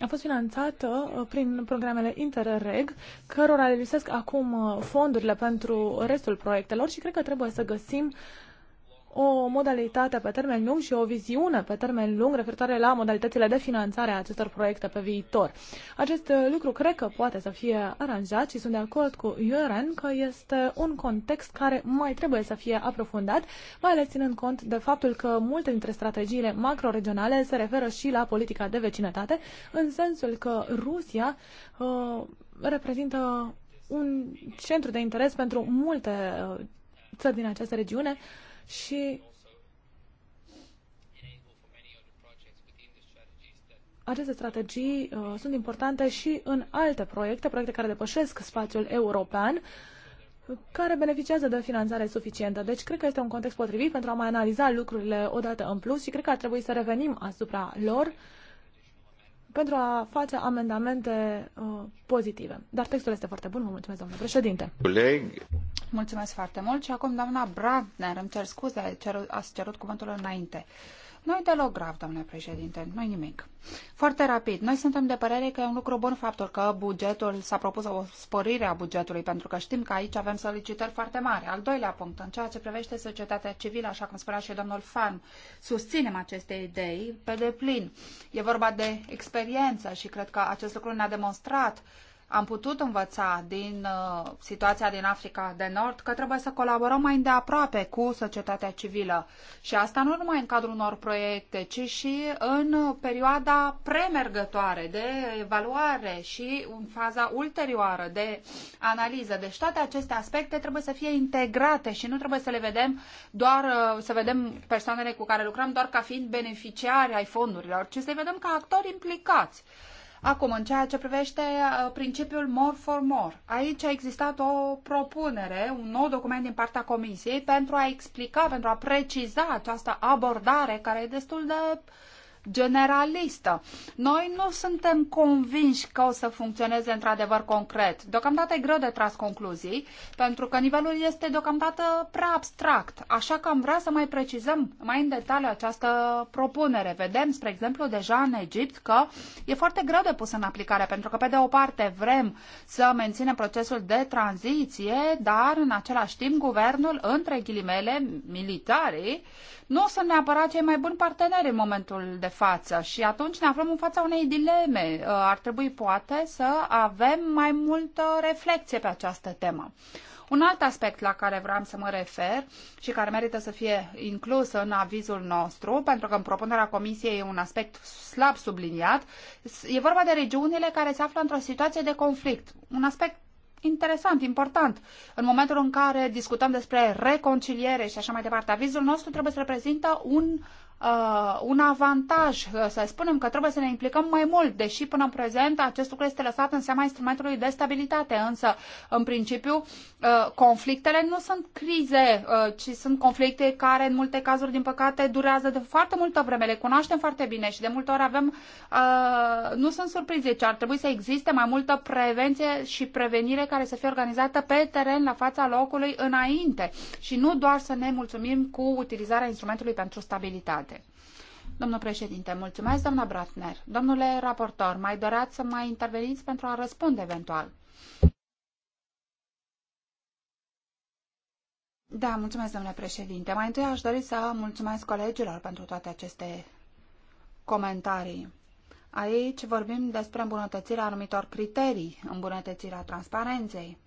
a fost finanțată uh, prin programele Interreg, cărora le lipsesc acum uh, fondurile pentru restul proiectelor și cred că trebuie să găsim uh, o modalitate pe termen lung și o viziune pe termen lung referitoare la modalitățile de finanțare a acestor proiecte pe viitor. Acest lucru cred că poate să fie aranjat și sunt de acord cu Iuren că este un context care mai trebuie să fie aprofundat, mai ales ținând cont de faptul că multe dintre strategiile macroregionale se referă și la politica de vecinătate, în sensul că Rusia uh, reprezintă un centru de interes pentru multe uh, țări din această regiune, uh, și aceste strategii uh, sunt importante și în alte proiecte, proiecte care depășesc spațiul european, care beneficiază de finanțare suficientă. Deci cred că este un context potrivit pentru a mai analiza lucrurile odată în plus și cred că ar trebui să revenim asupra lor pentru a face amendamente uh, pozitive. Dar textul este foarte bun. Vă mulțumesc, domnule președinte. Coleg. Mulțumesc foarte mult. Și acum, doamna Bradner, îmi cer scuze, cer, ați cerut cuvântul înainte. Uh, nu-i deloc grav, domnule președinte, nu-i nimic. Foarte rapid, noi suntem de părere că e un lucru bun faptul că bugetul, s-a propus o sporire a bugetului, pentru că știm că aici avem solicitări foarte mari. Al doilea punct, în ceea ce privește societatea civilă, așa cum spunea și domnul Fan, susținem aceste idei pe deplin. E vorba de experiență și cred că acest lucru ne-a demonstrat uh, am putut învăța din uh, situația din Africa de Nord că trebuie să colaborăm mai îndeaproape cu societatea civilă. Și asta nu numai în cadrul unor proiecte, ci și în perioada premergătoare de evaluare și în faza ulterioară de analiză. Deci toate aceste aspecte trebuie să fie integrate și nu trebuie să le vedem doar, uh, să vedem persoanele cu care lucrăm doar ca fiind beneficiari ai fondurilor, ci să le vedem ca actori implicați. Uh, Acum, în ceea ce privește uh, principiul more for more, aici a existat o propunere, un nou document din partea Comisiei pentru a explica, pentru a preciza această abordare care e destul de uh, generalistă. Noi nu suntem convinși că o să funcționeze într-adevăr concret. Deocamdată e greu de tras concluzii, pentru că nivelul este deocamdată prea abstract. Așa că am vrea să mai precizăm mai în detaliu această propunere. Vedem, spre exemplu, deja în Egipt că e foarte greu de pus în aplicare, pentru că, pe de o parte, vrem să menținem procesul de tranziție, dar, în același timp, guvernul, între ghilimele, militarii, nu sunt neapărat cei mai buni parteneri în momentul de față și atunci ne aflăm în fața unei dileme. Uh, ar trebui poate să avem mai multă reflexie pe această temă. Un alt aspect la care vreau să mă refer și care merită să fie inclus în avizul nostru, pentru că în propunerea comisiei e un aspect slab subliniat, e vorba de regiunile care se află într-o situație de conflict. Un aspect interesant, important. În momentul în care discutăm despre reconciliere și așa mai departe, avizul nostru trebuie să reprezintă un uh, uh, un avantaj, să spunem că trebuie să ne implicăm mai mult, deși până în prezent acest lucru este lăsat în seama instrumentului de stabilitate, însă în principiu uh, conflictele nu sunt crize, uh, ci sunt conflicte care în multe cazuri, din păcate, durează de foarte multă vreme, le cunoaștem foarte bine și de multe ori avem, uh, nu sunt surprize, ci ar trebui să existe mai multă prevenție și prevenire care să fie organizată pe teren, la fața locului, înainte și nu doar să ne mulțumim cu utilizarea instrumentului pentru stabilitate. Domnul președinte, mulțumesc, doamna Bratner. Domnule raportor, mai doreați să mai interveniți pentru a răspunde eventual? Da, mulțumesc, domnule președinte. Mai întâi aș dori să mulțumesc colegilor pentru toate aceste comentarii. Aici vorbim despre îmbunătățirea anumitor criterii, îmbunătățirea transparenței.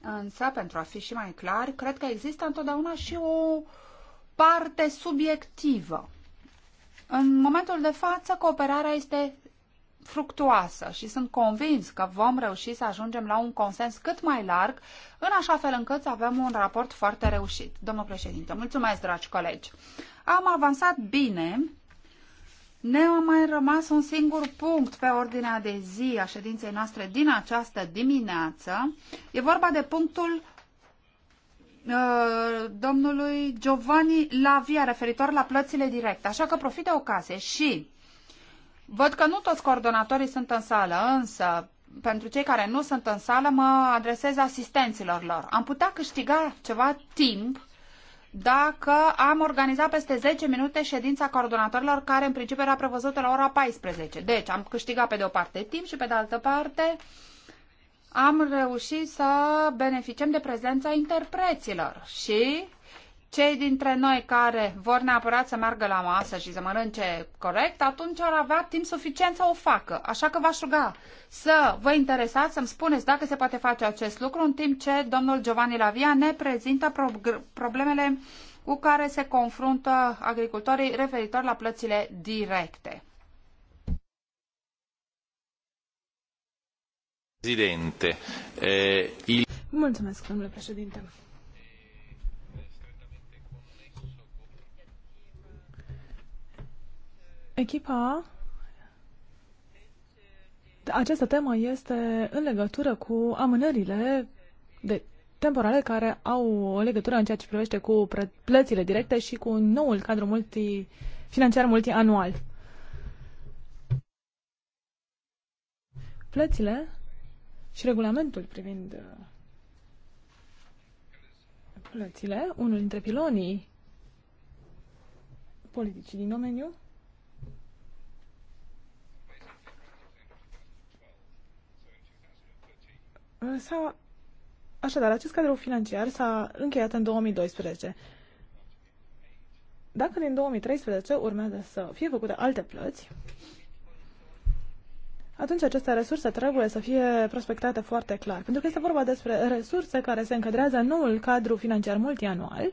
Însă, pentru a fi și mai clar, cred că există întotdeauna și o, parte subiectivă. În momentul de față, cooperarea este fructuoasă și sunt convins că vom reuși să ajungem la un consens cât mai larg, în așa fel încât să avem un raport foarte reușit. Domnul președinte, mulțumesc, dragi colegi. Am avansat bine. Ne-a mai rămas un singur punct pe ordinea de zi a ședinței noastre din această dimineață. E vorba de punctul Uh, domnului Giovanni Lavia referitor la plățile directe. Așa că profit de ocazie și văd că nu toți coordonatorii sunt în sală, însă pentru cei care nu sunt în sală mă adresez asistenților lor. Am putea câștiga ceva timp dacă am organizat peste 10 minute ședința coordonatorilor care în principiu era prevăzută la ora 14. Deci am câștigat pe de o parte timp și pe de altă parte uh, am reușit să beneficiem de prezența interpreților și cei dintre noi care vor neapărat să meargă la masă și să mănânce corect, atunci ar avea timp suficient să o facă. Așa că v-aș ruga să vă interesați, să-mi spuneți dacă se poate face acest lucru, în timp ce domnul Giovanni Lavia ne prezintă pro problemele cu care se confruntă agricultorii referitor la plățile directe. Presidente, eh, il... Mulțumesc, domnule președinte. Echipa, această temă este în legătură cu amânările de temporale care au o legătură în ceea ce privește cu plățile directe și cu noul cadru multi, financiar multianual. Plățile și regulamentul privind uh, plățile, unul dintre pilonii politicii din domeniu, uh, s-a Așadar, acest cadru financiar s-a încheiat în 2012. Dacă din 2013 urmează să fie făcute alte plăți, atunci aceste resurse trebuie să fie prospectate foarte clar. Pentru că este vorba despre resurse care se încadrează în noul cadru financiar multianual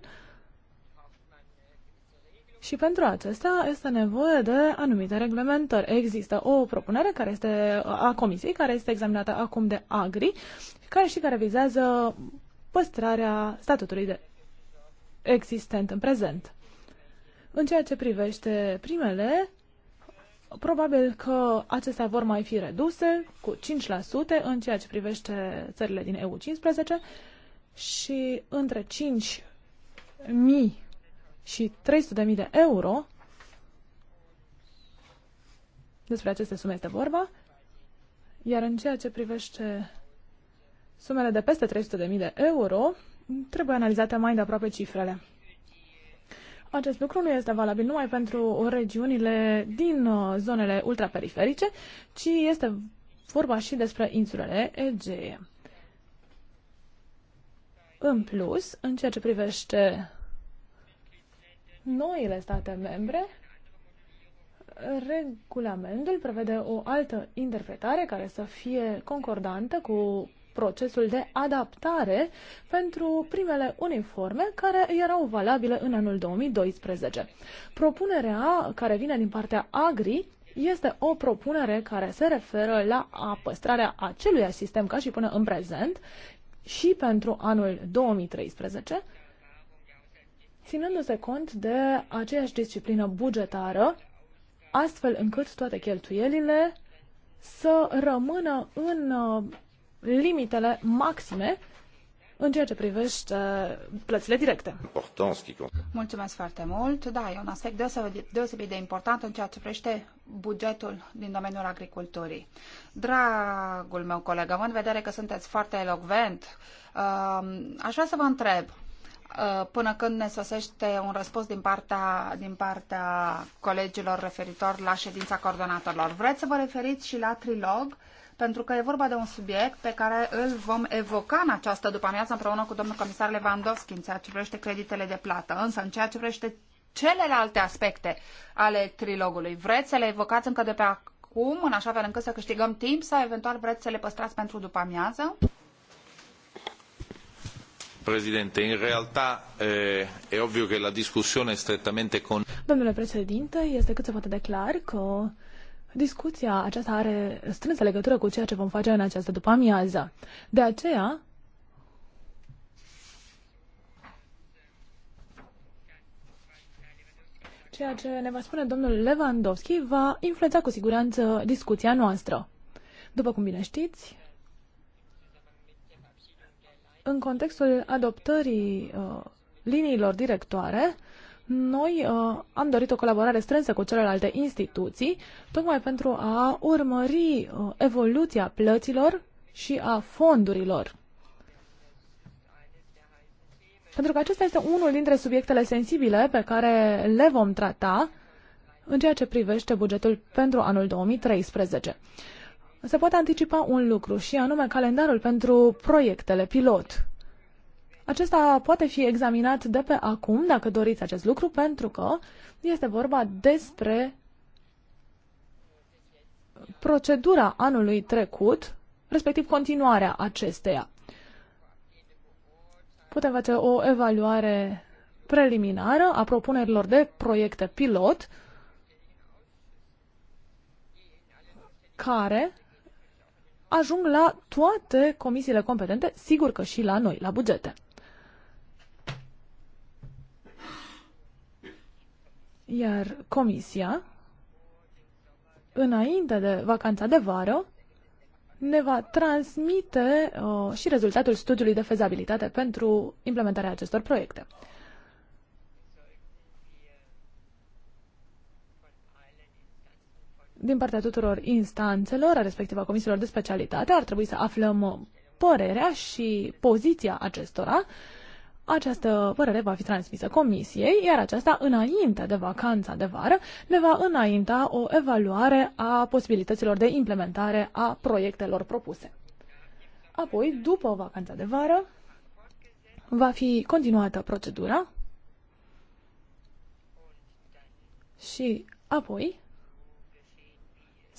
și pentru acestea este nevoie de anumite reglementări. Există o propunere care este a comisiei, care este examinată acum de AGRI, care și care vizează păstrarea statutului de existent în prezent. În ceea ce privește primele, Probabil că acestea vor mai fi reduse cu 5% în ceea ce privește țările din EU15 și între 5.000 și 300.000 de euro, despre aceste sume este vorba, iar în ceea ce privește sumele de peste 300.000 de euro, trebuie analizate mai de aproape cifrele. Acest lucru nu este valabil numai pentru regiunile din uh, zonele ultraperiferice, ci este vorba și despre insulele Egee. În plus, în ceea ce privește noile state membre, regulamentul prevede o altă interpretare care să fie concordantă cu procesul de adaptare pentru primele uniforme care erau valabile în anul 2012. Propunerea care vine din partea Agri este o propunere care se referă la păstrarea acelui sistem ca și până în prezent și pentru anul 2013, ținându-se cont de aceeași disciplină bugetară, astfel încât toate cheltuielile să rămână în limitele maxime în ceea ce privește uh, plățile directe. Mulțumesc foarte mult. Da, e un aspect deosebit, de important în ceea ce privește bugetul din domeniul agriculturii. Dragul meu coleg, în vedere că sunteți foarte elogvent, uh, Aș vrea să vă întreb, uh, până când ne sosește un răspuns din partea, din partea colegilor referitor la ședința coordonatorilor. Vreți să vă referiți și la trilog? pentru că e vorba de un subiect pe care îl vom evoca în această după-amiază împreună cu domnul comisar Lewandowski în ceea ce privește creditele de plată. Însă, în ceea ce privește celelalte aspecte ale trilogului, vreți să le evocați încă de pe acum, în așa fel încât să câștigăm timp sau eventual vreți să le păstrați pentru după-amiază? Presidente, in realtà eh, è ovvio che la discussione è strettamente con... Domnule președinte, este cât se poate de clar că Discuția aceasta are strânsă legătură cu ceea ce vom face în această după-amiază. De aceea, ceea ce ne va spune domnul Lewandowski va influența cu siguranță discuția noastră. După cum bine știți, în contextul adoptării uh, liniilor directoare, noi uh, am dorit o colaborare strânsă cu celelalte instituții, tocmai pentru a urmări uh, evoluția plăților și a fondurilor. Pentru că acesta este unul dintre subiectele sensibile pe care le vom trata în ceea ce privește bugetul pentru anul 2013. Se poate anticipa un lucru și anume calendarul pentru proiectele pilot. Acesta poate fi examinat de pe acum, dacă doriți acest lucru, pentru că este vorba despre procedura anului trecut, respectiv continuarea acesteia. Putem face o evaluare preliminară a propunerilor de proiecte pilot care ajung la toate comisiile competente, sigur că și la noi, la bugete. Iar comisia, înainte de vacanța de vară, ne va transmite uh, și rezultatul studiului de fezabilitate pentru implementarea acestor proiecte. Din partea tuturor instanțelor, a respectiv a comisiilor de specialitate, ar trebui să aflăm părerea și poziția acestora uh, această părere va fi transmisă comisiei, iar aceasta, înainte de vacanța de vară, ne va înainta o evaluare a posibilităților de implementare a proiectelor propuse. Apoi, după vacanța de vară, va fi continuată procedura și apoi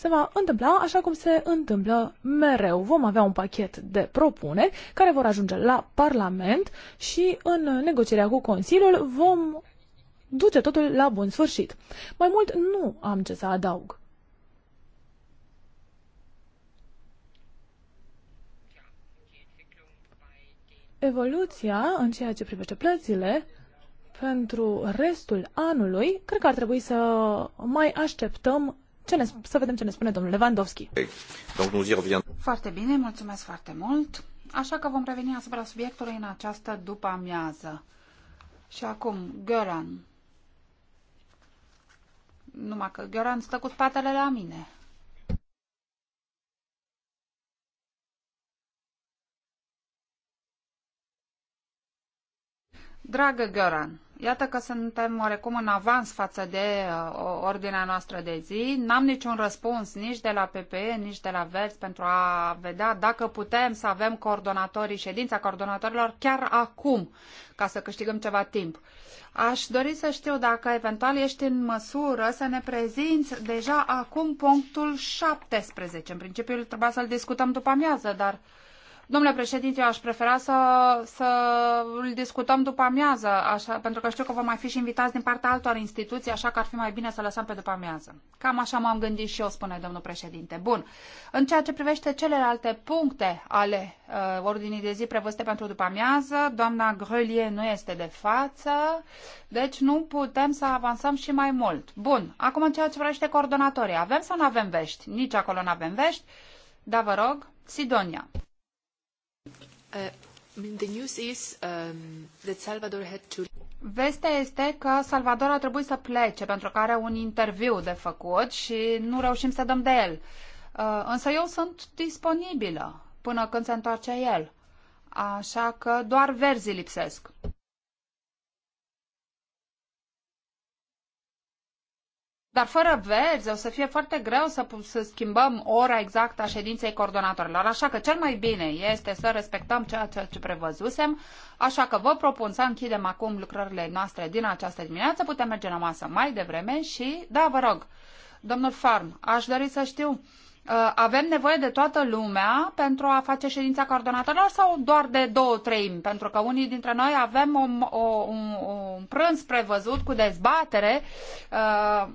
se va întâmpla așa cum se întâmplă mereu. Vom avea un pachet de propuneri care vor ajunge la Parlament și în negocierea cu Consiliul vom duce totul la bun sfârșit. Mai mult nu am ce să adaug. Evoluția în ceea ce privește plățile pentru restul anului, cred că ar trebui să mai așteptăm ce ne, să vedem ce ne spune domnul Lewandowski. Foarte bine, mulțumesc foarte mult. Așa că vom reveni asupra subiectului în această după amiază. Și acum, Göran. Numai că Göran stă cu spatele la mine. Dragă Göran, Iată că suntem oarecum în avans față de uh, ordinea noastră de zi. N-am niciun răspuns nici de la PPE, nici de la Verzi pentru a vedea dacă putem să avem coordonatorii, ședința coordonatorilor chiar acum, ca să câștigăm ceva timp. Aș dori să știu dacă eventual ești în măsură să ne prezinți deja acum punctul 17. În principiu trebuia să-l discutăm după amiază, dar uh, Domnule președinte, eu aș prefera să, să îl discutăm după amiază, așa, pentru că știu că vom mai fi și invitați din partea altor instituții, așa că ar fi mai bine să lăsăm pe după amiază. Cam așa m-am gândit și eu, spune domnul președinte. Bun. În ceea ce privește celelalte puncte ale uh, ordinii de zi prevăzute pentru după amiază, doamna Grelie nu este de față, deci nu putem să avansăm și mai mult. Bun. Acum în ceea ce privește coordonatorii, avem sau nu avem vești? Nici acolo nu avem vești. Dar vă rog, Sidonia. Uh, um, Vestea este că Salvador a trebuit să plece pentru că are un interviu de făcut și nu reușim să dăm de el. Uh, însă eu sunt disponibilă până când se întoarce el. Așa că doar verzii lipsesc. Dar fără verzi o să fie foarte greu să, să schimbăm ora exactă a ședinței coordonatorilor. Așa că cel mai bine este să respectăm ceea, ce, ce prevăzusem. Așa că vă propun să închidem acum lucrările noastre din această dimineață. Putem merge la masă mai devreme și, da, vă rog, domnul Farm, aș dori să știu, uh, avem nevoie de toată lumea pentru a face ședința coordonatorilor sau doar de două treimi? Pentru că unii dintre noi avem o, o, un, un prânz prevăzut cu dezbatere. Uh,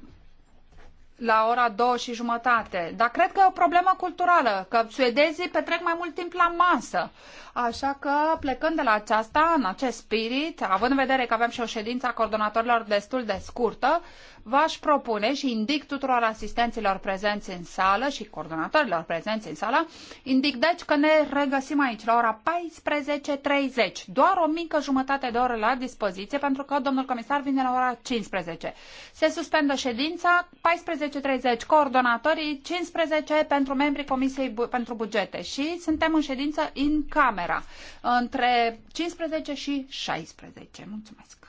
la ora două și jumătate. Dar cred că e o problemă culturală, că suedezii petrec mai mult timp la masă. Așa că, plecând de la aceasta, în acest spirit, având în vedere că avem și o ședință a coordonatorilor destul de scurtă, v-aș propune și indic tuturor asistenților prezenți în sală și coordonatorilor prezenți în sală, indic deci că ne regăsim aici la ora 14.30, doar o mică jumătate de oră la dispoziție, pentru că domnul comisar vine la ora 15. Se suspendă ședința, 14.30 coordonatorii, 15 pentru membrii Comisiei Bu pentru Bugete și suntem în ședință în camera între 15 și 16. Mulțumesc!